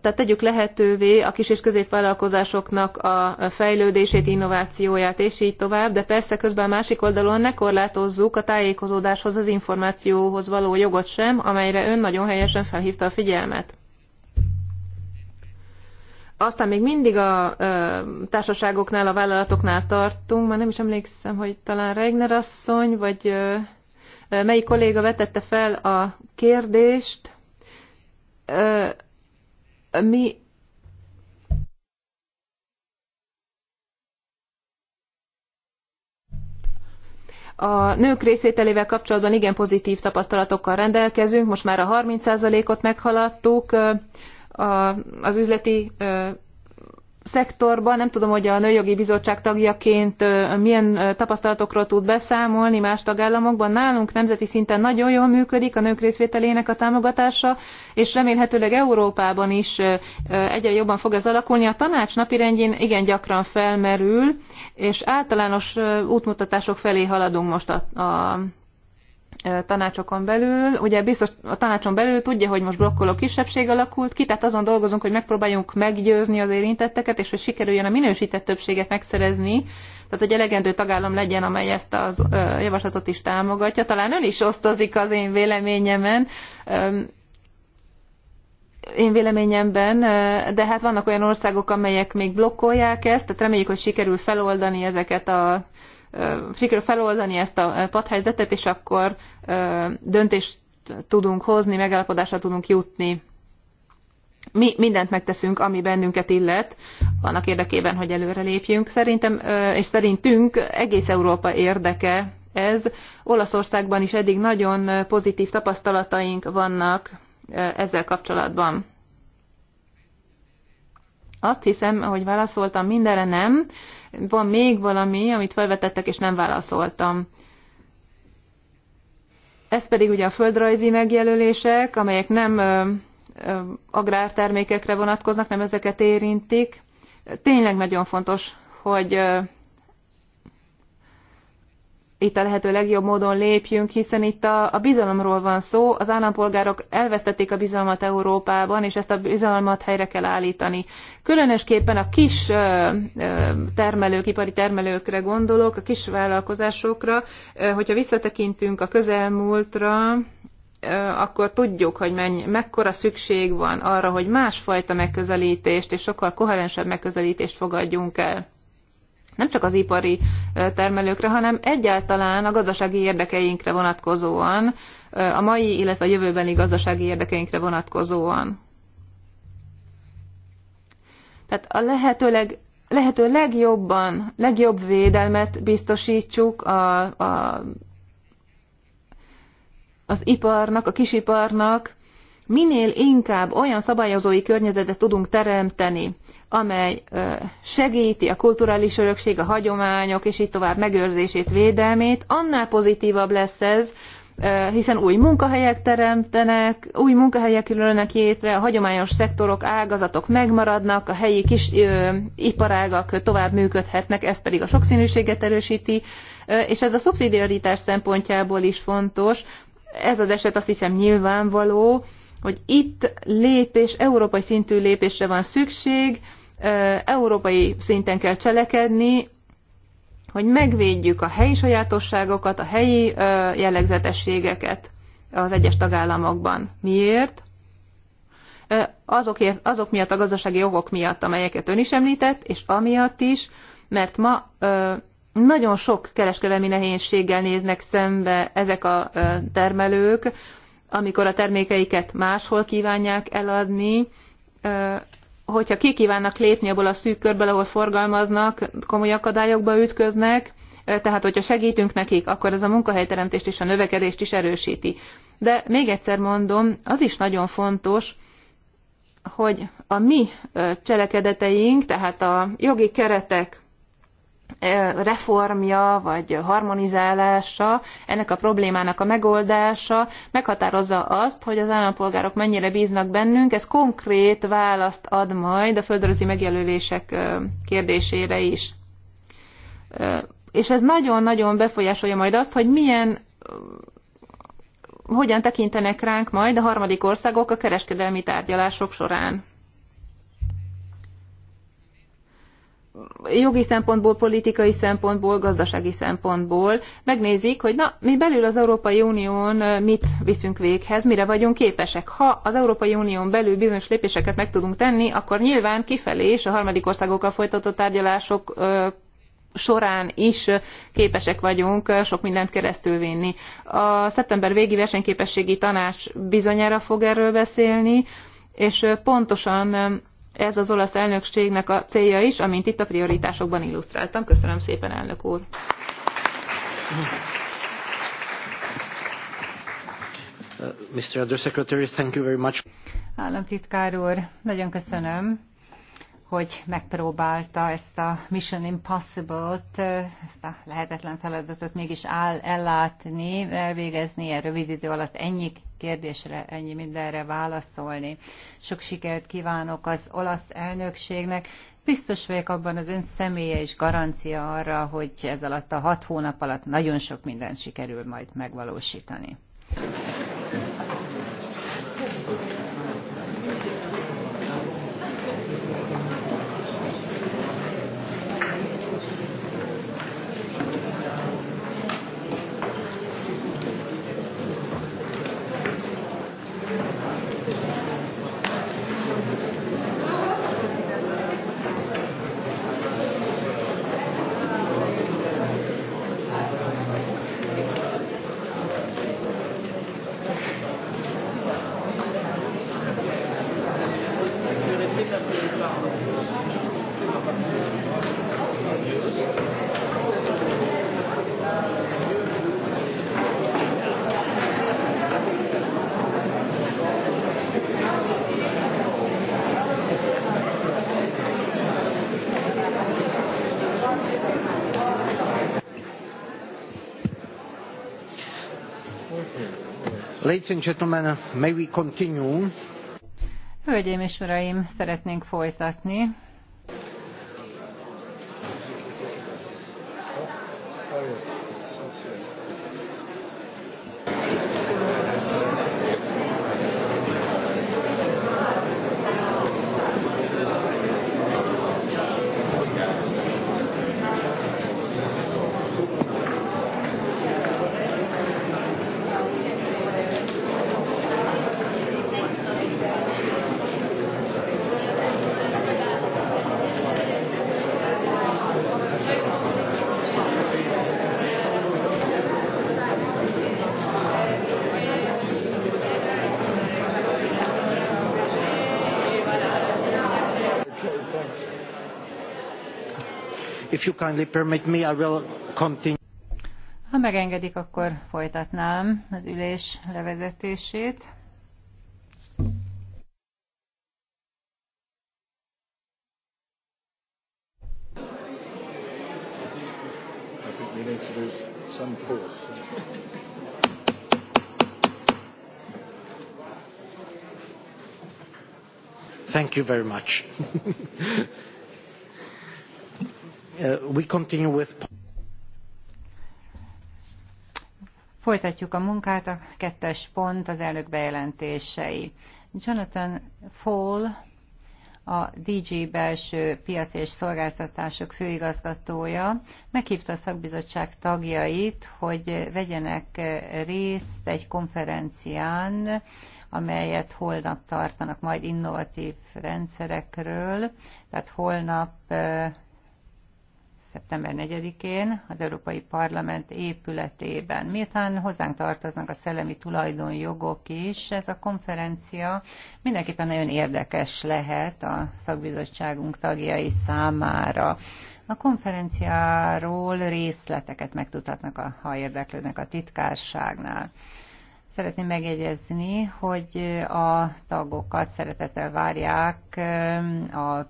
tehát tegyük lehetővé a kis és középvállalkozásoknak a fejlődését, innovációját, és így tovább, de persze közben a másik oldalon ne korlátozzuk a tájékozódáshoz, az információhoz való jogot sem, amelyre ön nagyon helyesen felhívta a figyelmet. Aztán még mindig a ö, társaságoknál, a vállalatoknál tartunk, már nem is emlékszem, hogy talán Regner asszony, vagy ö, melyik kolléga vetette fel a kérdést. Ö, mi A nők részvételével kapcsolatban igen pozitív tapasztalatokkal rendelkezünk, most már a 30%-ot meghaladtuk, az üzleti szektorban, nem tudom, hogy a Nőjogi Bizottság tagjaként milyen tapasztalatokról tud beszámolni más tagállamokban. Nálunk nemzeti szinten nagyon jól működik a nők részvételének a támogatása, és remélhetőleg Európában is egyre jobban fog ez alakulni. A tanács napirendjén igen gyakran felmerül, és általános útmutatások felé haladunk most a, a tanácsokon belül, ugye biztos a tanácson belül tudja, hogy most blokkoló kisebbség alakult ki, tehát azon dolgozunk, hogy megpróbáljunk meggyőzni az érintetteket, és hogy sikerüljön a minősített többséget megszerezni, tehát hogy elegendő tagállam legyen, amely ezt a javaslatot is támogatja. Talán ön is osztozik az én véleményemen, én véleményemben, de hát vannak olyan országok, amelyek még blokkolják ezt, tehát reméljük, hogy sikerül feloldani ezeket a sikerül feloldani ezt a padhelyzetet, és akkor döntést tudunk hozni, megállapodásra tudunk jutni. Mi mindent megteszünk, ami bennünket illet, annak érdekében, hogy előre lépjünk. Szerintem, és szerintünk egész Európa érdeke ez. Olaszországban is eddig nagyon pozitív tapasztalataink vannak ezzel kapcsolatban. Azt hiszem, hogy válaszoltam mindenre nem van még valami, amit felvetettek, és nem válaszoltam. Ez pedig ugye a földrajzi megjelölések, amelyek nem ö, ö, agrártermékekre vonatkoznak, nem ezeket érintik. Tényleg nagyon fontos, hogy itt a lehető legjobb módon lépjünk, hiszen itt a, a bizalomról van szó, az állampolgárok elvesztették a bizalmat Európában, és ezt a bizalmat helyre kell állítani. Különösképpen a kis ö, termelők, ipari termelőkre gondolok, a kis vállalkozásokra, ö, hogyha visszatekintünk a közelmúltra, akkor tudjuk, hogy mennyi, mekkora szükség van arra, hogy másfajta megközelítést és sokkal koherensebb megközelítést fogadjunk el nem csak az ipari termelőkre, hanem egyáltalán a gazdasági érdekeinkre vonatkozóan, a mai, illetve a jövőbeni gazdasági érdekeinkre vonatkozóan. Tehát a lehetőleg lehető legjobban, legjobb védelmet biztosítsuk a, a, az iparnak, a kisiparnak, minél inkább olyan szabályozói környezetet tudunk teremteni, amely segíti a kulturális örökség, a hagyományok és így tovább megőrzését, védelmét, annál pozitívabb lesz ez, hiszen új munkahelyek teremtenek, új munkahelyek különnek létre, a hagyományos szektorok, ágazatok megmaradnak, a helyi kis ö, iparágak tovább működhetnek, ez pedig a sokszínűséget erősíti, és ez a szubszidiaritás szempontjából is fontos. Ez az eset azt hiszem nyilvánvaló, hogy itt lépés, európai szintű lépésre van szükség, európai szinten kell cselekedni, hogy megvédjük a helyi sajátosságokat, a helyi jellegzetességeket az egyes tagállamokban. Miért? Azokért, azok miatt a gazdasági jogok miatt, amelyeket ön is említett, és amiatt is, mert ma nagyon sok kereskedelmi nehézséggel néznek szembe ezek a termelők, amikor a termékeiket máshol kívánják eladni, hogyha ki kívánnak lépni abból a szűk körből, ahol forgalmaznak, komoly akadályokba ütköznek, tehát hogyha segítünk nekik, akkor ez a munkahelyteremtést és a növekedést is erősíti. De még egyszer mondom, az is nagyon fontos, hogy a mi cselekedeteink, tehát a jogi keretek reformja vagy harmonizálása, ennek a problémának a megoldása meghatározza azt, hogy az állampolgárok mennyire bíznak bennünk, ez konkrét választ ad majd a földrajzi megjelölések kérdésére is. És ez nagyon-nagyon befolyásolja majd azt, hogy milyen hogyan tekintenek ránk majd a harmadik országok a kereskedelmi tárgyalások során. jogi szempontból, politikai szempontból, gazdasági szempontból megnézik, hogy na, mi belül az Európai Unión mit viszünk véghez, mire vagyunk képesek. Ha az Európai Unión belül bizonyos lépéseket meg tudunk tenni, akkor nyilván kifelé és a harmadik országokkal folytatott tárgyalások során is képesek vagyunk sok mindent keresztül vinni. A szeptember végi versenyképességi tanács bizonyára fog erről beszélni, és pontosan ez az olasz elnökségnek a célja is, amint itt a prioritásokban illusztráltam. Köszönöm szépen, elnök úr! Uh, Mr. Undersecretary, thank you very much. Államtitkár úr, nagyon köszönöm hogy megpróbálta ezt a Mission Impossible-t, ezt a lehetetlen feladatot mégis áll, ellátni, elvégezni ilyen rövid idő alatt ennyi kérdésre, ennyi mindenre válaszolni. Sok sikert kívánok az olasz elnökségnek. Biztos vagyok abban az ön személye is garancia arra, hogy ez alatt a hat hónap alatt nagyon sok mindent sikerül majd megvalósítani. Ladies Hölgyeim és uraim, szeretnénk folytatni. Ha megengedik, akkor folytatnám az ülés levezetését. Thank you very much. Uh, Folytatjuk a munkát, a kettes pont az elnök bejelentései. Jonathan Fall, a DG belső piac és szolgáltatások főigazgatója meghívta a szakbizottság tagjait, hogy vegyenek részt egy konferencián, amelyet holnap tartanak majd innovatív rendszerekről, tehát holnap eh, szeptember 4-én az Európai Parlament épületében. Miután hozzánk tartoznak a szellemi tulajdonjogok is, ez a konferencia mindenképpen nagyon érdekes lehet a szakbizottságunk tagjai számára. A konferenciáról részleteket megtudhatnak, ha érdeklődnek a titkárságnál. Szeretném megjegyezni, hogy a tagokat szeretettel várják a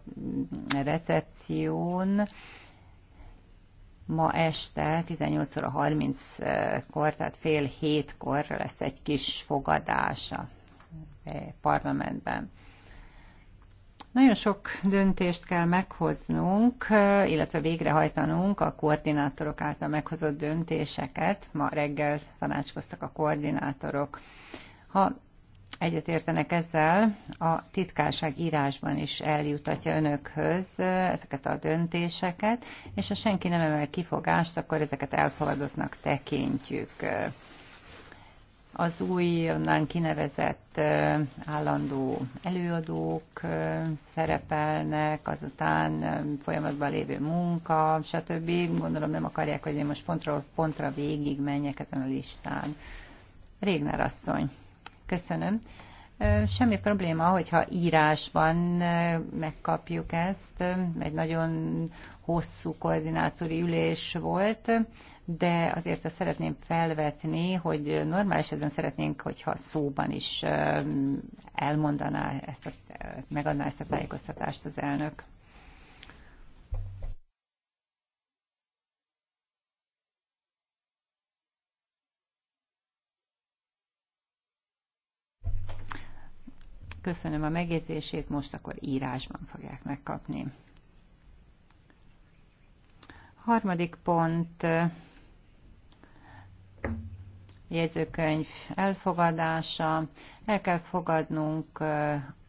recepción, ma este 18 óra 30-kor, tehát fél hétkor lesz egy kis fogadás a e, parlamentben. Nagyon sok döntést kell meghoznunk, e, illetve végrehajtanunk a koordinátorok által meghozott döntéseket. Ma reggel tanácskoztak a koordinátorok. Ha Egyet értenek ezzel, a titkárság írásban is eljutatja önökhöz ezeket a döntéseket, és ha senki nem emel kifogást, akkor ezeket elfogadottnak tekintjük. Az új, onnan kinevezett állandó előadók szerepelnek, azután folyamatban lévő munka, stb. Gondolom nem akarják, hogy én most pontról pontra végig menjek ezen a listán. Régner asszony. Köszönöm. Semmi probléma, hogyha írásban megkapjuk ezt. Egy nagyon hosszú koordinátori ülés volt, de azért azt szeretném felvetni, hogy normál esetben szeretnénk, hogyha szóban is elmondaná, ezt a, megadná ezt a tájékoztatást az elnök. Köszönöm a megjegyzését, most akkor írásban fogják megkapni. Harmadik pont, jegyzőkönyv elfogadása. El kell fogadnunk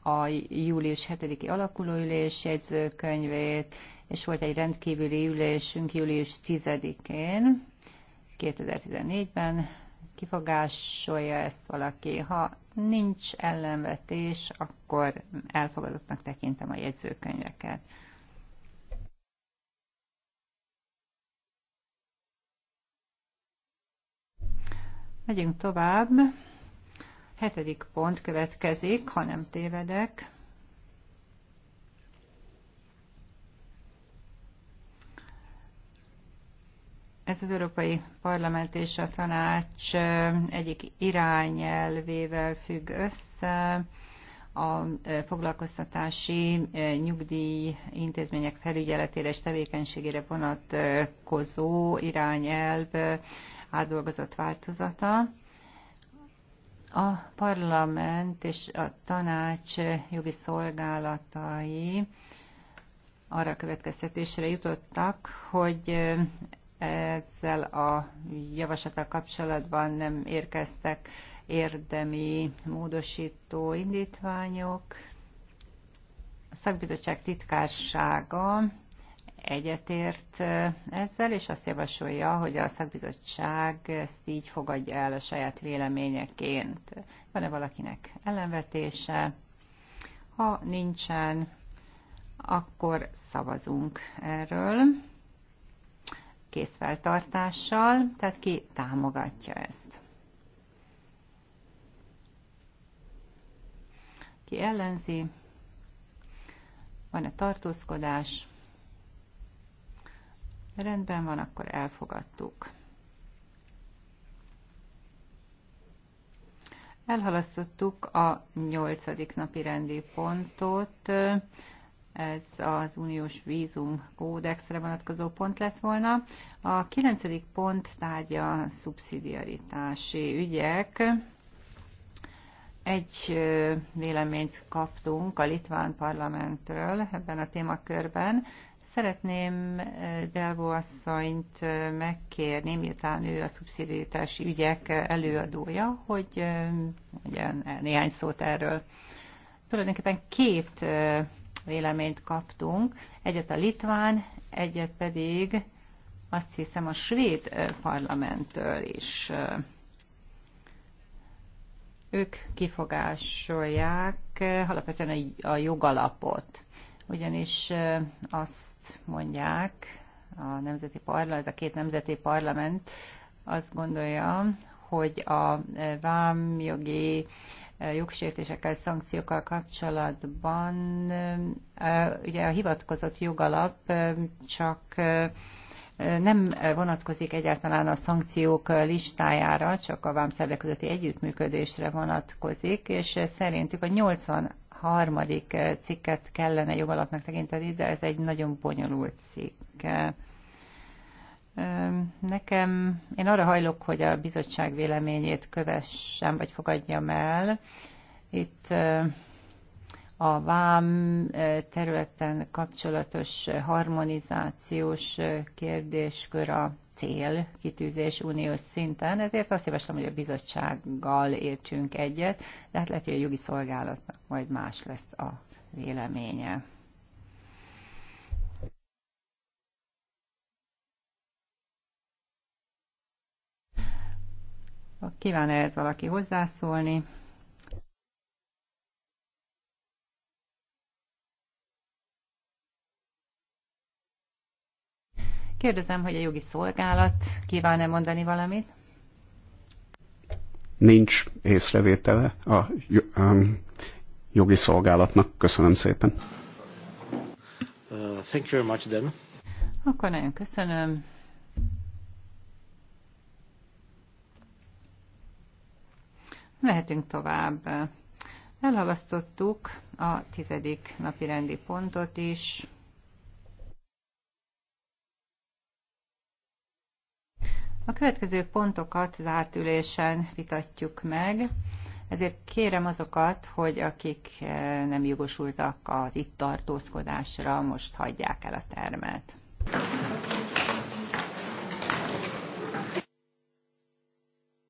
a július 7-i alakulóülés jegyzőkönyvét, és volt egy rendkívüli ülésünk július 10-én, 2014-ben, kifogásolja ezt valaki. Ha nincs ellenvetés, akkor elfogadottnak tekintem a jegyzőkönyveket. Megyünk tovább. Hetedik pont következik, ha nem tévedek. Ez az Európai Parlament és a tanács egyik irányelvével függ össze a foglalkoztatási nyugdíj intézmények felügyeletére és tevékenységére vonatkozó irányelv átdolgozott változata. A parlament és a tanács jogi szolgálatai arra következtetésre jutottak, hogy ezzel a javaslattal kapcsolatban nem érkeztek érdemi módosító indítványok. A szakbizottság titkársága egyetért ezzel, és azt javasolja, hogy a szakbizottság ezt így fogadja el a saját véleményeként. Van-e valakinek ellenvetése? Ha nincsen, akkor szavazunk erről készfeltartással, tehát ki támogatja ezt. Ki ellenzi, van-e tartózkodás, rendben van, akkor elfogadtuk. Elhalasztottuk a nyolcadik napi rendi pontot, ez az uniós vízum kódexre vonatkozó pont lett volna. A kilencedik pont tárgya szubszidiaritási ügyek. Egy véleményt kaptunk a litván parlamentről ebben a témakörben. Szeretném Delvo asszonyt megkérni, miután ő a szubszidiaritási ügyek előadója, hogy ugye, néhány szót erről. Tulajdonképpen két véleményt kaptunk, egyet a litván, egyet pedig azt hiszem a svéd parlamenttől is. Ők kifogásolják alapvetően a jogalapot, ugyanis azt mondják, a nemzeti parlament, ez a két nemzeti parlament azt gondolja, hogy a vámjogi jogsértésekkel, szankciókkal kapcsolatban ugye a hivatkozott jogalap csak nem vonatkozik egyáltalán a szankciók listájára, csak a vámszervek közötti együttműködésre vonatkozik, és szerintük a 83. cikket kellene jogalapnak tekinteni, de ez egy nagyon bonyolult cikk. Nekem, én arra hajlok, hogy a bizottság véleményét kövessem, vagy fogadjam el. Itt a vám területen kapcsolatos harmonizációs kérdéskör a cél kitűzés uniós szinten, ezért azt javaslom, hogy a bizottsággal értsünk egyet, de hát lehet, hogy a jogi szolgálatnak majd más lesz a véleménye. Kíván ehhez valaki hozzászólni? Kérdezem, hogy a jogi szolgálat kíván-e mondani valamit? Nincs észrevétele a jogi szolgálatnak. Köszönöm szépen. Uh, thank you very much, then. Akkor nagyon köszönöm. Mehetünk tovább. Elhalasztottuk a tizedik napi rendi pontot is. A következő pontokat zárt ülésen vitatjuk meg, ezért kérem azokat, hogy akik eh, nem jogosultak az itt tartózkodásra, most hagyják el a termet.